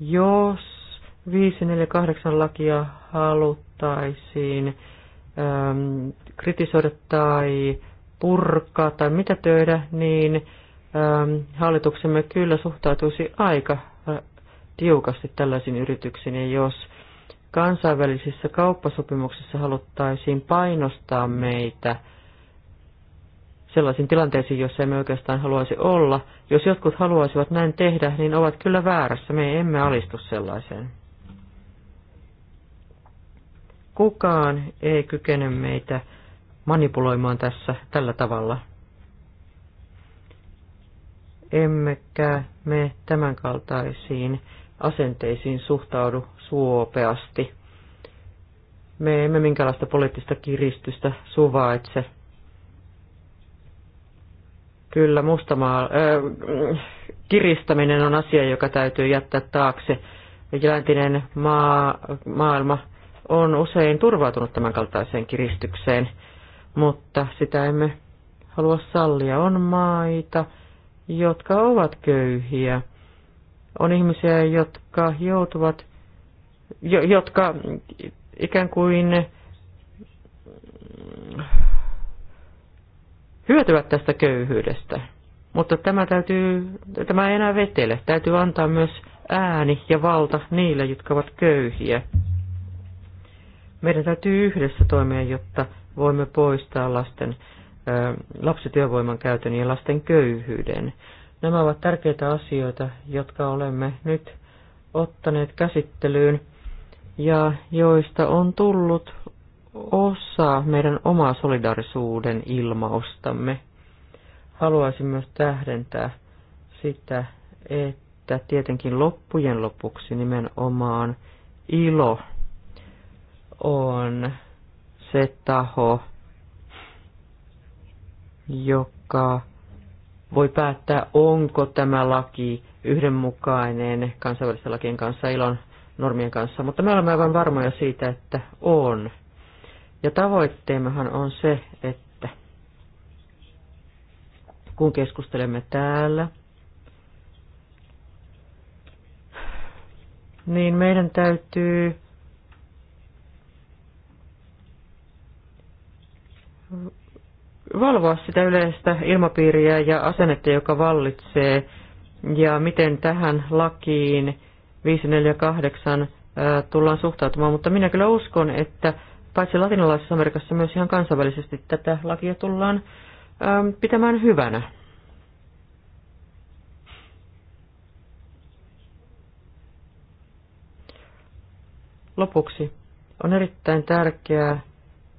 Jos 548 lakia haluttaisiin äm, kritisoida tai purkaa tai mitä töydä, niin äm, hallituksemme kyllä suhtautuisi aika äh, tiukasti tällaisiin yrityksiin. Ja jos kansainvälisissä kauppasopimuksissa haluttaisiin painostaa meitä, sellaisiin tilanteisiin, joissa emme oikeastaan haluaisi olla. Jos jotkut haluaisivat näin tehdä, niin ovat kyllä väärässä. Me emme alistu sellaiseen. Kukaan ei kykene meitä manipuloimaan tässä tällä tavalla. Emmekä me tämänkaltaisiin asenteisiin suhtaudu suopeasti. Me emme minkälaista poliittista kiristystä suvaitse Kyllä mustamaa, äh, kiristäminen on asia, joka täytyy jättää taakse. Läntinen maa, maailma on usein turvautunut tämän kaltaiseen kiristykseen, mutta sitä emme halua sallia. On maita, jotka ovat köyhiä. On ihmisiä, jotka joutuvat, jo, jotka ikään kuin hyötyvät tästä köyhyydestä. Mutta tämä, täytyy, tämä ei enää vetele. Täytyy antaa myös ääni ja valta niille, jotka ovat köyhiä. Meidän täytyy yhdessä toimia, jotta voimme poistaa lasten, lapsityövoiman käytön ja lasten köyhyyden. Nämä ovat tärkeitä asioita, jotka olemme nyt ottaneet käsittelyyn ja joista on tullut osa meidän omaa solidarisuuden ilmaustamme. Haluaisin myös tähdentää sitä, että tietenkin loppujen lopuksi nimenomaan ilo on se taho, joka voi päättää, onko tämä laki yhdenmukainen kansainvälisten lakien kanssa, ilon normien kanssa, mutta me olemme aivan varmoja siitä, että on. Ja tavoitteemmehan on se, että kun keskustelemme täällä, niin meidän täytyy valvoa sitä yleistä ilmapiiriä ja asennetta, joka vallitsee, ja miten tähän lakiin 548 tullaan suhtautumaan. Mutta minä kyllä uskon, että paitsi latinalaisessa Amerikassa myös ihan kansainvälisesti tätä lakia tullaan äm, pitämään hyvänä. Lopuksi on erittäin tärkeää,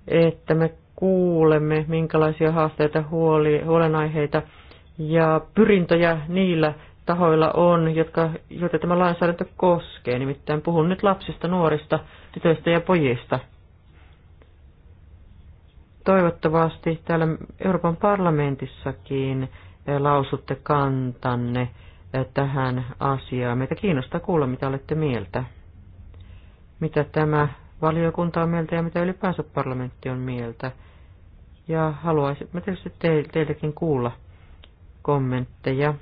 että me kuulemme, minkälaisia haasteita, huoli, huolenaiheita ja pyrintöjä niillä tahoilla on, jotka, joita tämä lainsäädäntö koskee. Nimittäin puhun nyt lapsista, nuorista, tytöistä ja pojista – toivottavasti täällä Euroopan parlamentissakin eh, lausutte kantanne eh, tähän asiaan. Meitä kiinnostaa kuulla, mitä olette mieltä. Mitä tämä valiokunta on mieltä ja mitä ylipäänsä parlamentti on mieltä. Ja mä tietysti teiltäkin kuulla kommentteja.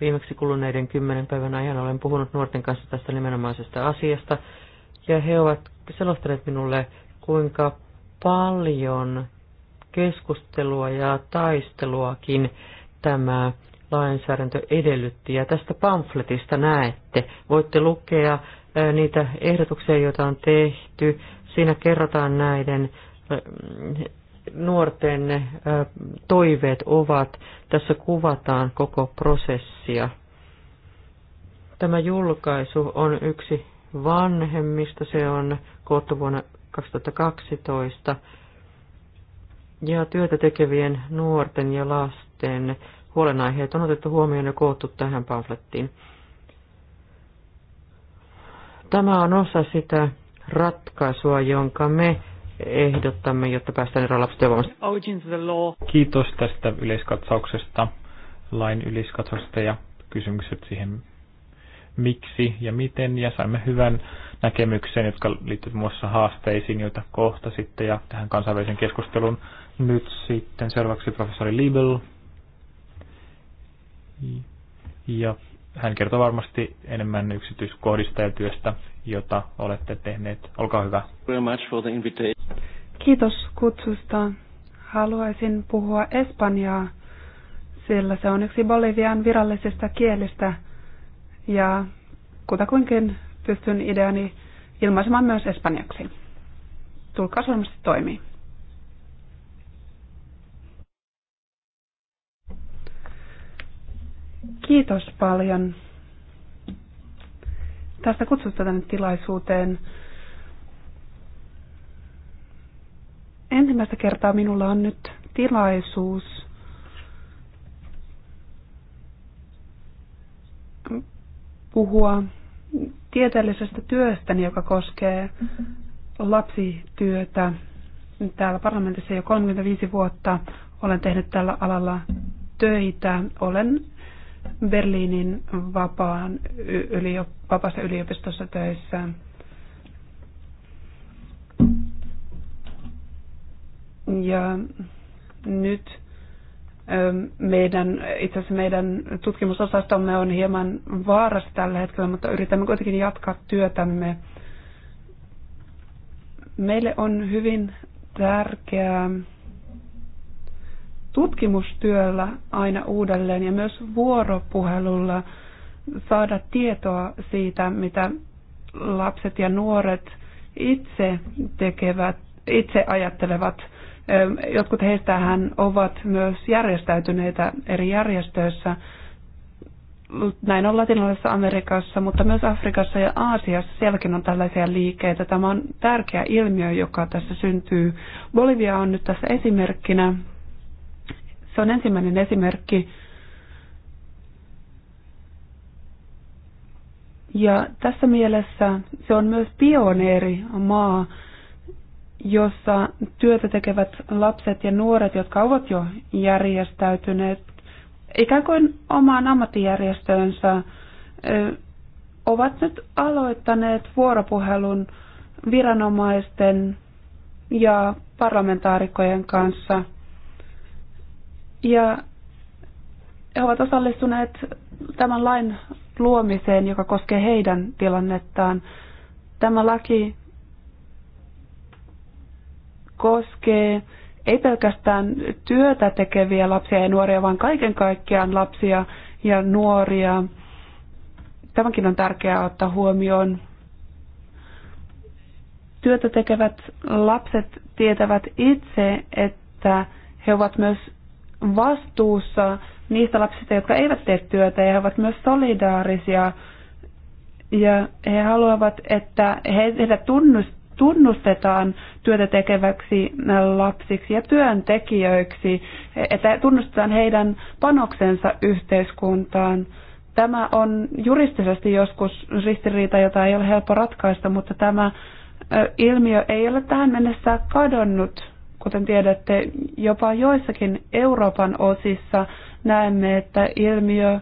Viimeksi kuluneiden kymmenen päivän ajan olen puhunut nuorten kanssa tästä nimenomaisesta asiasta, ja he ovat selostaneet minulle, kuinka paljon keskustelua ja taisteluakin tämä lainsäädäntö edellytti. Ja tästä pamfletista näette, voitte lukea niitä ehdotuksia, joita on tehty. Siinä kerrotaan näiden nuorten toiveet ovat. Tässä kuvataan koko prosessia. Tämä julkaisu on yksi vanhemmista. Se on koottu vuonna 2012 ja työtä tekevien nuorten ja lasten huolenaiheet on otettu huomioon ja koottu tähän pamflettiin. Tämä on osa sitä ratkaisua, jonka me ehdottamme, jotta päästään eroon lapsen Kiitos tästä yleiskatsauksesta, lain yleiskatsauksesta ja kysymykset siihen miksi ja miten, ja saimme hyvän näkemyksen, jotka liittyvät muun muassa haasteisiin, joita kohta sitten, ja tähän kansainvälisen keskustelun nyt sitten seuraavaksi professori Liebel. Ja hän kertoo varmasti enemmän yksityiskohdista ja työstä, jota olette tehneet. Olkaa hyvä. Kiitos kutsusta. Haluaisin puhua espanjaa, sillä se on yksi Bolivian virallisista kielistä – ja kutakuinkin pystyn ideani ilmaisemaan myös espanjaksi. Tulkaus varmasti toimii. Kiitos paljon tästä kutsusta tänne tilaisuuteen. Ensimmäistä kertaa minulla on nyt tilaisuus puhua tieteellisestä työstäni, joka koskee lapsityötä. Täällä parlamentissa jo 35 vuotta olen tehnyt tällä alalla töitä. Olen Berliinin vapaan yliop, vapaassa yliopistossa töissä. Ja nyt meidän, itse asiassa meidän tutkimusosastomme on hieman vaarassa tällä hetkellä, mutta yritämme kuitenkin jatkaa työtämme. Meille on hyvin tärkeää tutkimustyöllä aina uudelleen ja myös vuoropuhelulla saada tietoa siitä, mitä lapset ja nuoret itse tekevät, itse ajattelevat Jotkut heistähän ovat myös järjestäytyneitä eri järjestöissä. Näin on Latinalaisessa Amerikassa, mutta myös Afrikassa ja Aasiassa. Sielläkin on tällaisia liikkeitä. Tämä on tärkeä ilmiö, joka tässä syntyy. Bolivia on nyt tässä esimerkkinä. Se on ensimmäinen esimerkki. Ja tässä mielessä se on myös pioneeri maa jossa työtä tekevät lapset ja nuoret, jotka ovat jo järjestäytyneet ikään kuin omaan ammattijärjestöönsä, ovat nyt aloittaneet vuoropuhelun viranomaisten ja parlamentaarikkojen kanssa. Ja he ovat osallistuneet tämän lain luomiseen, joka koskee heidän tilannettaan. Tämä laki koskee ei pelkästään työtä tekeviä lapsia ja nuoria, vaan kaiken kaikkiaan lapsia ja nuoria. Tämäkin on tärkeää ottaa huomioon. Työtä tekevät lapset tietävät itse, että he ovat myös vastuussa niistä lapsista, jotka eivät tee työtä, ja he ovat myös solidaarisia. Ja he haluavat, että heidät tunnustetaan työtä tekeväksi äh, lapsiksi ja työntekijöiksi, että tunnustetaan heidän panoksensa yhteiskuntaan. Tämä on juristisesti joskus ristiriita, jota ei ole helppo ratkaista, mutta tämä äh, ilmiö ei ole tähän mennessä kadonnut. Kuten tiedätte, jopa joissakin Euroopan osissa näemme, että ilmiö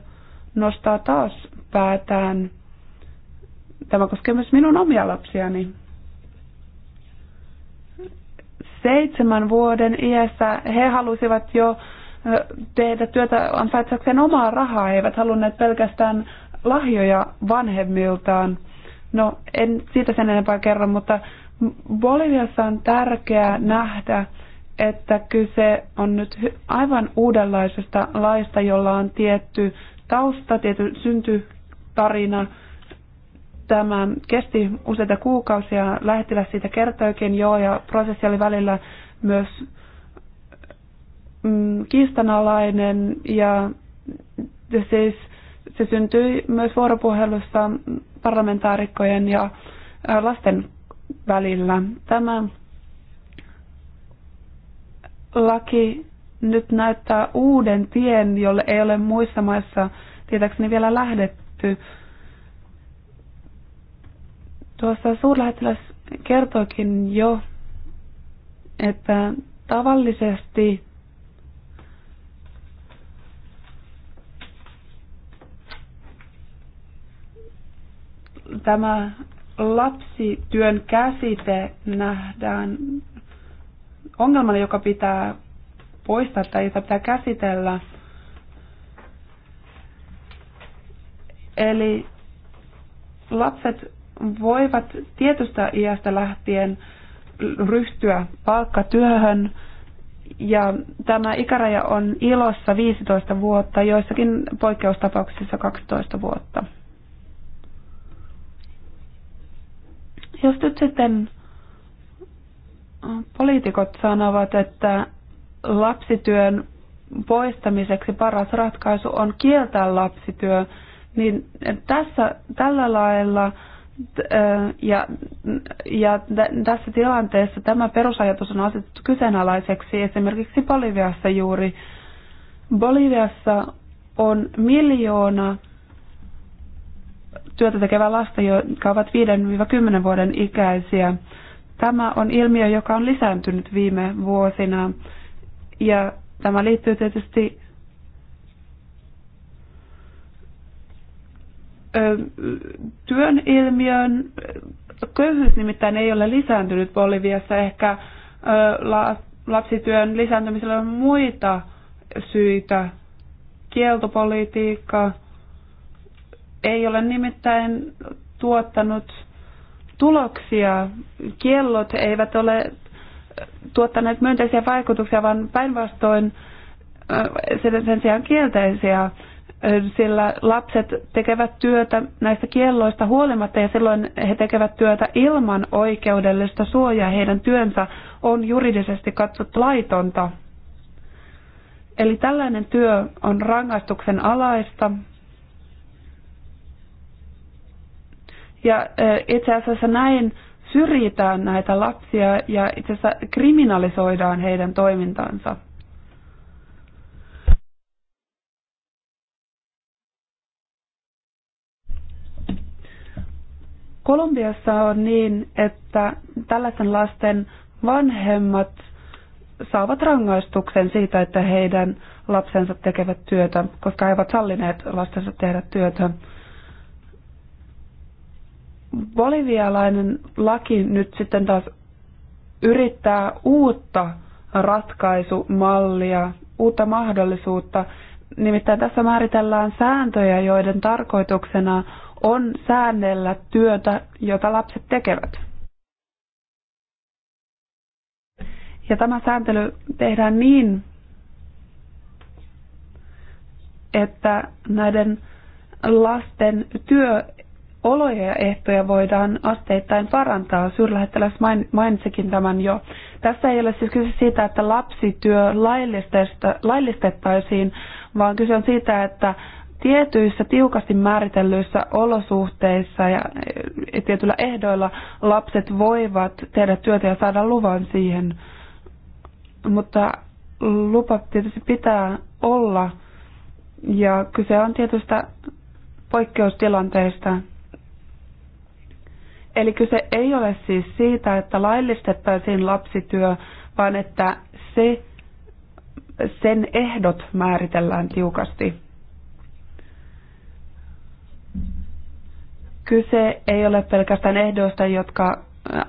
nostaa taas päätään. Tämä koskee myös minun omia lapsiani seitsemän vuoden iässä he halusivat jo tehdä työtä ansaitsakseen omaa rahaa, he eivät halunneet pelkästään lahjoja vanhemmiltaan. No, en siitä sen enempää kerro, mutta Boliviassa on tärkeää nähdä, että kyse on nyt aivan uudenlaisesta laista, jolla on tietty tausta, tietty syntytarina, Tämä kesti useita kuukausia, lähettiläs siitä kertoikin jo, ja prosessi oli välillä myös mm, kiistanalainen, ja siis se syntyi myös vuoropuhelussa parlamentaarikkojen ja lasten välillä. Tämä laki nyt näyttää uuden tien, jolle ei ole muissa maissa tietääkseni vielä lähdetty. Tuossa suurlähettiläs kertoikin jo, että tavallisesti tämä lapsityön käsite nähdään ongelmana, joka pitää poistaa tai jota pitää käsitellä. Eli lapset voivat tietystä iästä lähtien ryhtyä palkkatyöhön ja tämä ikäraja on ilossa 15 vuotta, joissakin poikkeustapauksissa 12 vuotta. Jos nyt sitten poliitikot sanovat, että lapsityön poistamiseksi paras ratkaisu on kieltää lapsityö, niin tässä, tällä lailla ja, ja tässä tilanteessa tämä perusajatus on asetettu kyseenalaiseksi esimerkiksi Boliviassa juuri. Boliviassa on miljoona työtä tekevää lasta, jotka ovat 5-10 vuoden ikäisiä. Tämä on ilmiö, joka on lisääntynyt viime vuosina ja tämä liittyy tietysti työn ilmiön. Köyhyys nimittäin ei ole lisääntynyt Boliviassa. Ehkä lapsityön lisääntymisellä on muita syitä. Kieltopolitiikka ei ole nimittäin tuottanut tuloksia. Kiellot eivät ole tuottaneet myönteisiä vaikutuksia, vaan päinvastoin sen sijaan kielteisiä sillä lapset tekevät työtä näistä kielloista huolimatta ja silloin he tekevät työtä ilman oikeudellista suojaa. Heidän työnsä on juridisesti katsottu laitonta. Eli tällainen työ on rangaistuksen alaista. Ja itse asiassa näin syrjitään näitä lapsia ja itse asiassa kriminalisoidaan heidän toimintansa. Kolumbiassa on niin, että tällaisen lasten vanhemmat saavat rangaistuksen siitä, että heidän lapsensa tekevät työtä, koska he ovat sallineet lastensa tehdä työtä. Bolivialainen laki nyt sitten taas yrittää uutta ratkaisumallia, uutta mahdollisuutta. Nimittäin tässä määritellään sääntöjä, joiden tarkoituksena on säännellä työtä, jota lapset tekevät. Ja tämä sääntely tehdään niin, että näiden lasten työoloja ja ehtoja voidaan asteittain parantaa. Suurlähettiläs mainitsikin tämän jo. Tässä ei ole siis kyse siitä, että lapsityö laillistettaisiin, vaan kyse on siitä, että tietyissä tiukasti määritellyissä olosuhteissa ja e, tietyillä ehdoilla lapset voivat tehdä työtä ja saada luvan siihen. Mutta lupa tietysti pitää olla ja kyse on tietystä poikkeustilanteista. Eli kyse ei ole siis siitä, että laillistettaisiin lapsityö, vaan että se, sen ehdot määritellään tiukasti. Kyse ei ole pelkästään ehdoista, jotka äh,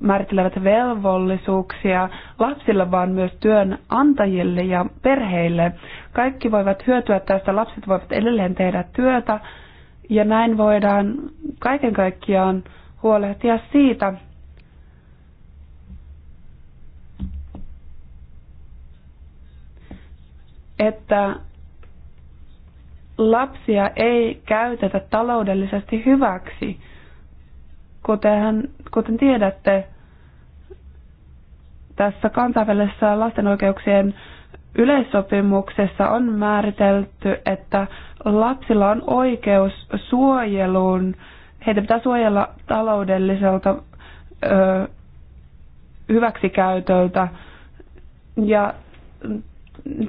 määrittelevät velvollisuuksia lapsille, vaan myös työnantajille ja perheille. Kaikki voivat hyötyä tästä, lapset voivat edelleen tehdä työtä ja näin voidaan kaiken kaikkiaan huolehtia siitä, että lapsia ei käytetä taloudellisesti hyväksi. Kuten, kuten tiedätte, tässä kansainvälisessä lasten oikeuksien yleissopimuksessa on määritelty, että lapsilla on oikeus suojeluun. Heitä pitää suojella taloudelliselta ö, hyväksikäytöltä. Ja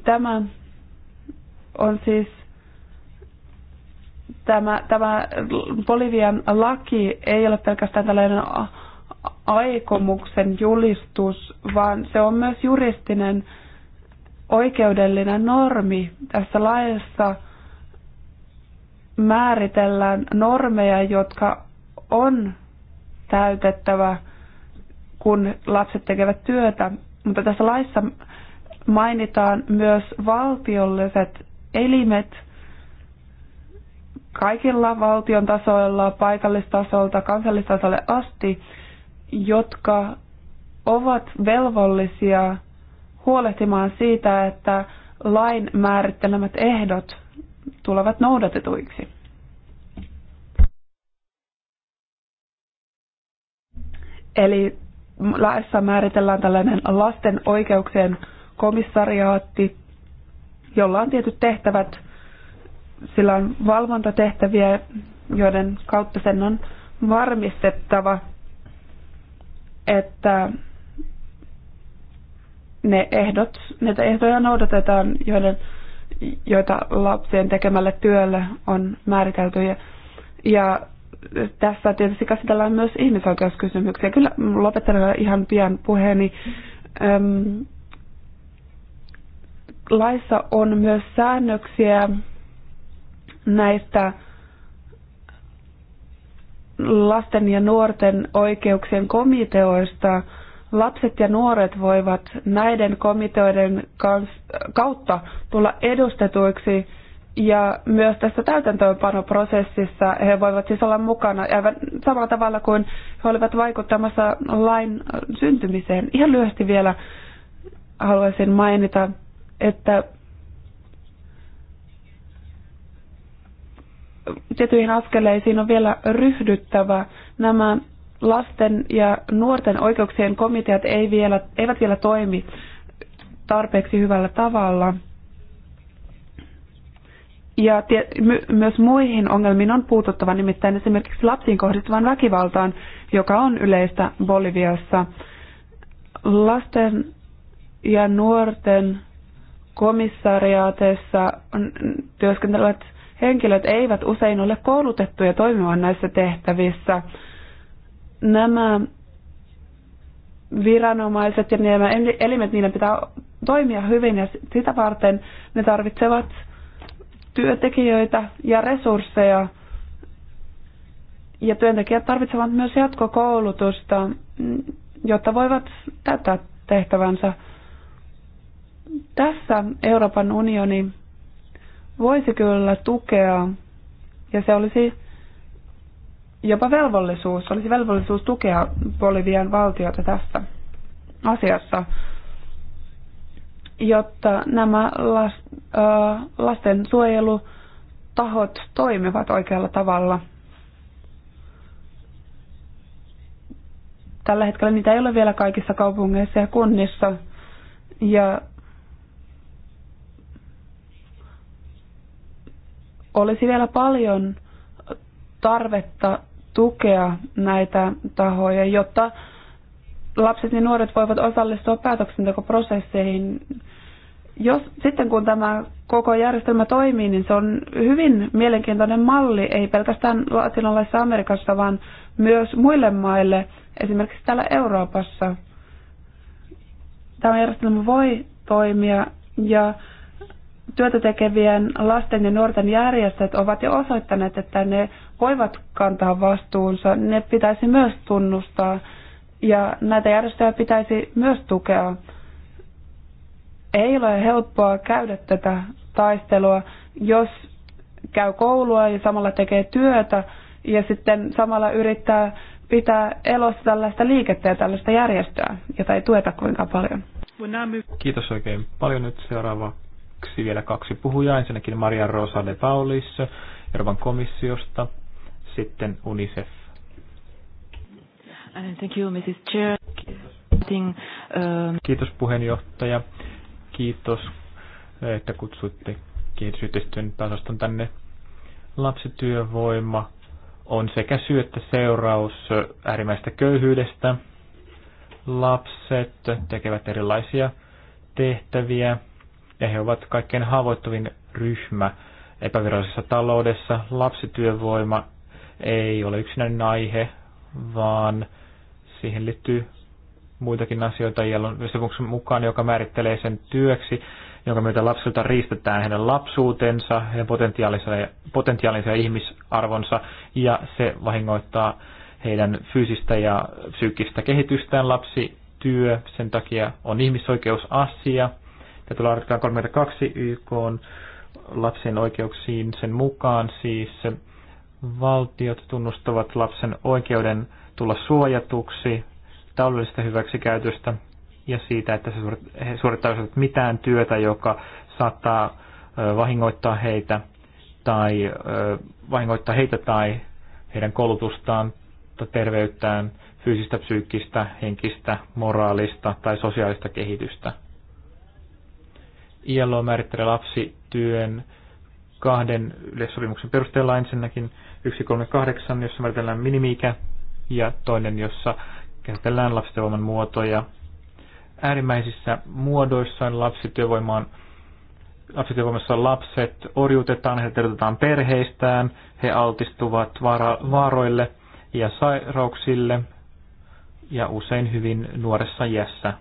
tämä on siis tämä, tämä Bolivian laki ei ole pelkästään tällainen aikomuksen julistus, vaan se on myös juristinen oikeudellinen normi. Tässä laissa määritellään normeja, jotka on täytettävä, kun lapset tekevät työtä. Mutta tässä laissa mainitaan myös valtiolliset elimet – kaikilla valtion tasoilla, paikallistasolta, kansallistasolle asti, jotka ovat velvollisia huolehtimaan siitä, että lain määrittelemät ehdot tulevat noudatetuiksi. Eli laissa määritellään tällainen lasten oikeuksien komissariaatti, jolla on tietyt tehtävät sillä on valvontatehtäviä, joiden kautta sen on varmistettava, että ne ehdot, näitä ehtoja noudatetaan, joiden, joita lapsien tekemälle työlle on määritelty. Ja, ja tässä tietysti käsitellään myös ihmisoikeuskysymyksiä. Kyllä lopettelen ihan pian puheeni. Öm, laissa on myös säännöksiä näistä lasten ja nuorten oikeuksien komiteoista. Lapset ja nuoret voivat näiden komiteoiden kautta tulla edustetuiksi ja myös tässä täytäntöönpanoprosessissa he voivat siis olla mukana aivan samalla tavalla kuin he olivat vaikuttamassa lain syntymiseen. Ihan lyhyesti vielä haluaisin mainita, että tiettyihin askeleisiin on vielä ryhdyttävä. Nämä lasten ja nuorten oikeuksien komiteat ei vielä, eivät vielä toimi tarpeeksi hyvällä tavalla. Ja tie, my, myös muihin ongelmiin on puututtava, nimittäin esimerkiksi lapsiin kohdistuvan väkivaltaan, joka on yleistä Boliviassa. Lasten ja nuorten komissariaatessa työskentelevät henkilöt eivät usein ole koulutettuja toimimaan näissä tehtävissä. Nämä viranomaiset ja nämä elimet, niiden pitää toimia hyvin ja sitä varten ne tarvitsevat työntekijöitä ja resursseja. Ja työntekijät tarvitsevat myös jatkokoulutusta, jotta voivat täyttää tehtävänsä. Tässä Euroopan unioni voisi kyllä tukea, ja se olisi jopa velvollisuus, olisi velvollisuus tukea Bolivian valtiota tässä asiassa, jotta nämä las, äh, lastensuojelutahot toimivat oikealla tavalla. Tällä hetkellä niitä ei ole vielä kaikissa kaupungeissa ja kunnissa, ja olisi vielä paljon tarvetta tukea näitä tahoja, jotta lapset ja nuoret voivat osallistua päätöksentekoprosesseihin. Jos sitten kun tämä koko järjestelmä toimii, niin se on hyvin mielenkiintoinen malli, ei pelkästään latinalaisessa Amerikassa, vaan myös muille maille, esimerkiksi täällä Euroopassa. Tämä järjestelmä voi toimia ja työtä tekevien lasten ja nuorten järjestöt ovat jo osoittaneet, että ne voivat kantaa vastuunsa. Ne pitäisi myös tunnustaa ja näitä järjestöjä pitäisi myös tukea. Ei ole helppoa käydä tätä taistelua, jos käy koulua ja samalla tekee työtä ja sitten samalla yrittää pitää elossa tällaista liikettä ja tällaista järjestöä, jota ei tueta kuinka paljon. Kiitos oikein paljon. Nyt seuraava kaksi vielä kaksi puhujaa. Ensinnäkin Maria Rosa de Paulis Euroopan komissiosta, sitten UNICEF. Uh, thank you, Mrs. Chair. Um, Kiitos puheenjohtaja. Kiitos, että kutsuitte kehitysyhteistyön tasoston tänne. Lapsityövoima on sekä syy että seuraus äärimmäistä köyhyydestä. Lapset tekevät erilaisia tehtäviä, ja he ovat kaikkein haavoittuvin ryhmä epävirallisessa taloudessa. Lapsityövoima ei ole yksinäinen aihe, vaan siihen liittyy muitakin asioita sopimuksen mukaan, joka määrittelee sen työksi, jonka myötä lapsilta riistetään heidän lapsuutensa, heidän potentiaalinsa, ja ihmisarvonsa, ja se vahingoittaa heidän fyysistä ja psyykkistä kehitystään lapsi työ sen takia on ihmisoikeusasia, ja tulee artiklaan 32 YK on lapsen oikeuksiin sen mukaan siis valtiot tunnustavat lapsen oikeuden tulla suojatuksi taloudellisesta hyväksikäytöstä ja siitä, että he suorittaisivat mitään työtä, joka saattaa vahingoittaa heitä tai vahingoittaa heitä tai heidän koulutustaan tai terveyttään, fyysistä, psyykkistä, henkistä, moraalista tai sosiaalista kehitystä. ILO määrittelee lapsityön kahden yleissopimuksen perusteella ensinnäkin 138, jossa määritellään minimiikä, ja toinen, jossa käsitellään lapsityövoiman muotoja. Äärimmäisissä muodoissaan lapsityövoimaan lapsityövoimassa lapset orjuutetaan, he terotetaan perheistään, he altistuvat vaara- vaaroille ja sairauksille ja usein hyvin nuoressa iässä.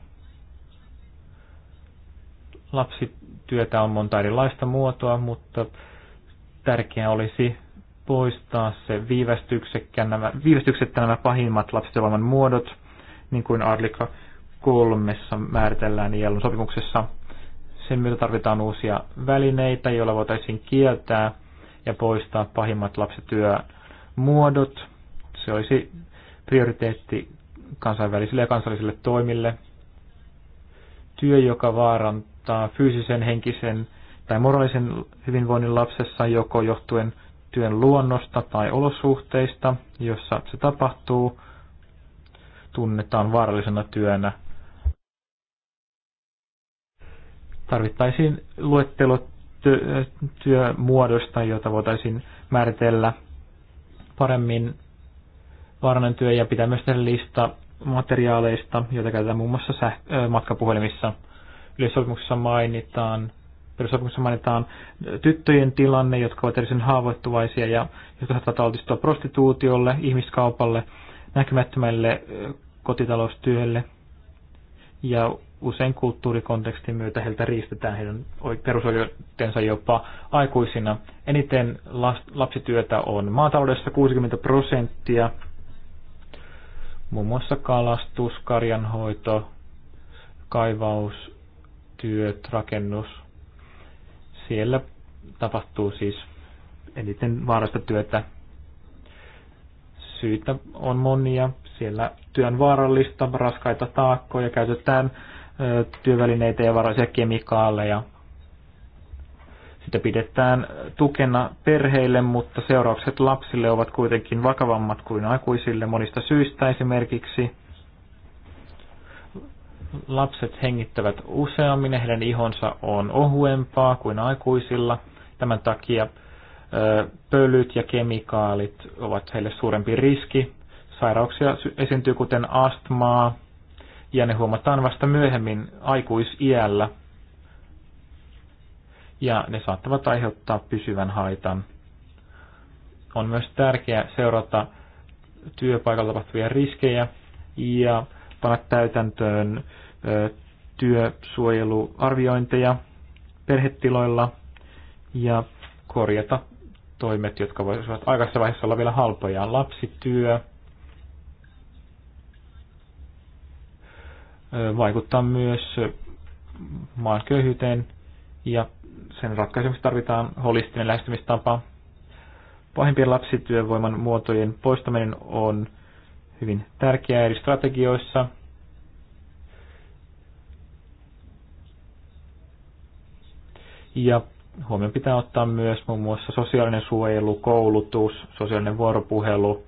Lapsityötä on monta erilaista muotoa, mutta tärkeää olisi poistaa se viivästyksettä nämä pahimmat lapsityövoiman muodot, niin kuin Arlika kolmessa määritellään ielun sopimuksessa. Sen myötä tarvitaan uusia välineitä, joilla voitaisiin kieltää ja poistaa pahimmat lapsityömuodot. Se olisi prioriteetti kansainvälisille ja kansallisille toimille. Työ, joka vaarantaa vaikuttaa fyysisen, henkisen tai moraalisen hyvinvoinnin lapsessa joko johtuen työn luonnosta tai olosuhteista, jossa se tapahtuu, tunnetaan vaarallisena työnä. Tarvittaisiin luettelo työmuodosta, jota voitaisiin määritellä paremmin vaarallinen työ ja pitää myös tehdä lista materiaaleista, joita käytetään muun muassa säh- matkapuhelimissa. Yleissopimuksessa mainitaan, perussopimuksessa mainitaan tyttöjen tilanne, jotka ovat erityisen haavoittuvaisia ja jotka saattavat altistua prostituutiolle, ihmiskaupalle, näkymättömälle kotitaloustyölle ja usein kulttuurikontekstin myötä heiltä riistetään heidän perusoikeutensa jopa aikuisina. Eniten lapsityötä on maataloudessa 60 prosenttia, muun muassa kalastus, karjanhoito, kaivaus, työt, rakennus. Siellä tapahtuu siis eniten vaarasta työtä. Syitä on monia. Siellä työn vaarallista, raskaita taakkoja, käytetään työvälineitä ja varaisia kemikaaleja. Sitä pidetään tukena perheille, mutta seuraukset lapsille ovat kuitenkin vakavammat kuin aikuisille monista syistä esimerkiksi – Lapset hengittävät useammin ja heidän ihonsa on ohuempaa kuin aikuisilla. Tämän takia pölyt ja kemikaalit ovat heille suurempi riski. Sairauksia esiintyy kuten astmaa ja ne huomataan vasta myöhemmin aikuisiällä ja ne saattavat aiheuttaa pysyvän haitan. On myös tärkeää seurata työpaikalla tapahtuvia riskejä ja panna täytäntöön työsuojeluarviointeja perhetiloilla ja korjata toimet, jotka voisivat aikaisessa vaiheessa olla vielä halpoja. Lapsityö vaikuttaa myös maan köyhyyteen ja sen ratkaisemiseksi tarvitaan holistinen lähestymistapa. Pahimpien lapsityövoiman muotojen poistaminen on hyvin tärkeää eri strategioissa – Ja huomioon pitää ottaa myös muun muassa sosiaalinen suojelu, koulutus, sosiaalinen vuoropuhelu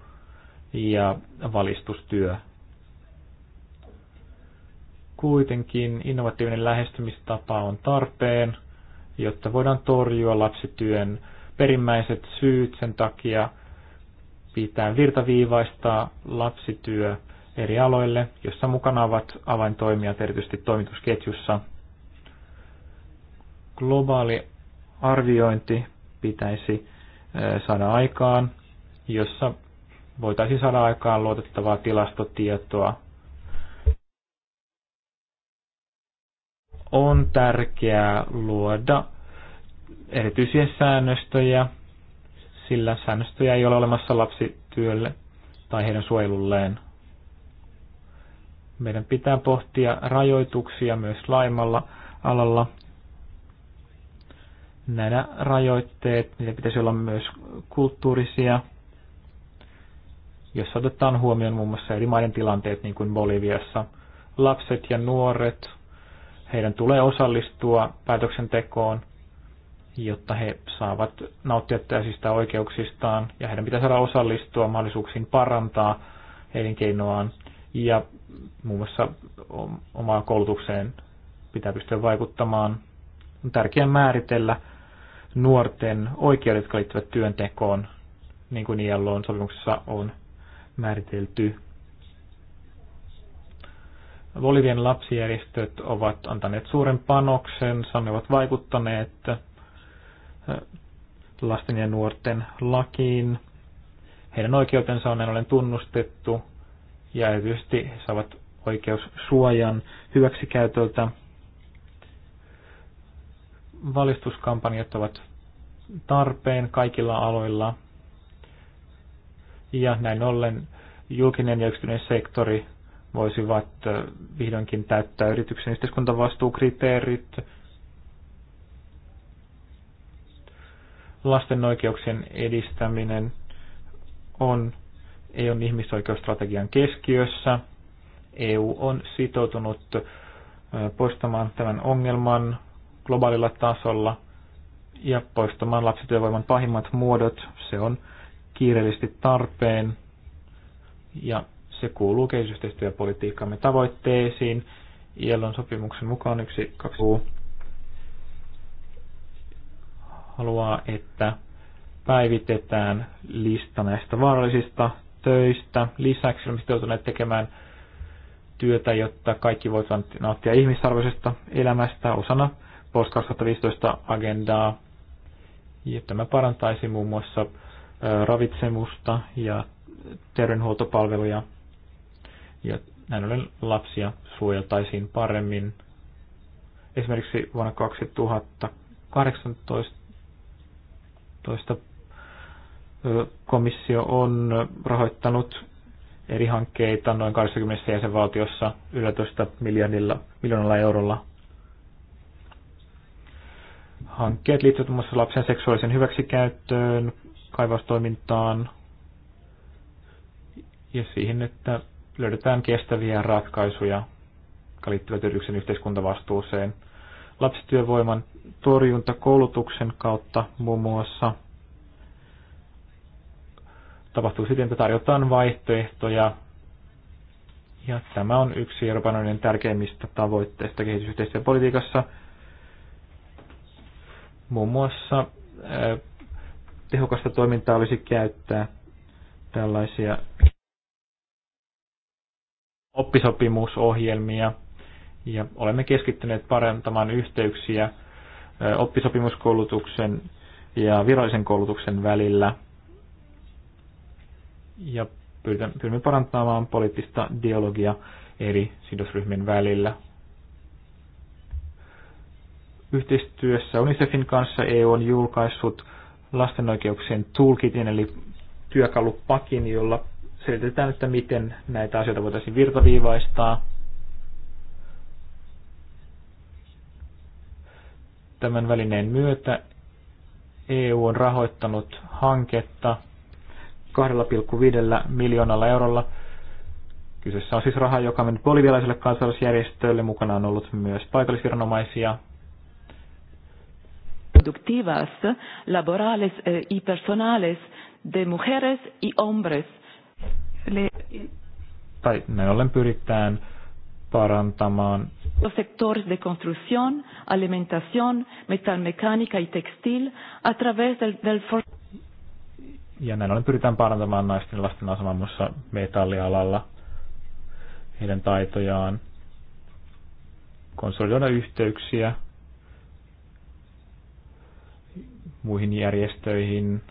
ja valistustyö. Kuitenkin innovatiivinen lähestymistapa on tarpeen, jotta voidaan torjua lapsityön perimmäiset syyt. Sen takia pitää virtaviivaistaa lapsityö eri aloille, jossa mukana ovat avaintoimijat erityisesti toimitusketjussa – globaali arviointi pitäisi saada aikaan, jossa voitaisiin saada aikaan luotettavaa tilastotietoa. On tärkeää luoda erityisiä säännöstöjä, sillä säännöstöjä ei ole olemassa lapsityölle tai heidän suojelulleen. Meidän pitää pohtia rajoituksia myös laimalla alalla nämä rajoitteet, niillä pitäisi olla myös kulttuurisia, jos otetaan huomioon muun muassa eri maiden tilanteet, niin kuin Boliviassa. Lapset ja nuoret, heidän tulee osallistua päätöksentekoon, jotta he saavat nauttia täysistä oikeuksistaan, ja heidän pitää saada osallistua mahdollisuuksiin parantaa heidän keinoaan ja muun muassa omaa koulutukseen pitää pystyä vaikuttamaan. On tärkeää määritellä nuorten oikeudet, jotka liittyvät työntekoon, niin kuin ILOn sopimuksessa on määritelty. Bolivian lapsijärjestöt ovat antaneet suuren panoksen, ne ovat vaikuttaneet eh, lasten ja nuorten lakiin. Heidän oikeutensa on näin ollen tunnustettu ja erityisesti saavat oikeussuojan hyväksikäytöltä Valistuskampanjat ovat tarpeen kaikilla aloilla ja näin ollen julkinen ja yksityinen sektori voisivat vihdoinkin täyttää yrityksen yhteiskuntavastuukriteerit, lasten oikeuksien edistäminen on EUn ihmisoikeusstrategian keskiössä. EU on sitoutunut poistamaan tämän ongelman globaalilla tasolla ja poistamaan lapsityövoiman pahimmat muodot. Se on kiireellisesti tarpeen ja se kuuluu kehitysyhteistyöpolitiikkamme tavoitteisiin. ILOn sopimuksen mukaan yksi kaksi haluaa, että päivitetään lista näistä vaarallisista töistä. Lisäksi olemme sitoutuneet tekemään työtä, jotta kaikki voivat nauttia ihmisarvoisesta elämästä osana VOS 2015 agendaa. Ja tämä parantaisi muun muassa ravitsemusta ja terveydenhuoltopalveluja. Ja näin ollen lapsia suojeltaisiin paremmin. Esimerkiksi vuonna 2018 komissio on rahoittanut eri hankkeita noin 20 jäsenvaltiossa 11 miljardilla, miljoonalla eurolla hankkeet liittyvät muun muassa lapsen seksuaalisen hyväksikäyttöön, kaivaustoimintaan ja siihen, että löydetään kestäviä ratkaisuja, jotka liittyvät yrityksen yhteiskuntavastuuseen. Lapsityövoiman torjunta koulutuksen kautta muun muassa tapahtuu siten, että tarjotaan vaihtoehtoja ja tämä on yksi Euroopan unionin tärkeimmistä tavoitteista kehitysyhteistyöpolitiikassa. politiikassa Muun muassa tehokasta toimintaa olisi käyttää tällaisia oppisopimusohjelmia ja olemme keskittyneet parantamaan yhteyksiä oppisopimuskoulutuksen ja virallisen koulutuksen välillä ja pyrimme parantamaan poliittista dialogia eri sidosryhmien välillä. Yhteistyössä UNICEFin kanssa EU on julkaissut lasten oikeuksien toolkitin, eli työkalupakin, jolla selitetään, että miten näitä asioita voitaisiin virtaviivaistaa. Tämän välineen myötä EU on rahoittanut hanketta 2,5 miljoonalla eurolla. Kyseessä on siis raha, joka on mennyt bolivialaiselle kansalaisjärjestölle. Mukana on ollut myös paikallisviranomaisia, productivas, laborales eh, y personales de mujeres y hombres. Le... tai me ollen pyritään parantamaan los sectores de construcción, alimentación, metalmecánica y textil a través del, del for. ja näin ollen pyritään parantamaan naisten lasten asemaa muussa metallialalla, heidän taitojaan, konsolidoida yhteyksiä muihin järjestöihin,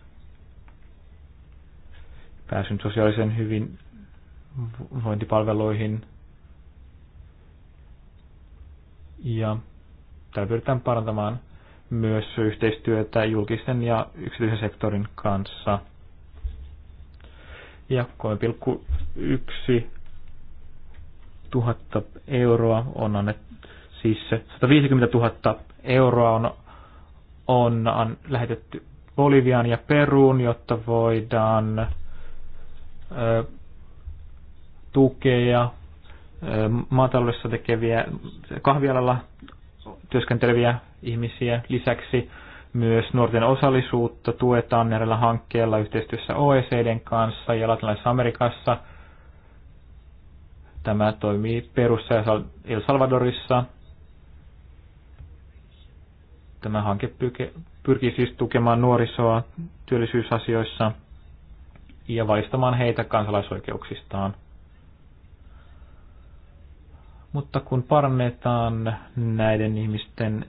pääsyn sosiaalisen hyvinvointipalveluihin. Ja täällä pyritään parantamaan myös yhteistyötä julkisten ja yksityisen sektorin kanssa. Ja 3,1 tuhatta euroa on annettu, siis 150 000 euroa on on, on lähetetty Boliviaan ja Peruun, jotta voidaan ö, tukea maataloudessa tekeviä, kahvialalla työskenteleviä ihmisiä. Lisäksi myös nuorten osallisuutta tuetaan näillä hankkeilla yhteistyössä OECDn kanssa ja Latinalaisessa Amerikassa. Tämä toimii Perussa ja El Salvadorissa. Tämä hanke pyrkii siis tukemaan nuorisoa työllisyysasioissa ja valistamaan heitä kansalaisoikeuksistaan. Mutta kun parannetaan näiden ihmisten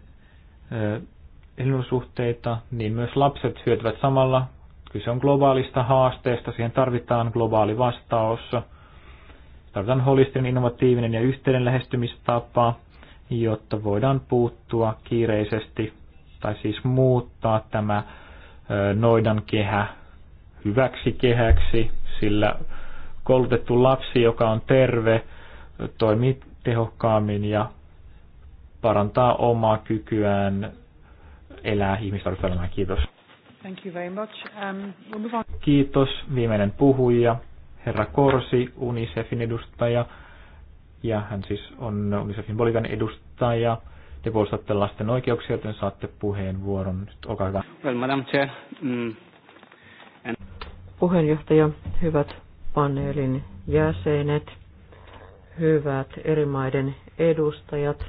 elinolosuhteita, niin myös lapset hyötyvät samalla. Kyse on globaalista haasteesta, siihen tarvitaan globaali vastaus. Tarvitaan holistinen, innovatiivinen ja yhteinen lähestymistapa jotta voidaan puuttua kiireisesti tai siis muuttaa tämä noidan kehä hyväksi kehäksi, sillä koulutettu lapsi, joka on terve, toimii tehokkaammin ja parantaa omaa kykyään elää ihmisarvoiselämää. Kiitos. Thank you very much. Um, Kiitos. Viimeinen puhuja, herra Korsi, UNICEFin edustaja. Ja hän siis on Unicefin Bolivian edustaja. Te puolustatte lasten oikeuksia, joten saatte puheenvuoron. Nyt olkaa hyvä. Well, Madam Chair, mm, and... Puheenjohtaja, hyvät paneelin jäsenet, hyvät eri maiden edustajat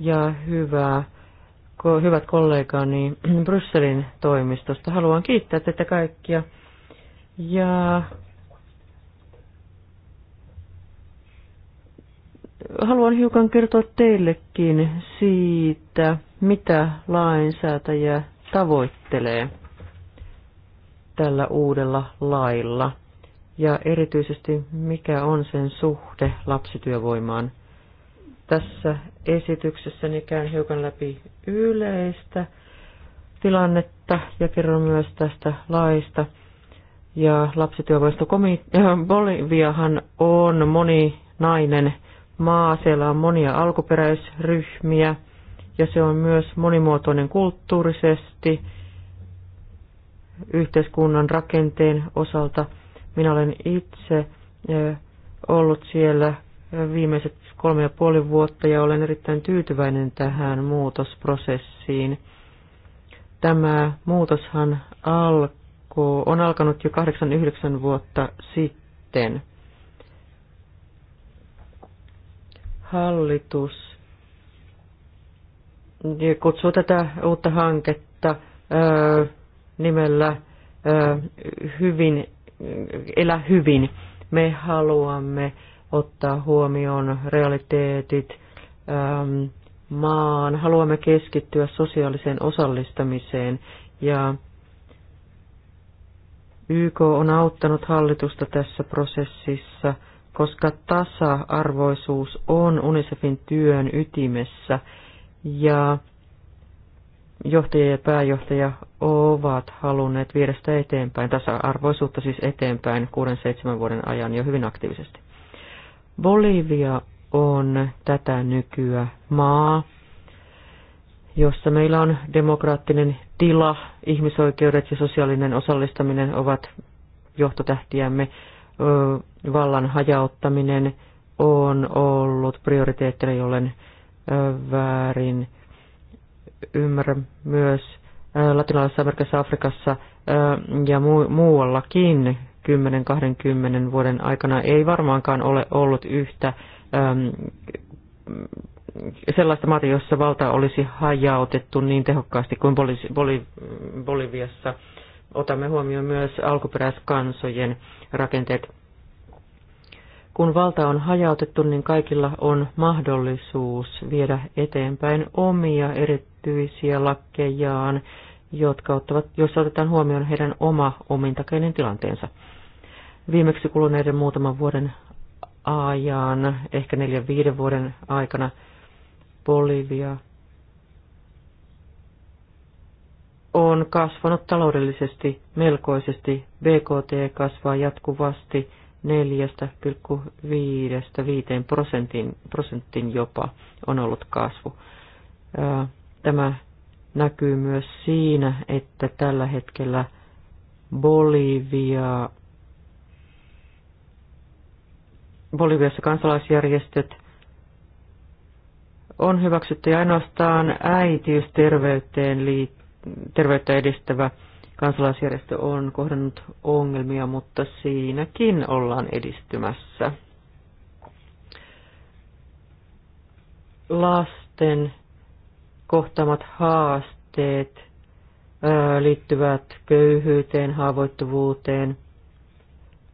ja hyvää hyvät kollegani Brysselin toimistosta. Haluan kiittää teitä kaikkia ja haluan hiukan kertoa teillekin siitä, mitä lainsäätäjä tavoittelee tällä uudella lailla ja erityisesti mikä on sen suhde lapsityövoimaan. Tässä esityksessäni käyn hiukan läpi yleistä tilannetta ja kerron myös tästä laista. Ja lapsityövoimasta äh, Boliviahan on moninainen maa, siellä on monia alkuperäisryhmiä ja se on myös monimuotoinen kulttuurisesti yhteiskunnan rakenteen osalta. Minä olen itse ollut siellä viimeiset kolme ja puoli vuotta ja olen erittäin tyytyväinen tähän muutosprosessiin. Tämä muutoshan alkoi, on alkanut jo 8-9 vuotta sitten. Hallitus kutsuu tätä uutta hanketta nimellä hyvin, Elä hyvin. Me haluamme ottaa huomioon realiteetit, maan, haluamme keskittyä sosiaaliseen osallistamiseen ja YK on auttanut hallitusta tässä prosessissa – koska tasa-arvoisuus on UNICEFin työn ytimessä ja johtaja ja pääjohtaja ovat halunneet viedä sitä eteenpäin, tasa-arvoisuutta siis eteenpäin 6-7 vuoden ajan jo hyvin aktiivisesti. Bolivia on tätä nykyä maa, jossa meillä on demokraattinen tila, ihmisoikeudet ja sosiaalinen osallistaminen ovat johtotähtiämme vallan hajauttaminen on ollut prioriteettina, jollen väärin ymmärrä myös Latinalaisessa Amerikassa, Afrikassa ja muuallakin 10-20 vuoden aikana ei varmaankaan ole ollut yhtä sellaista maata, jossa valta olisi hajautettu niin tehokkaasti kuin Boliviassa otamme huomioon myös alkuperäiskansojen rakenteet. Kun valta on hajautettu, niin kaikilla on mahdollisuus viedä eteenpäin omia erityisiä lakkejaan, jotka ottavat, joissa otetaan huomioon heidän oma omintakeinen tilanteensa. Viimeksi kuluneiden muutaman vuoden ajan, ehkä neljän viiden vuoden aikana, Bolivia, on kasvanut taloudellisesti melkoisesti. BKT kasvaa jatkuvasti 4,5-5 prosentin, prosentin jopa on ollut kasvu. Tämä näkyy myös siinä, että tällä hetkellä Bolivia, Boliviassa kansalaisjärjestöt on hyväksytty ainoastaan äitiysterveyteen liittyen terveyttä edistävä kansalaisjärjestö on kohdannut ongelmia, mutta siinäkin ollaan edistymässä. Lasten kohtaamat haasteet liittyvät köyhyyteen, haavoittuvuuteen.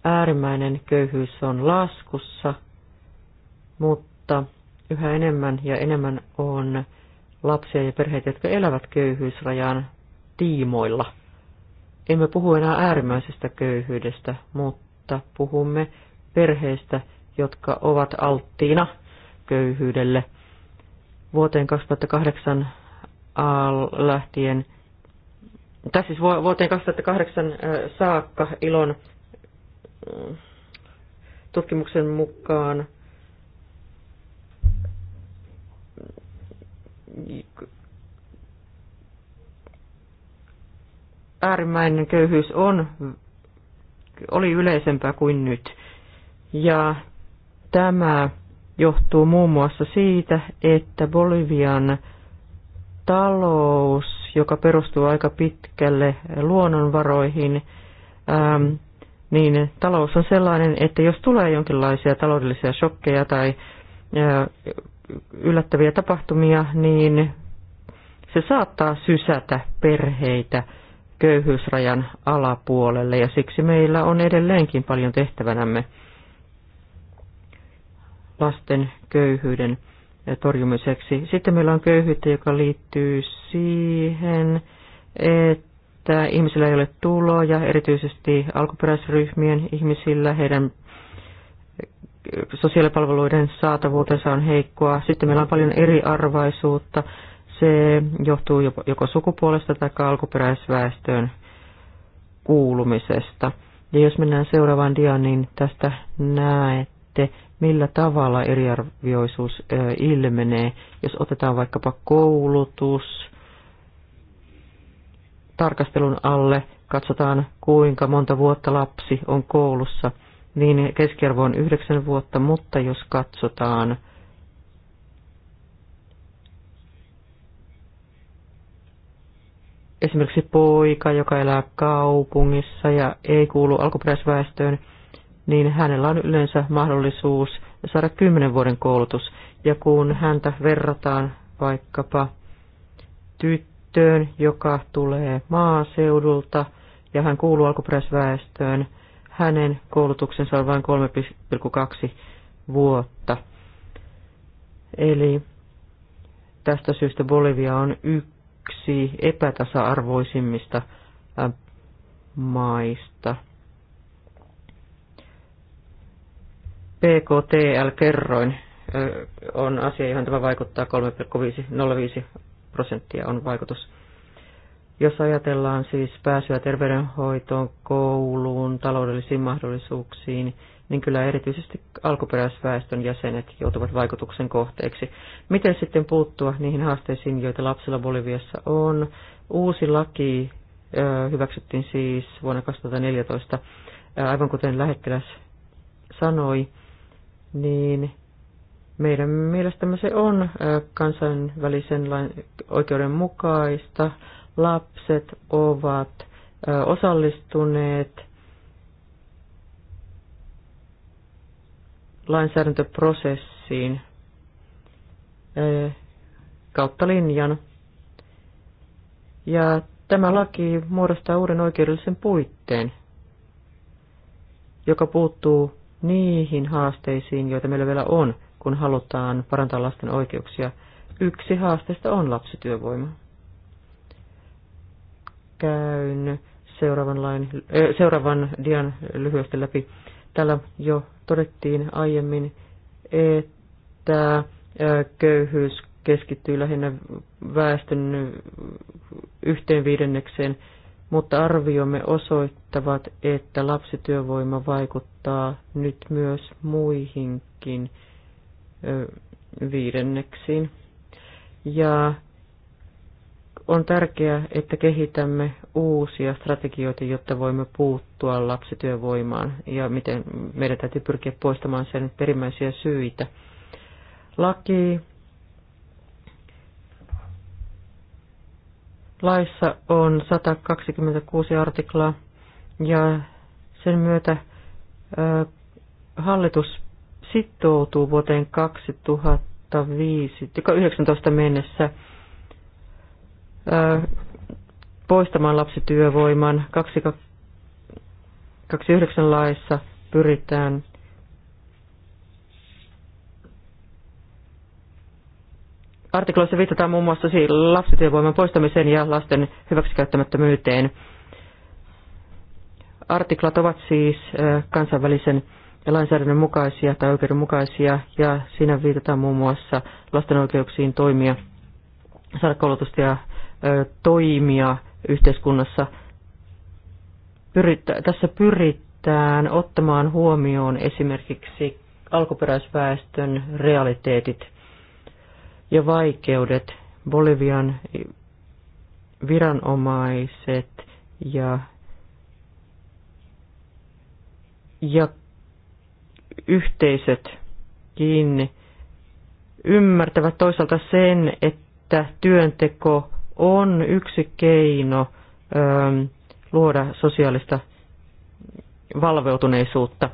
Äärimmäinen köyhyys on laskussa, mutta yhä enemmän ja enemmän on lapsia ja perheitä, jotka elävät köyhyysrajan tiimoilla. Emme puhu enää äärimmäisestä köyhyydestä, mutta puhumme perheistä, jotka ovat alttiina köyhyydelle. Vuoteen 2008 lähtien, tai siis vuoteen 2008 saakka ilon mm, tutkimuksen mukaan äärimmäinen köyhyys on, oli yleisempää kuin nyt. Ja tämä johtuu muun muassa siitä, että Bolivian talous, joka perustuu aika pitkälle luonnonvaroihin, ähm, niin talous on sellainen, että jos tulee jonkinlaisia taloudellisia shokkeja tai äh, yllättäviä tapahtumia, niin se saattaa sysätä perheitä köyhyysrajan alapuolelle ja siksi meillä on edelleenkin paljon tehtävänämme lasten köyhyyden torjumiseksi. Sitten meillä on köyhyyttä, joka liittyy siihen, että ihmisillä ei ole tuloja, erityisesti alkuperäisryhmien ihmisillä, heidän sosiaalipalveluiden saatavuutensa on heikkoa. Sitten meillä on paljon eriarvaisuutta, se johtuu joko sukupuolesta tai alkuperäisväestöön kuulumisesta. Ja jos mennään seuraavaan diaan, niin tästä näette, millä tavalla eriarvioisuus ilmenee. Jos otetaan vaikkapa koulutus tarkastelun alle, katsotaan kuinka monta vuotta lapsi on koulussa, niin keskiarvo on yhdeksän vuotta, mutta jos katsotaan esimerkiksi poika, joka elää kaupungissa ja ei kuulu alkuperäisväestöön, niin hänellä on yleensä mahdollisuus saada kymmenen vuoden koulutus. Ja kun häntä verrataan vaikkapa tyttöön, joka tulee maaseudulta ja hän kuuluu alkuperäisväestöön, hänen koulutuksensa on vain 3,2 vuotta. Eli tästä syystä Bolivia on yksi yksi epätasa-arvoisimmista äh, maista. PKTL-kerroin äh, on asia, johon tämä vaikuttaa 3,05 prosenttia on vaikutus. Jos ajatellaan siis pääsyä terveydenhoitoon, kouluun, taloudellisiin mahdollisuuksiin, niin kyllä erityisesti alkuperäisväestön jäsenet joutuvat vaikutuksen kohteeksi. Miten sitten puuttua niihin haasteisiin, joita lapsilla Boliviassa on? Uusi laki hyväksyttiin siis vuonna 2014, aivan kuten lähettiläs sanoi, niin meidän mielestämme se on kansainvälisen oikeuden mukaista. Lapset ovat osallistuneet lainsäädäntöprosessiin kautta linjan. Ja tämä laki muodostaa uuden oikeudellisen puitteen, joka puuttuu niihin haasteisiin, joita meillä vielä on, kun halutaan parantaa lasten oikeuksia. Yksi haasteista on lapsityövoima. Käyn seuraavan, lain, seuraavan dian lyhyesti läpi. Täällä jo todettiin aiemmin, että köyhyys keskittyy lähinnä väestön yhteen viidennekseen, mutta arviomme osoittavat, että lapsityövoima vaikuttaa nyt myös muihinkin viidenneksiin. Ja on tärkeää, että kehitämme uusia strategioita, jotta voimme puuttua lapsityövoimaan ja miten meidän täytyy pyrkiä poistamaan sen perimmäisiä syitä. Laki Laissa on 126 artiklaa ja sen myötä hallitus sitoutuu vuoteen 2019 mennessä poistamaan lapsityövoiman. 29 laissa pyritään Artikloissa viitataan muun muassa lapsityövoiman poistamiseen ja lasten hyväksikäyttämättömyyteen. Artiklat ovat siis kansainvälisen lainsäädännön mukaisia tai oikeudenmukaisia ja siinä viitataan muun muassa lasten oikeuksiin toimia, saada koulutusta ja toimia yhteiskunnassa. Pyrittä, tässä pyritään ottamaan huomioon esimerkiksi alkuperäisväestön realiteetit ja vaikeudet. Bolivian viranomaiset ja, ja yhteisötkin ymmärtävät toisaalta sen, että työnteko on yksi keino ö, ähm, luoda sosiaalista valveutuneisuutta.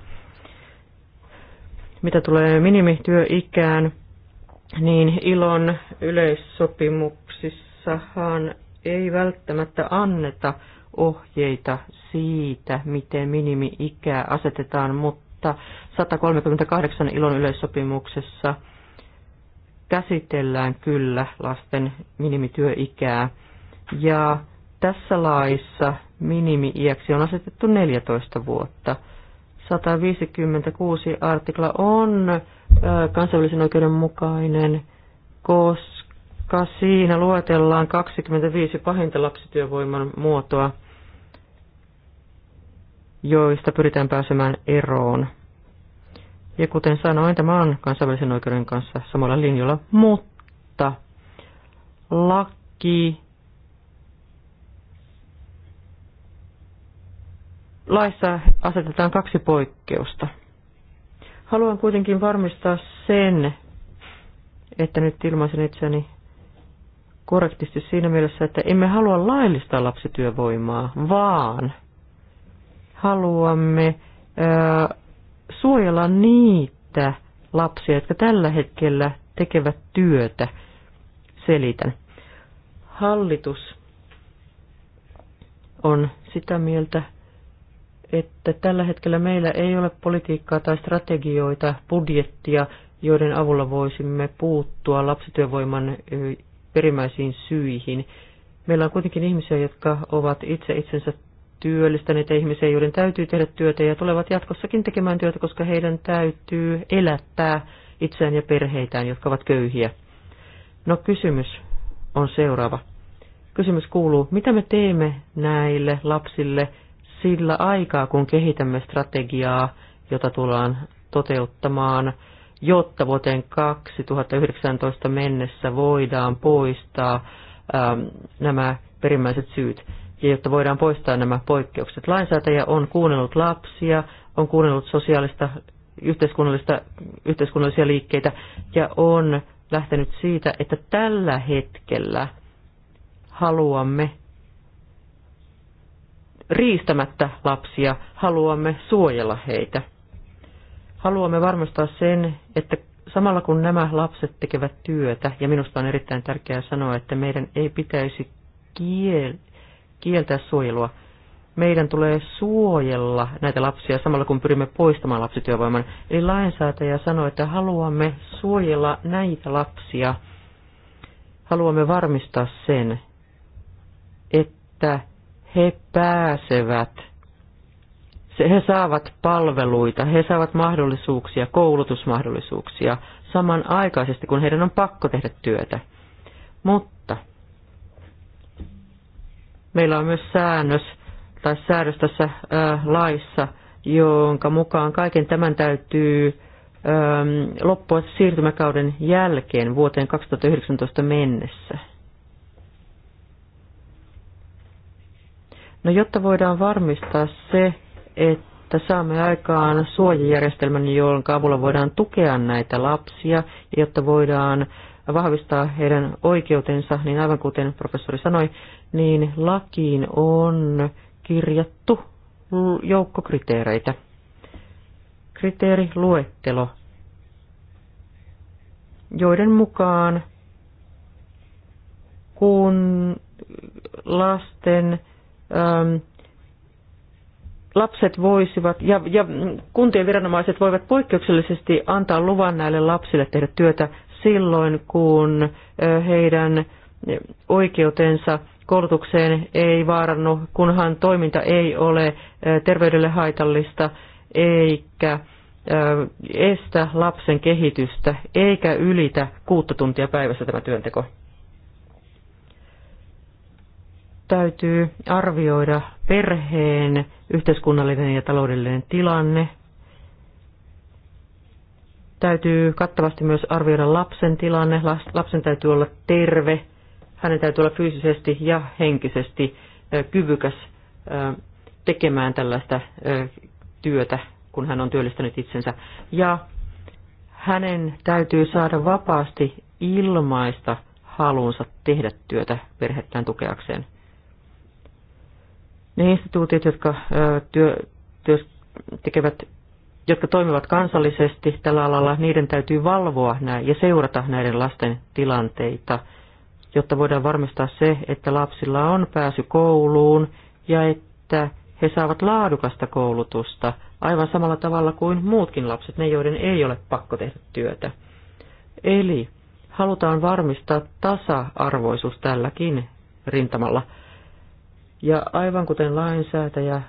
Mitä tulee minimityöikään, niin ilon yleissopimuksissahan ei välttämättä anneta ohjeita siitä, miten minimiikää asetetaan, mutta 138 ilon yleissopimuksessa – käsitellään kyllä lasten minimityöikää. Ja tässä laissa minimi-iäksi on asetettu 14 vuotta. 156 artikla on kansainvälisen oikeuden mukainen, koska siinä luetellaan 25 pahinta lapsityövoiman muotoa, joista pyritään pääsemään eroon. Ja kuten sanoin, tämä on kansainvälisen oikeuden kanssa samalla linjalla, mutta laki laissa asetetaan kaksi poikkeusta. Haluan kuitenkin varmistaa sen, että nyt ilmaisen itseni korrektisti siinä mielessä, että emme halua laillistaa lapsityövoimaa, vaan haluamme ää, suojella niitä lapsia, jotka tällä hetkellä tekevät työtä. Selitän. Hallitus on sitä mieltä, että tällä hetkellä meillä ei ole politiikkaa tai strategioita, budjettia, joiden avulla voisimme puuttua lapsityövoiman perimmäisiin syihin. Meillä on kuitenkin ihmisiä, jotka ovat itse itsensä työllistäneitä ihmisiä, joiden täytyy tehdä työtä ja tulevat jatkossakin tekemään työtä, koska heidän täytyy elättää itseään ja perheitään, jotka ovat köyhiä. No kysymys on seuraava. Kysymys kuuluu, mitä me teemme näille lapsille sillä aikaa, kun kehitämme strategiaa, jota tullaan toteuttamaan, jotta vuoteen 2019 mennessä voidaan poistaa ähm, nämä perimmäiset syyt ja jotta voidaan poistaa nämä poikkeukset. Lainsäätäjä on kuunnellut lapsia, on kuunnellut sosiaalista, yhteiskunnallista, yhteiskunnallisia liikkeitä ja on lähtenyt siitä, että tällä hetkellä haluamme riistämättä lapsia, haluamme suojella heitä. Haluamme varmistaa sen, että samalla kun nämä lapset tekevät työtä, ja minusta on erittäin tärkeää sanoa, että meidän ei pitäisi kiel, kieltää suojelua. Meidän tulee suojella näitä lapsia samalla kun pyrimme poistamaan lapsityövoiman. Eli lainsäätäjä sanoi, että haluamme suojella näitä lapsia. Haluamme varmistaa sen, että he pääsevät, he saavat palveluita, he saavat mahdollisuuksia, koulutusmahdollisuuksia samanaikaisesti, kun heidän on pakko tehdä työtä. Mutta Meillä on myös säännös tai säädös tässä laissa, jonka mukaan kaiken tämän täytyy loppua siirtymäkauden jälkeen vuoteen 2019 mennessä. No jotta voidaan varmistaa se, että saamme aikaan suojajärjestelmän, jonka avulla voidaan tukea näitä lapsia, jotta voidaan vahvistaa heidän oikeutensa, niin aivan kuten professori sanoi, niin lakiin on kirjattu joukko kriteereitä. Kriteeriluettelo, joiden mukaan kun lasten ähm, lapset voisivat, ja, ja kuntien viranomaiset voivat poikkeuksellisesti antaa luvan näille lapsille tehdä työtä silloin, kun heidän oikeutensa koulutukseen ei vaarannu, kunhan toiminta ei ole terveydelle haitallista eikä estä lapsen kehitystä eikä ylitä kuutta tuntia päivässä tämä työnteko. Täytyy arvioida perheen yhteiskunnallinen ja taloudellinen tilanne, Täytyy kattavasti myös arvioida lapsen tilanne. Lapsen täytyy olla terve, hänen täytyy olla fyysisesti ja henkisesti kyvykäs tekemään tällaista työtä, kun hän on työllistänyt itsensä. Ja hänen täytyy saada vapaasti ilmaista halunsa tehdä työtä perhettään tukeakseen. Ne instituutiot, jotka työ, työ, tekevät jotka toimivat kansallisesti tällä alalla, niiden täytyy valvoa nää ja seurata näiden lasten tilanteita, jotta voidaan varmistaa se, että lapsilla on pääsy kouluun ja että he saavat laadukasta koulutusta aivan samalla tavalla kuin muutkin lapset, ne joiden ei ole pakko tehdä työtä. Eli halutaan varmistaa tasa-arvoisuus tälläkin rintamalla. Ja aivan kuten lainsäätäjä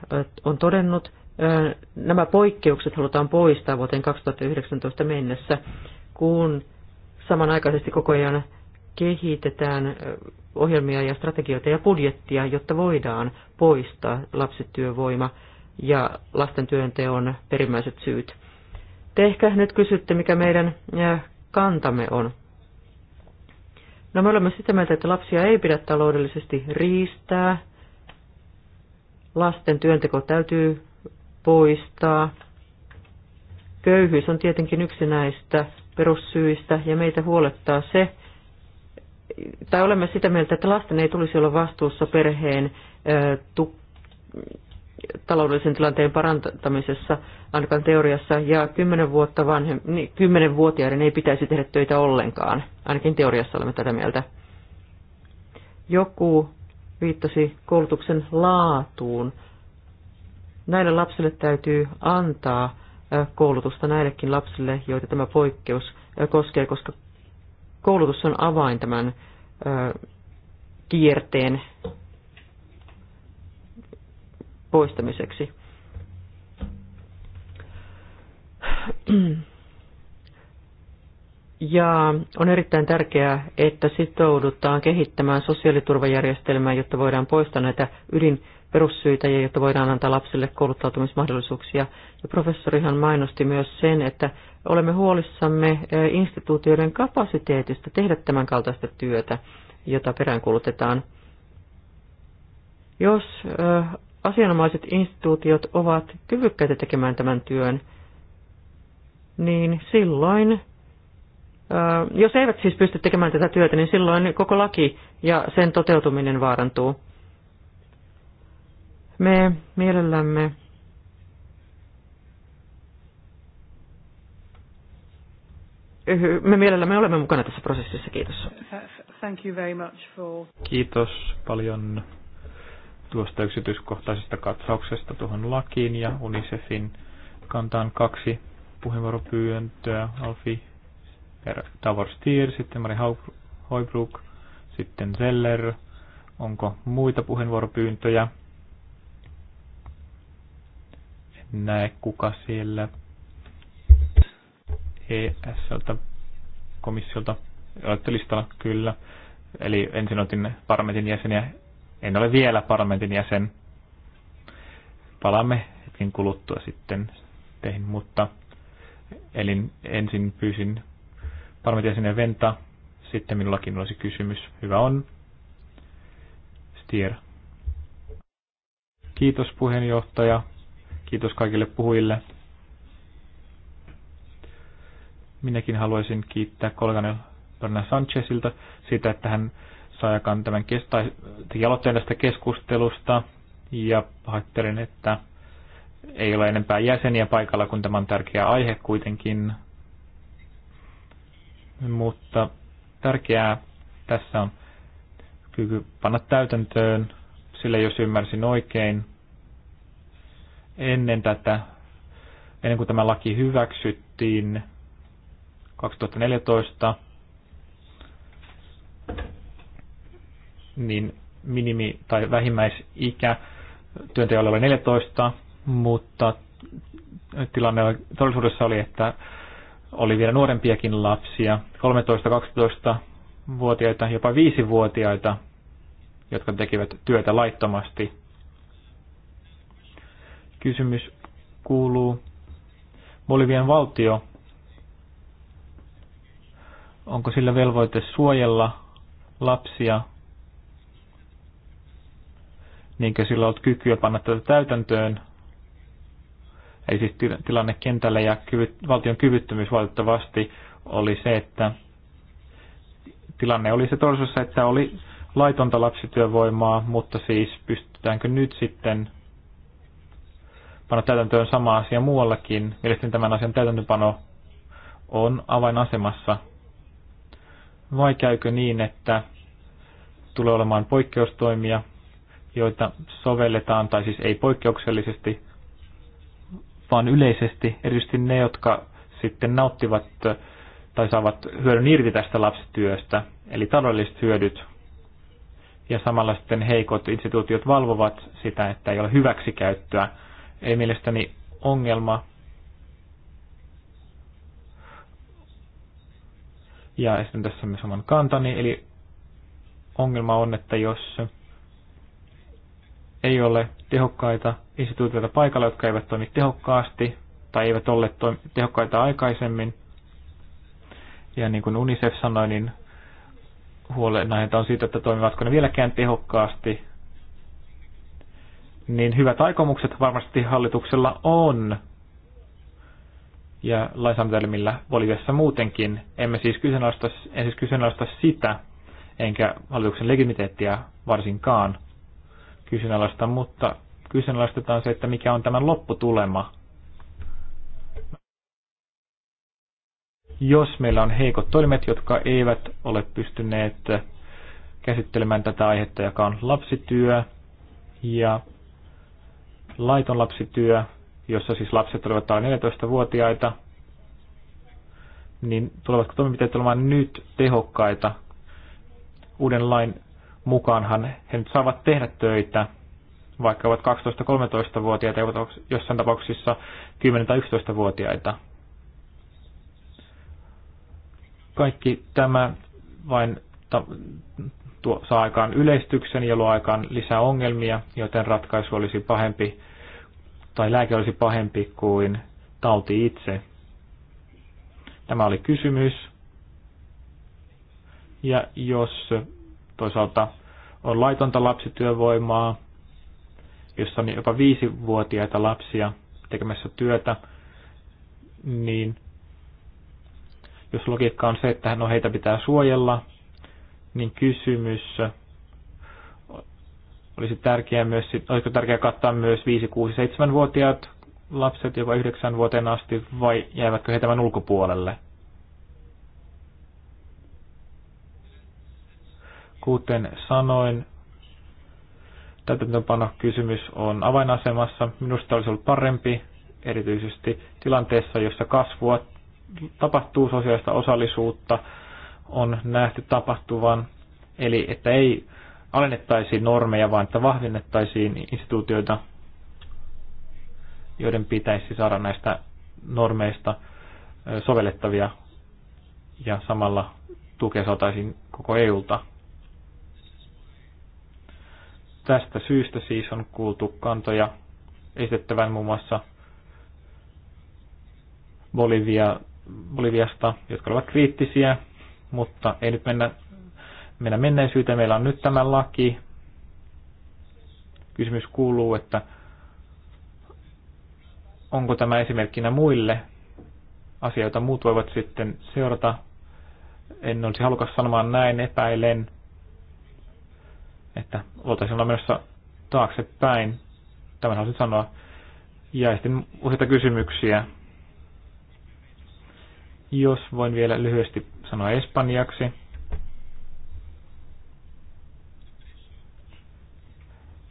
on todennut, nämä poikkeukset halutaan poistaa vuoteen 2019 mennessä, kun samanaikaisesti koko ajan kehitetään ohjelmia ja strategioita ja budjettia, jotta voidaan poistaa lapsityövoima ja lasten työnteon perimmäiset syyt. Te ehkä nyt kysytte, mikä meidän kantamme on. No me olemme sitä mieltä, että lapsia ei pidä taloudellisesti riistää. Lasten työnteko täytyy poistaa. Köyhyys on tietenkin yksi näistä perussyistä ja meitä huolettaa se, tai olemme sitä mieltä, että lasten ei tulisi olla vastuussa perheen tu- taloudellisen tilanteen parantamisessa, ainakaan teoriassa, ja kymmenen vuotta vanhem- niin, vuotiaiden ei pitäisi tehdä töitä ollenkaan. Ainakin teoriassa olemme tätä mieltä. Joku viittasi koulutuksen laatuun. Näille lapsille täytyy antaa koulutusta näillekin lapsille, joita tämä poikkeus koskee, koska koulutus on avain tämän kierteen poistamiseksi. Ja on erittäin tärkeää, että sitoudutaan kehittämään sosiaaliturvajärjestelmää, jotta voidaan poistaa näitä ydin perussyitä ja jotta voidaan antaa lapsille kouluttautumismahdollisuuksia. Ja professorihan mainosti myös sen, että olemme huolissamme instituutioiden kapasiteetista tehdä tämän kaltaista työtä, jota peräänkuulutetaan. Jos asianomaiset instituutiot ovat kyvykkäitä tekemään tämän työn, niin silloin jos eivät siis pysty tekemään tätä työtä, niin silloin koko laki ja sen toteutuminen vaarantuu. Me mielellämme me mielellämme olemme mukana tässä prosessissa. Kiitos. Thank you very much for... Kiitos paljon tuosta yksityiskohtaisesta katsauksesta tuohon lakiin ja UNICEFin kantaan kaksi puheenvuoropyyntöä. Alfi per Tavorstier, sitten Mari Hoibruk, sitten Zeller. Onko muita puheenvuoropyyntöjä? En näe kuka siellä ESLtä komissiolta olette listalla, kyllä. Eli ensin otin parlamentin jäseniä. En ole vielä parlamentin jäsen. Palaamme hetken kuluttua sitten teihin, mutta elin, ensin pyysin sinne Venta. Sitten minullakin olisi kysymys. Hyvä on. Stier. Kiitos puheenjohtaja. Kiitos kaikille puhujille. Minäkin haluaisin kiittää kollegani Bernard Sanchezilta siitä, että hän sai aikaan tämän kestai, aloitteen tästä keskustelusta. Ja pahoittelen, että ei ole enempää jäseniä paikalla, kun tämä on tärkeä aihe kuitenkin mutta tärkeää tässä on kyky panna täytäntöön, sillä jos ymmärsin oikein, ennen tätä, ennen kuin tämä laki hyväksyttiin 2014, niin minimi- tai vähimmäisikä työntekijöillä oli 14, mutta tilanne todellisuudessa oli, että oli vielä nuorempiakin lapsia, 13-12-vuotiaita, jopa 5-vuotiaita, jotka tekivät työtä laittomasti. Kysymys kuuluu, Bolivian valtio, onko sillä velvoite suojella lapsia, niinkö sillä ollut kykyä panna tätä täytäntöön Eli siis tilanne kentällä ja kyvyt, valtion kyvyttömyys valitettavasti oli se, että tilanne oli se torsossa, että oli laitonta lapsityövoimaa, mutta siis pystytäänkö nyt sitten panna täytäntöön sama asia muuallakin. Mielestäni tämän asian täytäntöpano on avainasemassa. Vai käykö niin, että tulee olemaan poikkeustoimia, joita sovelletaan, tai siis ei poikkeuksellisesti, vaan yleisesti erityisesti ne, jotka sitten nauttivat tai saavat hyödyn irti tästä lapsityöstä, eli taloudelliset hyödyt. Ja samalla sitten heikot instituutiot valvovat sitä, että ei ole hyväksikäyttöä. Ei mielestäni ongelma. Ja sitten tässä myös oman kantani, eli ongelma on, että jos ei ole tehokkaita instituutioita paikalla, jotka eivät toimi tehokkaasti tai eivät ole tehokkaita aikaisemmin. Ja niin kuin UNICEF sanoi, niin huolenaiheita on siitä, että toimivatko ne vieläkään tehokkaasti. Niin hyvät aikomukset varmasti hallituksella on, ja lainsäädäntöelimillä Boliviassa muutenkin. Emme siis kyseenalaista, en siis kyseenalaista sitä, enkä hallituksen legitimiteettiä varsinkaan kyseenalaista, mutta kyseenalaistetaan se, että mikä on tämän lopputulema. Jos meillä on heikot toimet, jotka eivät ole pystyneet käsittelemään tätä aihetta, joka on lapsityö ja laiton lapsityö, jossa siis lapset olivat alle 14-vuotiaita, niin tulevatko toimenpiteet olemaan nyt tehokkaita uuden lain mukaanhan he nyt saavat tehdä töitä, vaikka ovat 12-13-vuotiaita ja jossain tapauksissa 10- tai 11-vuotiaita. Kaikki tämä vain tuo, saa aikaan yleistyksen ja luo aikaan lisää ongelmia, joten ratkaisu olisi pahempi tai lääke olisi pahempi kuin tauti itse. Tämä oli kysymys. Ja jos Toisaalta on laitonta lapsityövoimaa, jossa on jopa viisivuotiaita lapsia tekemässä työtä, niin jos logiikka on se, että no heitä pitää suojella, niin kysymys olisi tärkeää myös, olisiko tärkeää kattaa myös 5, 6, 7-vuotiaat lapset jopa 9 vuoteen asti vai jäävätkö he tämän ulkopuolelle? Kuten sanoin, täytäntöönpano kysymys on avainasemassa. Minusta olisi ollut parempi, erityisesti tilanteessa, jossa kasvua tapahtuu, sosiaalista osallisuutta on nähty tapahtuvan. Eli että ei alennettaisiin normeja, vaan että vahvennettaisiin instituutioita, joiden pitäisi saada näistä normeista sovellettavia ja samalla tukea saataisiin koko EUlta. Tästä syystä siis on kuultu kantoja esitettävän muun muassa Bolivia, Boliviasta, jotka ovat kriittisiä, mutta ei nyt mennä, mennä menneisyyteen. Meillä on nyt tämä laki. Kysymys kuuluu, että onko tämä esimerkkinä muille asioita muut voivat sitten seurata. En olisi halukas sanomaan näin, epäilen, että oltaisiin olla menossa taaksepäin. Tämän haluaisin sanoa. Ja sitten useita kysymyksiä. Jos voin vielä lyhyesti sanoa espanjaksi.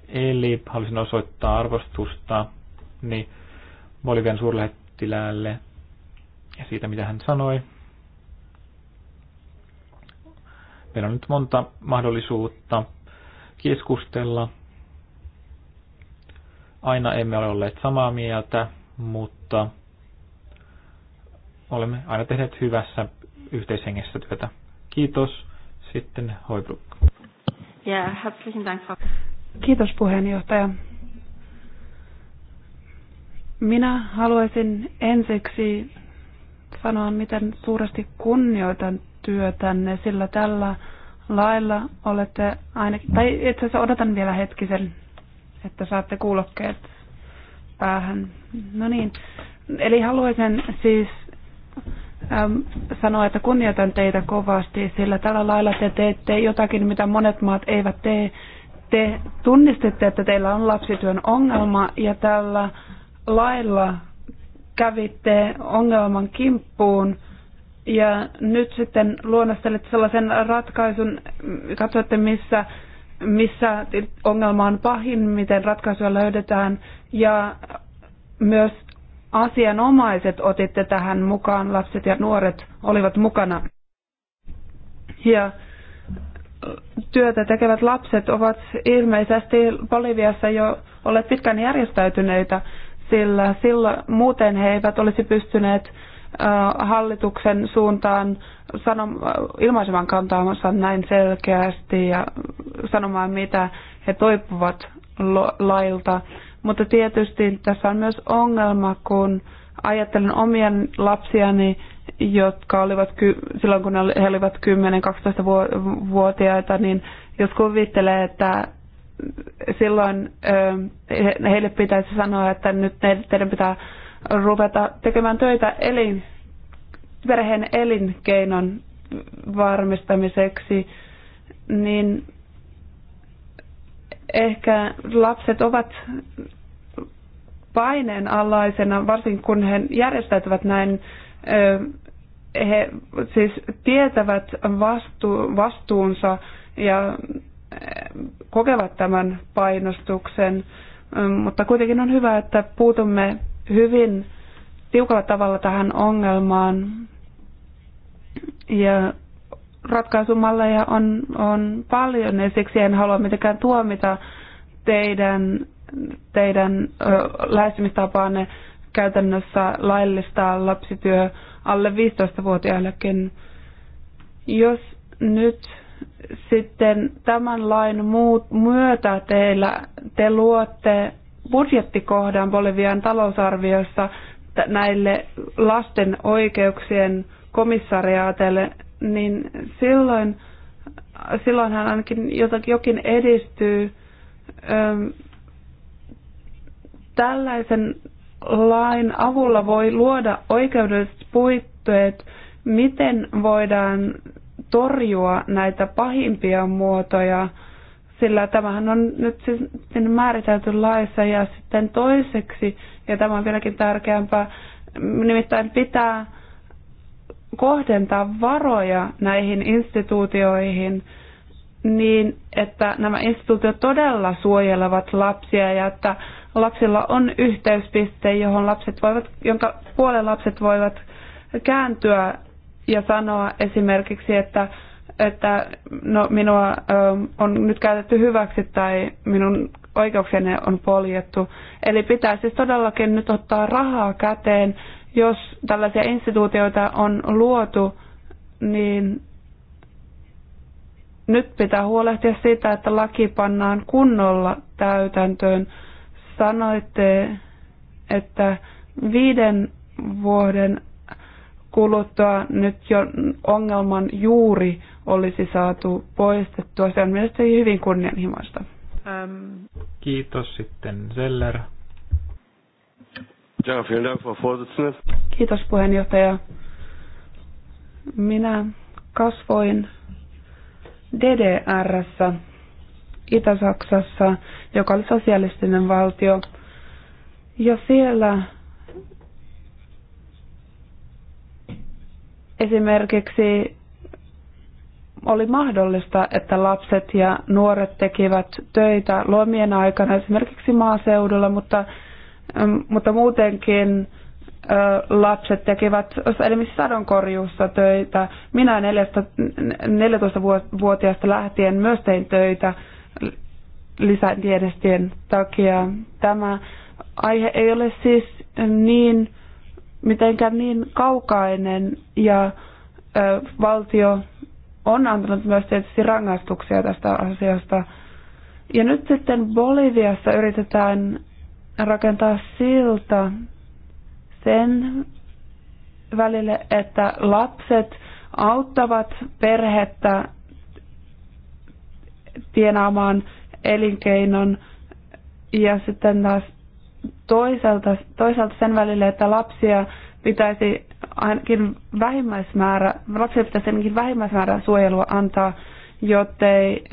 Eli halusin osoittaa arvostusta niin Bolivian suurlähettiläälle ja siitä, mitä hän sanoi. Meillä on nyt monta mahdollisuutta keskustella. Aina emme ole olleet samaa mieltä, mutta olemme aina tehneet hyvässä yhteishengessä työtä. Kiitos. Sitten Hoibruk. Ja, Kiitos puheenjohtaja. Minä haluaisin ensiksi sanoa, miten suuresti kunnioitan työtänne, sillä tällä lailla olette ainakin, tai itse asiassa odotan vielä hetkisen, että saatte kuulokkeet päähän. No niin, eli haluaisin siis äm, sanoa, että kunnioitan teitä kovasti, sillä tällä lailla te teette jotakin, mitä monet maat eivät tee. Te tunnistitte, että teillä on lapsityön ongelma ja tällä lailla kävitte ongelman kimppuun – ja nyt sitten luonnostelette sellaisen ratkaisun, katsotte missä, missä ongelma on pahin, miten ratkaisua löydetään ja myös asianomaiset otitte tähän mukaan, lapset ja nuoret olivat mukana. Ja työtä tekevät lapset ovat ilmeisesti Boliviassa jo olleet pitkään järjestäytyneitä, sillä, sillä muuten he eivät olisi pystyneet hallituksen suuntaan sanom, ilmaisemaan kantaansa näin selkeästi ja sanomaan, mitä he toipuvat lailta. Mutta tietysti tässä on myös ongelma, kun ajattelen omia lapsiani, jotka olivat silloin, kun he olivat 10-12-vuotiaita, niin jos kuvittelee, että silloin heille pitäisi sanoa, että nyt teidän pitää ruveta tekemään töitä elin, perheen elinkeinon varmistamiseksi, niin ehkä lapset ovat paineen alaisena, varsinkin kun he järjestäytyvät näin, he siis tietävät vastu, vastuunsa ja kokevat tämän painostuksen, mutta kuitenkin on hyvä, että puutumme hyvin tiukalla tavalla tähän ongelmaan. Ja ratkaisumalleja on, on paljon ja siksi en halua mitenkään tuomita teidän, teidän lähestymistapaanne käytännössä laillistaa lapsityö alle 15-vuotiaillekin. Jos nyt sitten tämän lain myötä teillä, te luotte budjettikohdan Bolivian talousarviossa näille lasten oikeuksien komissariaatelle, niin silloin, silloinhan ainakin jotakin, jokin edistyy. tällaisen lain avulla voi luoda oikeudelliset puitteet, miten voidaan torjua näitä pahimpia muotoja sillä tämähän on nyt siis määritelty laissa ja sitten toiseksi, ja tämä on vieläkin tärkeämpää, nimittäin pitää kohdentaa varoja näihin instituutioihin niin, että nämä instituutiot todella suojelevat lapsia ja että lapsilla on yhteyspiste, johon lapset voivat, jonka puolen lapset voivat kääntyä ja sanoa esimerkiksi, että että no, minua on nyt käytetty hyväksi tai minun oikeuksiani on poljettu. Eli pitää siis todellakin nyt ottaa rahaa käteen, jos tällaisia instituutioita on luotu, niin nyt pitää huolehtia siitä, että laki pannaan kunnolla täytäntöön. Sanoitte, että viiden vuoden kuluttua nyt jo ongelman juuri olisi saatu poistettua. Se on mielestäni hyvin kunnianhimoista. Ähm. Kiitos sitten Zeller. Ja, Kiitos puheenjohtaja. Minä kasvoin ddr Itä-Saksassa, joka oli sosialistinen valtio. Ja siellä esimerkiksi oli mahdollista, että lapset ja nuoret tekivät töitä lomien aikana esimerkiksi maaseudulla, mutta, mm, mutta muutenkin lapset tekivät esimerkiksi sadonkorjuussa töitä. Minä 14-vuotiaasta lähtien myös tein töitä lisätiedestien takia. Tämä aihe ei ole siis niin mitenkään niin kaukainen ja ö, valtio on antanut myös tietysti rangaistuksia tästä asiasta. Ja nyt sitten Boliviassa yritetään rakentaa silta sen välille, että lapset auttavat perhettä tienaamaan elinkeinon ja sitten taas toisaalta, toisaalta sen välille, että lapsia pitäisi ainakin vähimmäismäärä, lapsia pitäisi ainakin vähimmäismäärä suojelua antaa, jottei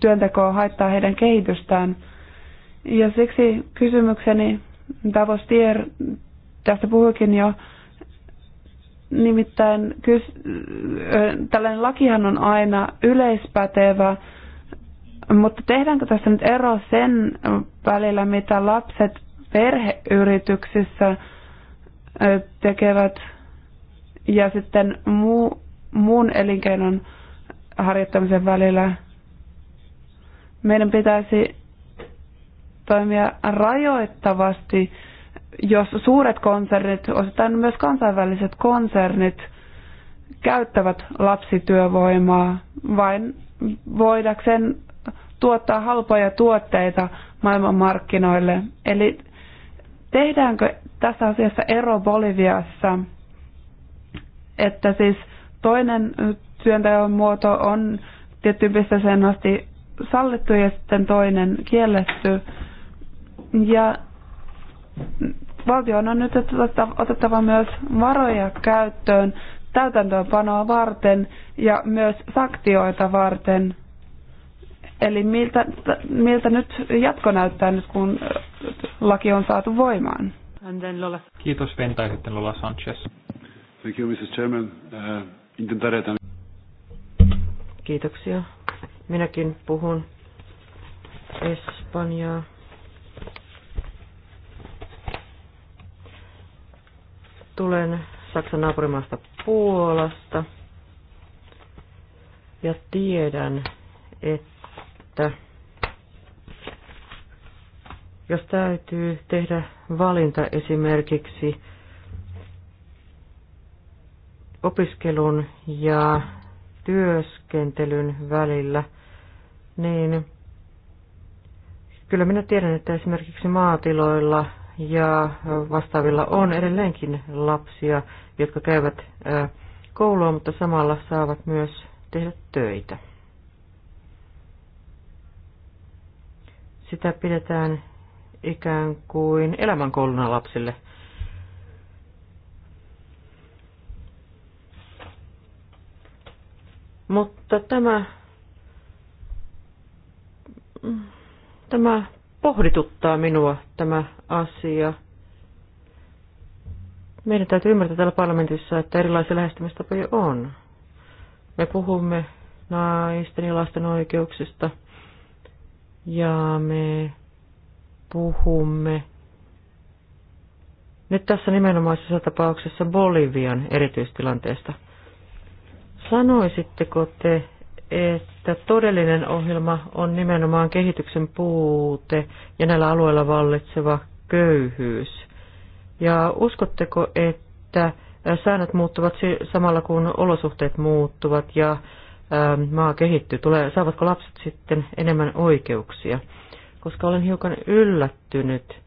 työnteko haittaa heidän kehitystään. Ja siksi kysymykseni, Davos Tier tästä puhuikin jo, nimittäin kys- tällainen lakihan on aina yleispätevä, mutta tehdäänkö tässä nyt ero sen välillä, mitä lapset perheyrityksissä tekevät ja sitten muu, muun elinkeinon harjoittamisen välillä. Meidän pitäisi toimia rajoittavasti, jos suuret konsernit, osittain myös kansainväliset konsernit, käyttävät lapsityövoimaa vain voidakseen tuottaa halpoja tuotteita maailmanmarkkinoille. Eli Tehdäänkö tässä asiassa ero Boliviassa, että siis toinen työnteon muoto on tiettyyn pisteeseen asti sallittu ja sitten toinen kielletty. Ja valtion on nyt otettava myös varoja käyttöön täytäntöönpanoa varten ja myös sanktioita varten. Eli miltä, miltä nyt jatko näyttää nyt, kun laki on saatu voimaan? Kiitos Venta ja sitten Lola Sanchez. Thank you, Mrs. Chairman. Uh, Kiitoksia. Minäkin puhun Espanjaa. Tulen Saksan naapurimaasta Puolasta ja tiedän, että että jos täytyy tehdä valinta esimerkiksi opiskelun ja työskentelyn välillä, niin kyllä minä tiedän, että esimerkiksi maatiloilla ja vastaavilla on edelleenkin lapsia, jotka käyvät koulua, mutta samalla saavat myös tehdä töitä. Sitä pidetään ikään kuin elämänkouluna lapsille. Mutta tämä, tämä pohdituttaa minua tämä asia. Meidän täytyy ymmärtää täällä parlamentissa, että erilaisia lähestymistapoja on. Me puhumme naisten ja lasten oikeuksista – ja me puhumme nyt tässä nimenomaisessa tapauksessa Bolivian erityistilanteesta. Sanoisitteko te, että todellinen ohjelma on nimenomaan kehityksen puute ja näillä alueilla vallitseva köyhyys? Ja uskotteko, että säännöt muuttuvat samalla kun olosuhteet muuttuvat ja Ähm, maa kehittyy, tulee, saavatko lapset sitten enemmän oikeuksia? Koska olen hiukan yllättynyt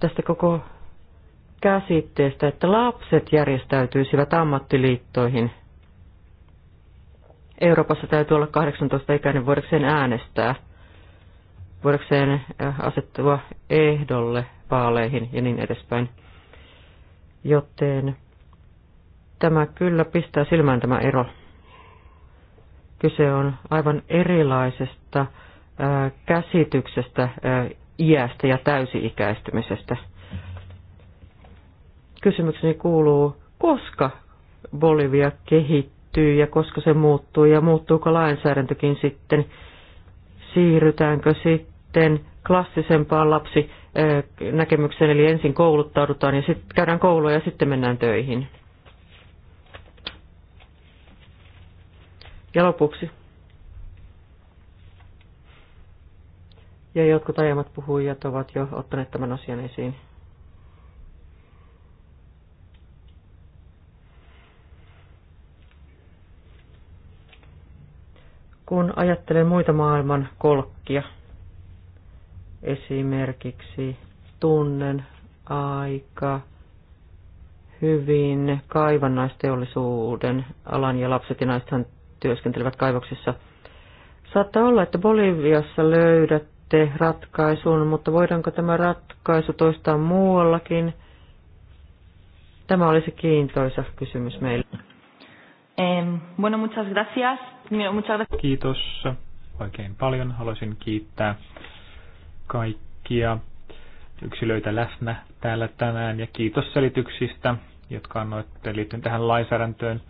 tästä koko käsitteestä, että lapset järjestäytyisivät ammattiliittoihin. Euroopassa täytyy olla 18-ikäinen voidakseen äänestää, voidakseen äh, asettua ehdolle vaaleihin ja niin edespäin. Joten Tämä kyllä pistää silmään tämä ero. Kyse on aivan erilaisesta ää, käsityksestä ää, iästä ja täysi-ikäistymisestä. Kysymykseni kuuluu, koska Bolivia kehittyy ja koska se muuttuu ja muuttuuko lainsäädäntökin sitten? Siirrytäänkö sitten klassisempaan lapsi näkemykseen, eli ensin kouluttaudutaan ja sitten käydään koulua ja sitten mennään töihin? Ja lopuksi. Ja jotkut aiemmat puhujat ovat jo ottaneet tämän asian esiin. Kun ajattelen muita maailman kolkkia, esimerkiksi tunnen aika hyvin kaivannaisteollisuuden alan ja lapset ja naisten työskentelevät kaivoksissa. Saattaa olla, että Boliviassa löydätte ratkaisun, mutta voidaanko tämä ratkaisu toistaa muuallakin? Tämä olisi kiintoisa kysymys meille. Bueno, muchas gracias. Kiitos oikein paljon. Haluaisin kiittää kaikkia yksilöitä läsnä täällä tänään ja kiitos selityksistä, jotka annoitte liittyen tähän lainsäädäntöön.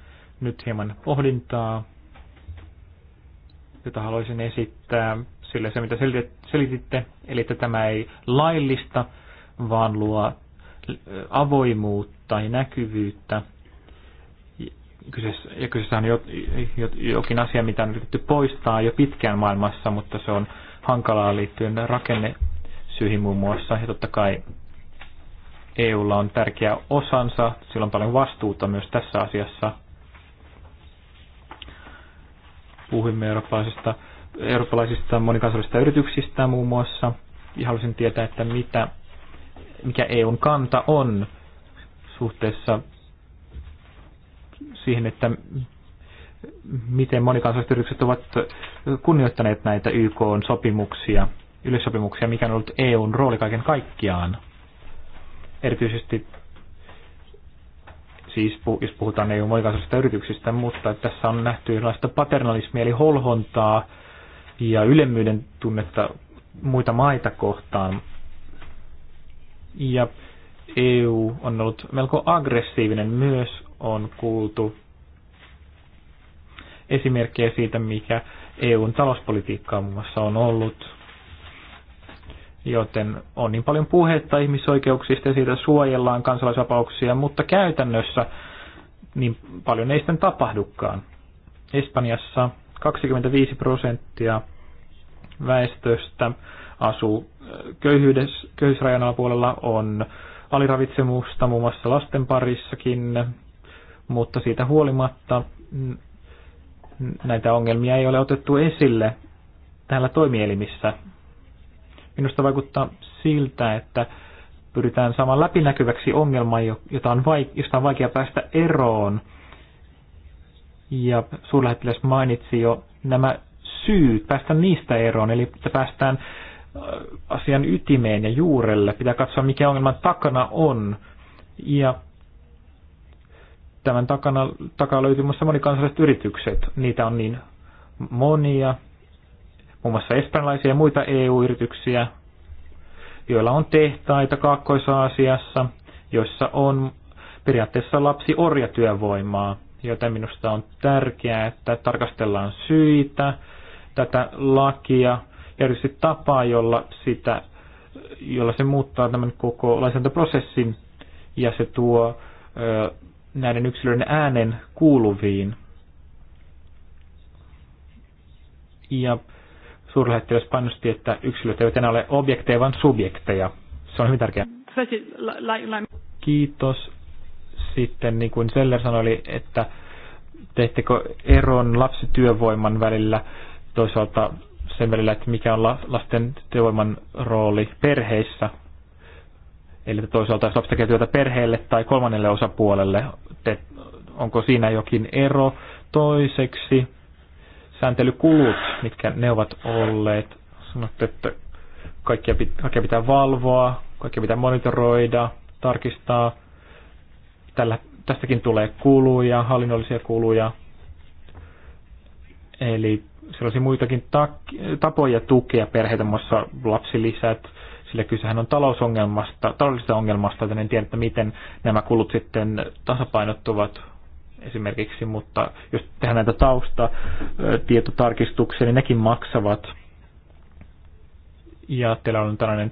Nyt hieman pohdintaa jota haluaisin esittää, sillä se mitä selititte, eli että tämä ei laillista, vaan luo avoimuutta ja näkyvyyttä. Kyseessä, ja kyseessä on jokin asia, mitä on yritetty poistaa jo pitkään maailmassa, mutta se on hankalaa liittyen rakennesyihin muun muassa. Ja totta kai EUlla on tärkeä osansa, sillä on paljon vastuuta myös tässä asiassa. Puhuimme eurooppalaisista, eurooppalaisista monikansallisista yrityksistä muun muassa. Ja halusin tietää, että mitä, mikä EUn kanta on suhteessa siihen, että miten monikansalliset yritykset ovat kunnioittaneet näitä YK-sopimuksia, yleissopimuksia, mikä on ollut EUn rooli kaiken kaikkiaan. Erityisesti siis jos puhutaan eu monikansallisista yrityksistä, mutta tässä on nähty erilaista paternalismia eli holhontaa ja ylemmyyden tunnetta muita maita kohtaan. Ja EU on ollut melko aggressiivinen myös, on kuultu esimerkkejä siitä, mikä EUn talouspolitiikkaa muun muassa on ollut joten on niin paljon puhetta ihmisoikeuksista ja siitä suojellaan kansalaisvapauksia, mutta käytännössä niin paljon ei sitten tapahdukaan. Espanjassa 25 prosenttia väestöstä asuu äh, köyhyydessä, köyhyysrajan alapuolella, on aliravitsemusta muun muassa lasten parissakin, mutta siitä huolimatta näitä ongelmia ei ole otettu esille täällä toimielimissä Minusta vaikuttaa siltä, että pyritään saamaan läpinäkyväksi ongelma, jota on vaik- josta on vaikea päästä eroon. Ja suurlähettiläs mainitsi jo nämä syyt, päästä niistä eroon, eli että päästään äh, asian ytimeen ja juurelle. Pitää katsoa, mikä ongelman takana on. Ja tämän takana, takaa löytyy myös monikansalliset yritykset. Niitä on niin monia, muun muassa espanjalaisia ja muita EU-yrityksiä, joilla on tehtaita Kaakkois-Aasiassa, joissa on periaatteessa lapsi orjatyövoimaa, joten minusta on tärkeää, että tarkastellaan syitä, tätä lakia ja erityisesti tapaa, jolla, sitä, jolla se muuttaa tämän koko lainsäädäntöprosessin ja se tuo ö, näiden yksilöiden äänen kuuluviin. Ja suurlähettiläs painosti, että yksilöt eivät enää ole objekteja, vaan subjekteja. Se on hyvin tärkeää. Kiitos. Sitten niin kuin Seller sanoi, että teettekö eron lapsityövoiman välillä toisaalta sen välillä, että mikä on lasten työvoiman rooli perheissä. Eli toisaalta jos lapsi tekee työtä perheelle tai kolmannelle osapuolelle, te, onko siinä jokin ero? Toiseksi sääntelykulut, mitkä ne ovat olleet. Sanotte, että kaikkia, kaikkia pitää valvoa, kaikkia pitää monitoroida, tarkistaa. Tällä, tästäkin tulee kuluja, hallinnollisia kuluja. Eli sellaisia muitakin tapoja tukea perheitä, muassa lapsilisät, sillä kysehän on talousongelmasta, taloudellisesta ongelmasta, joten en tiedä, että miten nämä kulut sitten tasapainottuvat esimerkiksi, mutta jos tehdään näitä taustatietotarkistuksia, niin nekin maksavat. Ja teillä on tällainen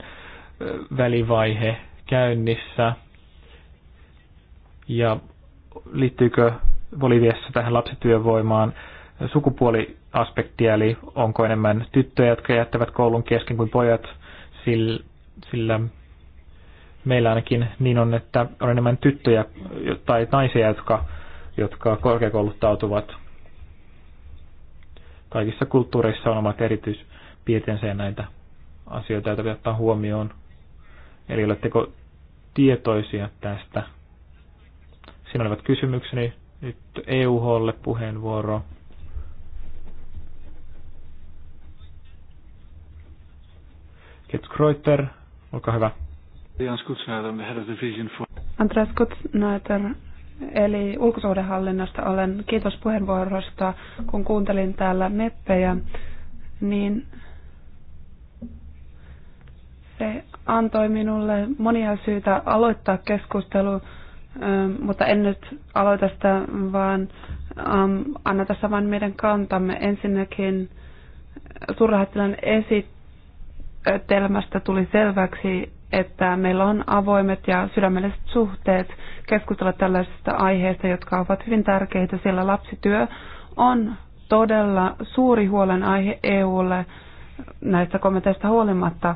välivaihe käynnissä. Ja liittyykö Boliviassa tähän lapsityövoimaan sukupuoliaspektia, eli onko enemmän tyttöjä, jotka jättävät koulun kesken kuin pojat, sillä, sillä meillä ainakin niin on, että on enemmän tyttöjä tai naisia, jotka jotka korkeakouluttautuvat. Kaikissa kulttuureissa on omat erityispiirteensä ja näitä asioita, joita pitää ottaa huomioon. Eli oletteko tietoisia tästä? Siinä olivat kysymykseni. Nyt EUHlle puheenvuoro. Ket Kreuter, olkaa hyvä. Andreas Kutsnäyter, Head of Division for... Andreas Kutsnäyter, eli ulkosuhdehallinnosta olen. Kiitos puheenvuorosta, kun kuuntelin täällä meppejä, niin se antoi minulle monia syitä aloittaa keskustelu, ähm, mutta en nyt aloita sitä, vaan ähm, anna tässä vain meidän kantamme. Ensinnäkin suurlähettilän esittelmästä tuli selväksi, että meillä on avoimet ja sydämelliset suhteet keskustella tällaisista aiheista, jotka ovat hyvin tärkeitä, sillä lapsityö on todella suuri huolenaihe EUlle näistä kommenteista huolimatta.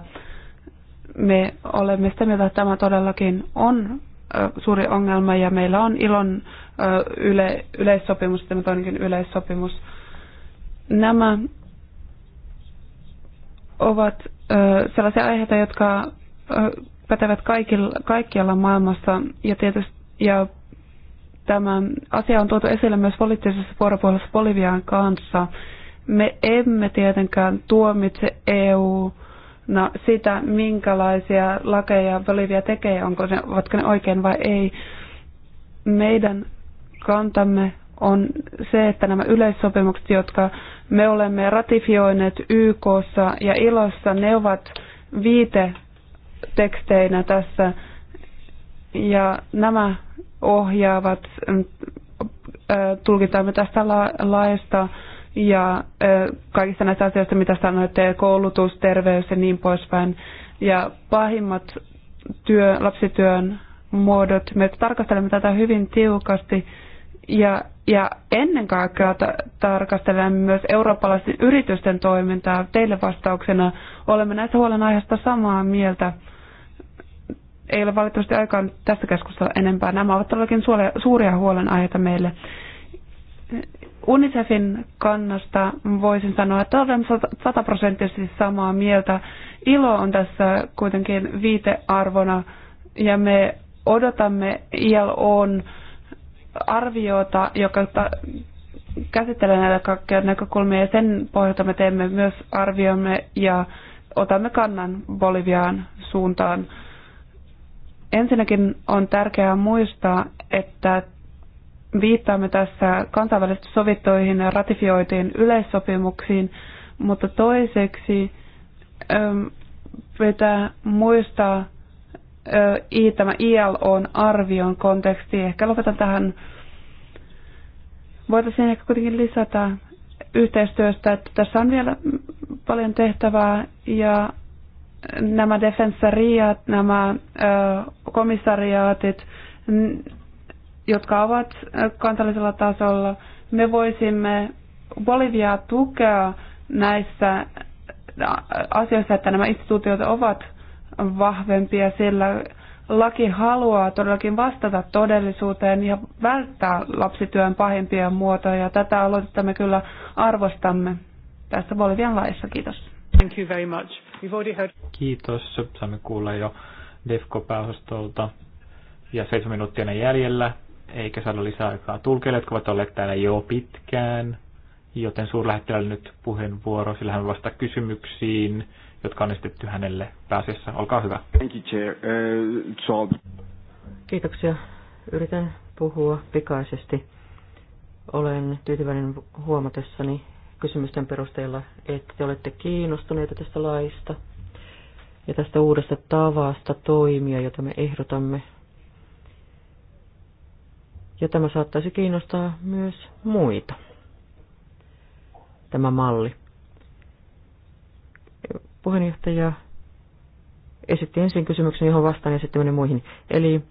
Me olemme sitä mieltä, että tämä todellakin on suuri ongelma ja meillä on ilon yle, yleissopimus, tämä toinenkin yleissopimus. Nämä ovat sellaisia aiheita, jotka pätevät kaikilla, kaikkialla maailmassa ja tietysti ja tämä asia on tuotu esille myös poliittisessa vuoropuolessa Bolivian kanssa. Me emme tietenkään tuomitse EU no, sitä, minkälaisia lakeja Bolivia tekee, onko ne, ovatko ne oikein vai ei. Meidän kantamme on se, että nämä yleissopimukset, jotka me olemme ratifioineet YKssa ja ILOssa, ne ovat viite teksteinä tässä. Ja nämä ohjaavat mm, tulkintaamme tästä la- laista ja kaikista näistä asioista, mitä sanoitte, koulutus, terveys ja niin poispäin. Ja pahimmat työ, lapsityön muodot, me tarkastelemme tätä hyvin tiukasti ja, ja ennen kaikkea ta- tarkastelen myös eurooppalaisten yritysten toimintaa. Teille vastauksena olemme näistä huolenaiheista samaa mieltä. Ei ole valitettavasti aikaa tässä keskustella enempää. Nämä ovat todellakin suuria huolenaiheita meille. UNICEFin kannasta voisin sanoa, että olen sataprosenttisesti samaa mieltä. Ilo on tässä kuitenkin viitearvona ja me odotamme ILOn arviota, joka käsittelee näitä kaikkia näkökulmia ja sen pohjalta me teemme myös arviomme ja otamme kannan Boliviaan suuntaan. Ensinnäkin on tärkeää muistaa, että viittaamme tässä kansainvälisesti sovittuihin ja ratifioitiin yleissopimuksiin, mutta toiseksi pitää muistaa tämä ILOn arvion konteksti. Ehkä lopetan tähän. Voitaisiin ehkä kuitenkin lisätä yhteistyöstä, että tässä on vielä paljon tehtävää ja nämä defensariat, nämä komissariaatit, jotka ovat kansallisella tasolla, me voisimme Boliviaa tukea näissä asioissa, että nämä instituutiot ovat vahvempia, sillä laki haluaa todellakin vastata todellisuuteen ja välttää lapsityön pahimpia muotoja. Ja tätä aloitetta me kyllä arvostamme tässä Bolivian laissa. Kiitos. Thank you very much. heard... Kiitos. Saamme kuulla jo DEFCO-pääosastolta. Ja seitsemän minuuttia jäljellä, eikä saada lisää aikaa tulkeille, jotka ovat olleet täällä jo pitkään. Joten suurlähettilälle nyt puheenvuoro, sillä hän vastaa kysymyksiin jotka on esitetty hänelle pääasiassa. Olkaa hyvä. Thank you, chair. Uh, Kiitoksia. Yritän puhua pikaisesti. Olen tyytyväinen huomatessani kysymysten perusteella, että te olette kiinnostuneita tästä laista ja tästä uudesta tavasta toimia, jota me ehdotamme. Ja tämä saattaisi kiinnostaa myös muita, tämä malli. Puheenjohtaja esitti ensin kysymyksen, johon vastaan ja sitten menen muihin. Eli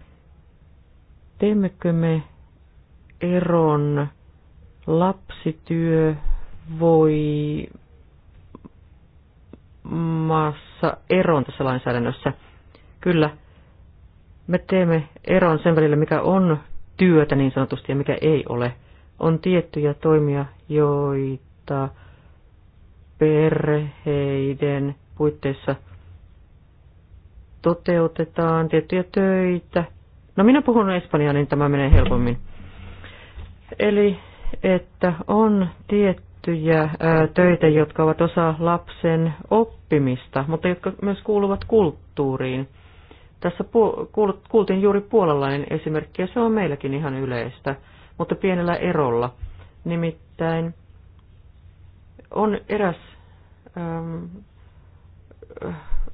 teemmekö me eron lapsityö voi maassa eron tässä lainsäädännössä? Kyllä, me teemme eron sen välillä, mikä on työtä niin sanotusti ja mikä ei ole. On tiettyjä toimia, joita perheiden puitteissa toteutetaan tiettyjä töitä. No minä puhun espanjaa, niin tämä menee helpommin. Eli että on tiettyjä ää, töitä, jotka ovat osa lapsen oppimista, mutta jotka myös kuuluvat kulttuuriin. Tässä pu- kuul- kuultiin juuri puolalainen esimerkki, ja se on meilläkin ihan yleistä, mutta pienellä erolla. Nimittäin on eräs äm,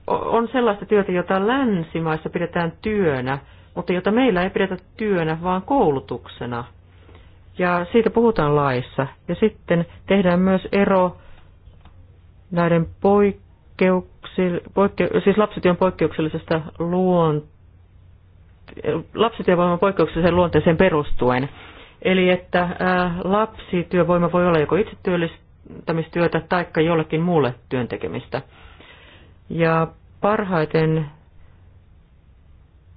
on sellaista työtä, jota länsimaissa pidetään työnä, mutta jota meillä ei pidetä työnä, vaan koulutuksena. Ja siitä puhutaan laissa. Ja sitten tehdään myös ero näiden poikkeuksille, poikke, siis lapsityön poikkeuksellisesta luon, lapsityövoiman poikkeuksellisen luonteeseen perustuen. Eli että ää, lapsityövoima voi olla joko itsetyöllistämistyötä tai jollekin muulle työntekemistä. tekemistä. Ja parhaiten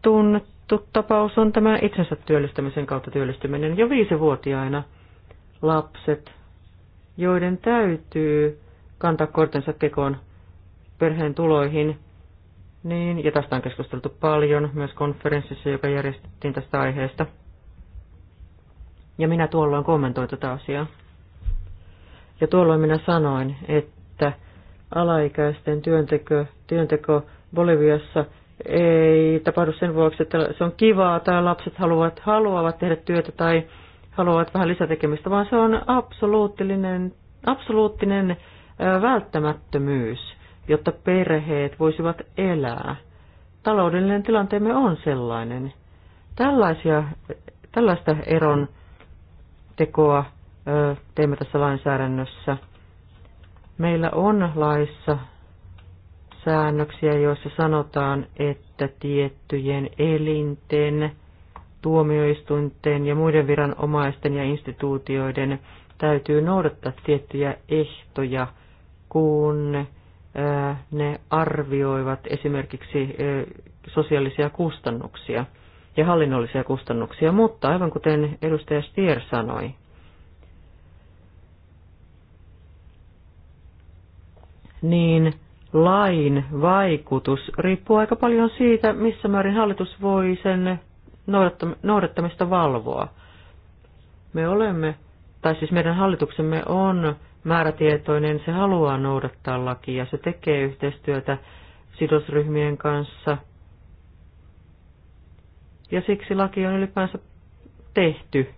tunnettu tapaus on tämä itsensä työllistämisen kautta työllistyminen. Jo viisivuotiaina lapset, joiden täytyy kantaa kortensa kekoon perheen tuloihin, niin, ja tästä on keskusteltu paljon myös konferenssissa, joka järjestettiin tästä aiheesta. Ja minä tuolloin kommentoin tätä asiaa. Ja tuolloin minä sanoin, että alaikäisten työnteko, työnteko Boliviassa ei tapahdu sen vuoksi, että se on kivaa tai lapset haluavat, haluavat tehdä työtä tai haluavat vähän lisätekemistä, vaan se on absoluuttinen, absoluuttinen välttämättömyys, jotta perheet voisivat elää. Taloudellinen tilanteemme on sellainen. Tällaisia, tällaista eron tekoa teemme tässä lainsäädännössä. Meillä on laissa säännöksiä, joissa sanotaan, että tiettyjen elinten, tuomioistuinten ja muiden viranomaisten ja instituutioiden täytyy noudattaa tiettyjä ehtoja, kun ne arvioivat esimerkiksi sosiaalisia kustannuksia ja hallinnollisia kustannuksia, mutta aivan kuten edustaja Stier sanoi, niin lain vaikutus riippuu aika paljon siitä, missä määrin hallitus voi sen noudattamista valvoa. Me olemme, tai siis meidän hallituksemme on määrätietoinen, se haluaa noudattaa lakia, se tekee yhteistyötä sidosryhmien kanssa. Ja siksi laki on ylipäänsä tehty.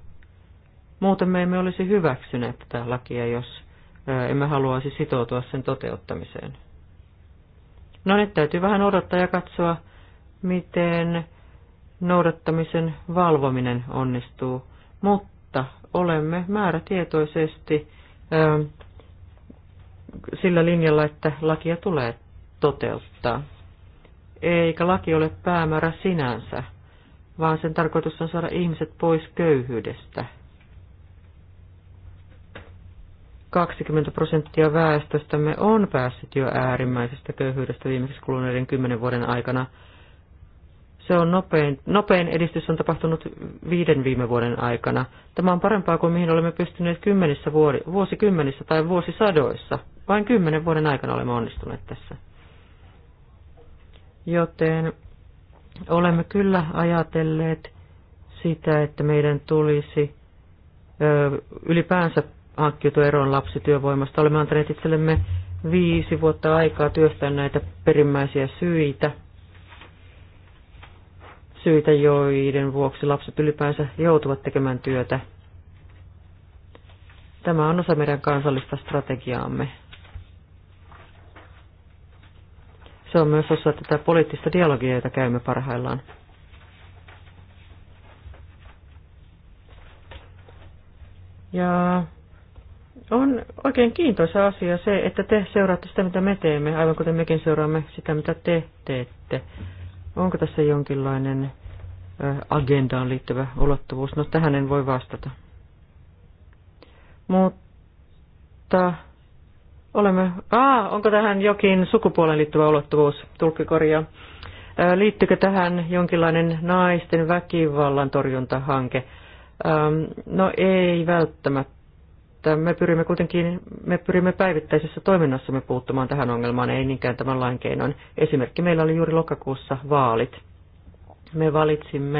Muuten me emme olisi hyväksyneet tätä lakia, jos emme haluaisi sitoutua sen toteuttamiseen. No nyt täytyy vähän odottaa ja katsoa, miten noudattamisen valvominen onnistuu, mutta olemme määrätietoisesti sillä linjalla, että lakia tulee toteuttaa. Eikä laki ole päämäärä sinänsä, vaan sen tarkoitus on saada ihmiset pois köyhyydestä – 20 prosenttia väestöstämme on päässyt jo äärimmäisestä köyhyydestä viimeksi kuluneiden kymmenen vuoden aikana. Se on nopein, nopein edistys on tapahtunut viiden viime vuoden aikana. Tämä on parempaa kuin mihin olemme pystyneet kymmenissä vuori, vuosikymmenissä tai vuosisadoissa. Vain kymmenen vuoden aikana olemme onnistuneet tässä. Joten olemme kyllä ajatelleet sitä, että meidän tulisi ö, ylipäänsä hankkiutu eroon lapsityövoimasta. Olemme antaneet itsellemme viisi vuotta aikaa työstää näitä perimmäisiä syitä, syitä, joiden vuoksi lapset ylipäänsä joutuvat tekemään työtä. Tämä on osa meidän kansallista strategiaamme. Se on myös osa tätä poliittista dialogia, jota käymme parhaillaan. Ja on oikein kiintoisa asia se, että te seuraatte sitä, mitä me teemme, aivan kuten mekin seuraamme sitä, mitä te teette. Onko tässä jonkinlainen agendaan liittyvä ulottuvuus? No tähän en voi vastata. Mutta olemme... Aa, onko tähän jokin sukupuolen liittyvä ulottuvuus? Tulkki korjaa. Liittyykö tähän jonkinlainen naisten väkivallan torjuntahanke? No ei välttämättä että me pyrimme kuitenkin, me pyrimme päivittäisessä toiminnassamme puuttumaan tähän ongelmaan, ei niinkään tämän lain keinoin. Esimerkki meillä oli juuri lokakuussa vaalit. Me valitsimme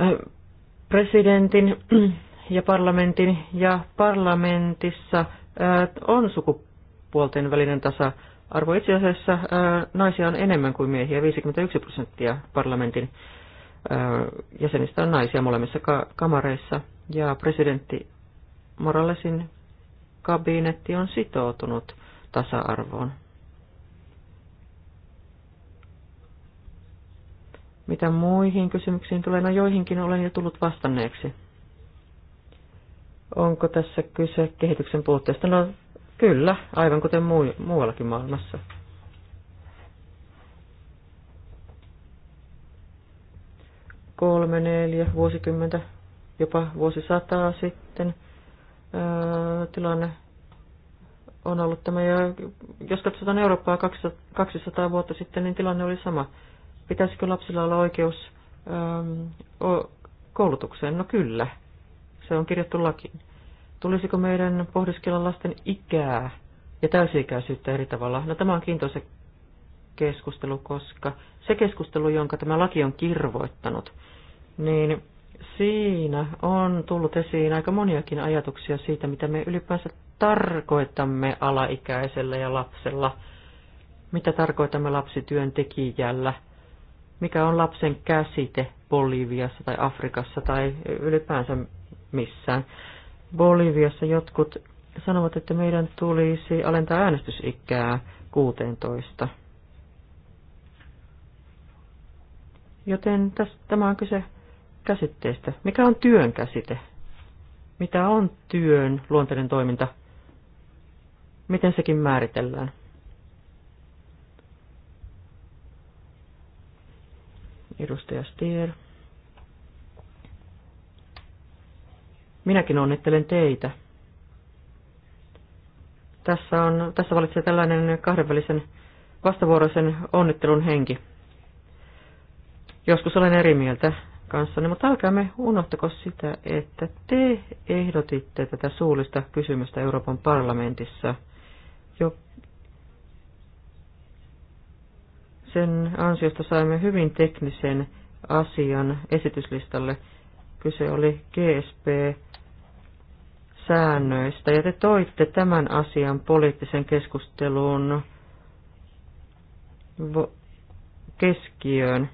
äh, presidentin ja parlamentin, ja parlamentissa äh, on sukupuolten välinen tasa-arvo. Itse asiassa äh, naisia on enemmän kuin miehiä, 51 prosenttia parlamentin jäsenistä on naisia molemmissa kamareissa, ja presidentti Moralesin kabinetti on sitoutunut tasa-arvoon. Mitä muihin kysymyksiin tulee? No joihinkin olen jo tullut vastanneeksi. Onko tässä kyse kehityksen puutteesta? No kyllä, aivan kuten muu- muuallakin maailmassa. Kolme, neljä, vuosikymmentä, jopa vuosisataa sitten – tilanne on ollut tämä. Ja jos katsotaan Eurooppaa 200 vuotta sitten, niin tilanne oli sama. Pitäisikö lapsilla olla oikeus koulutukseen? No kyllä, se on kirjattu lakiin. Tulisiko meidän pohdiskella lasten ikää ja täysi-ikäisyyttä eri tavalla? No tämä on kiintoisa keskustelu, koska se keskustelu, jonka tämä laki on kirvoittanut, niin Siinä on tullut esiin aika moniakin ajatuksia siitä, mitä me ylipäänsä tarkoitamme alaikäisellä ja lapsella, mitä tarkoitamme lapsityöntekijällä, mikä on lapsen käsite Boliviassa tai Afrikassa tai ylipäänsä missään. Boliviassa jotkut sanovat, että meidän tulisi alentaa äänestysikää 16. Joten tästä, tämä on kyse käsitteistä. Mikä on työn käsite? Mitä on työn luonteinen toiminta? Miten sekin määritellään? Edustaja Stier. Minäkin onnittelen teitä. Tässä, on, tässä valitsee tällainen kahdenvälisen vastavuoroisen onnittelun henki. Joskus olen eri mieltä kanssanne, mutta älkäämme unohtako sitä, että te ehdotitte tätä suullista kysymystä Euroopan parlamentissa jo sen ansiosta saimme hyvin teknisen asian esityslistalle. Kyse oli GSP-säännöistä ja te toitte tämän asian poliittisen keskustelun keskiöön.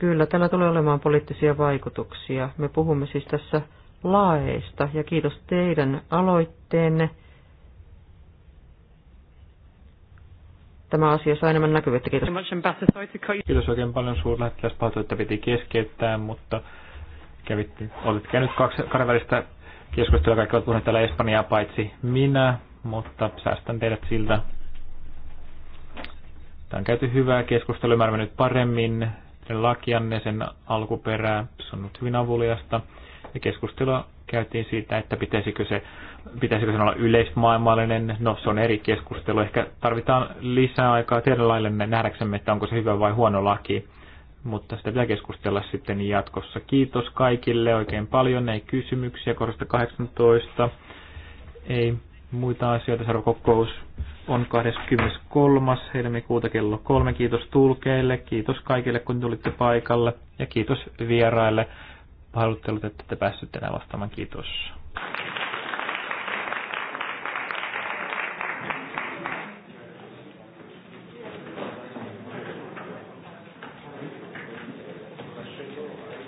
Kyllä, tällä tulee olemaan poliittisia vaikutuksia. Me puhumme siis tässä laeista ja kiitos teidän aloitteenne. Tämä asia saa enemmän näkyvyyttä. Kiitos. Kiitos oikein paljon suurlähettiläs. Pahoittelut, että piti keskeyttää, mutta kävitti, olet käynyt kaksi kanavälistä keskustelua. Kaikki ovat puhuneet täällä Espanjaa paitsi minä, mutta säästän teidät siltä. Tämä on käyty hyvää keskustelua. Mä nyt paremmin lakianne, sen alkuperää, se on ollut hyvin avuliasta. Ja keskustelua käytiin siitä, että pitäisikö, se, pitäisikö sen olla yleismaailmallinen. No, se on eri keskustelu. Ehkä tarvitaan lisää aikaa tiedon lailla nähdäksemme, että onko se hyvä vai huono laki. Mutta sitä pitää keskustella sitten jatkossa. Kiitos kaikille oikein paljon. Ei kysymyksiä korosta 18. Ei muita asioita. Seuraava kokous on 23. helmikuuta kello kolme. Kiitos tulkeille, kiitos kaikille kun tulitte paikalle ja kiitos vieraille. Haluttelut, että te pääsitte tänään vastaamaan. Kiitos.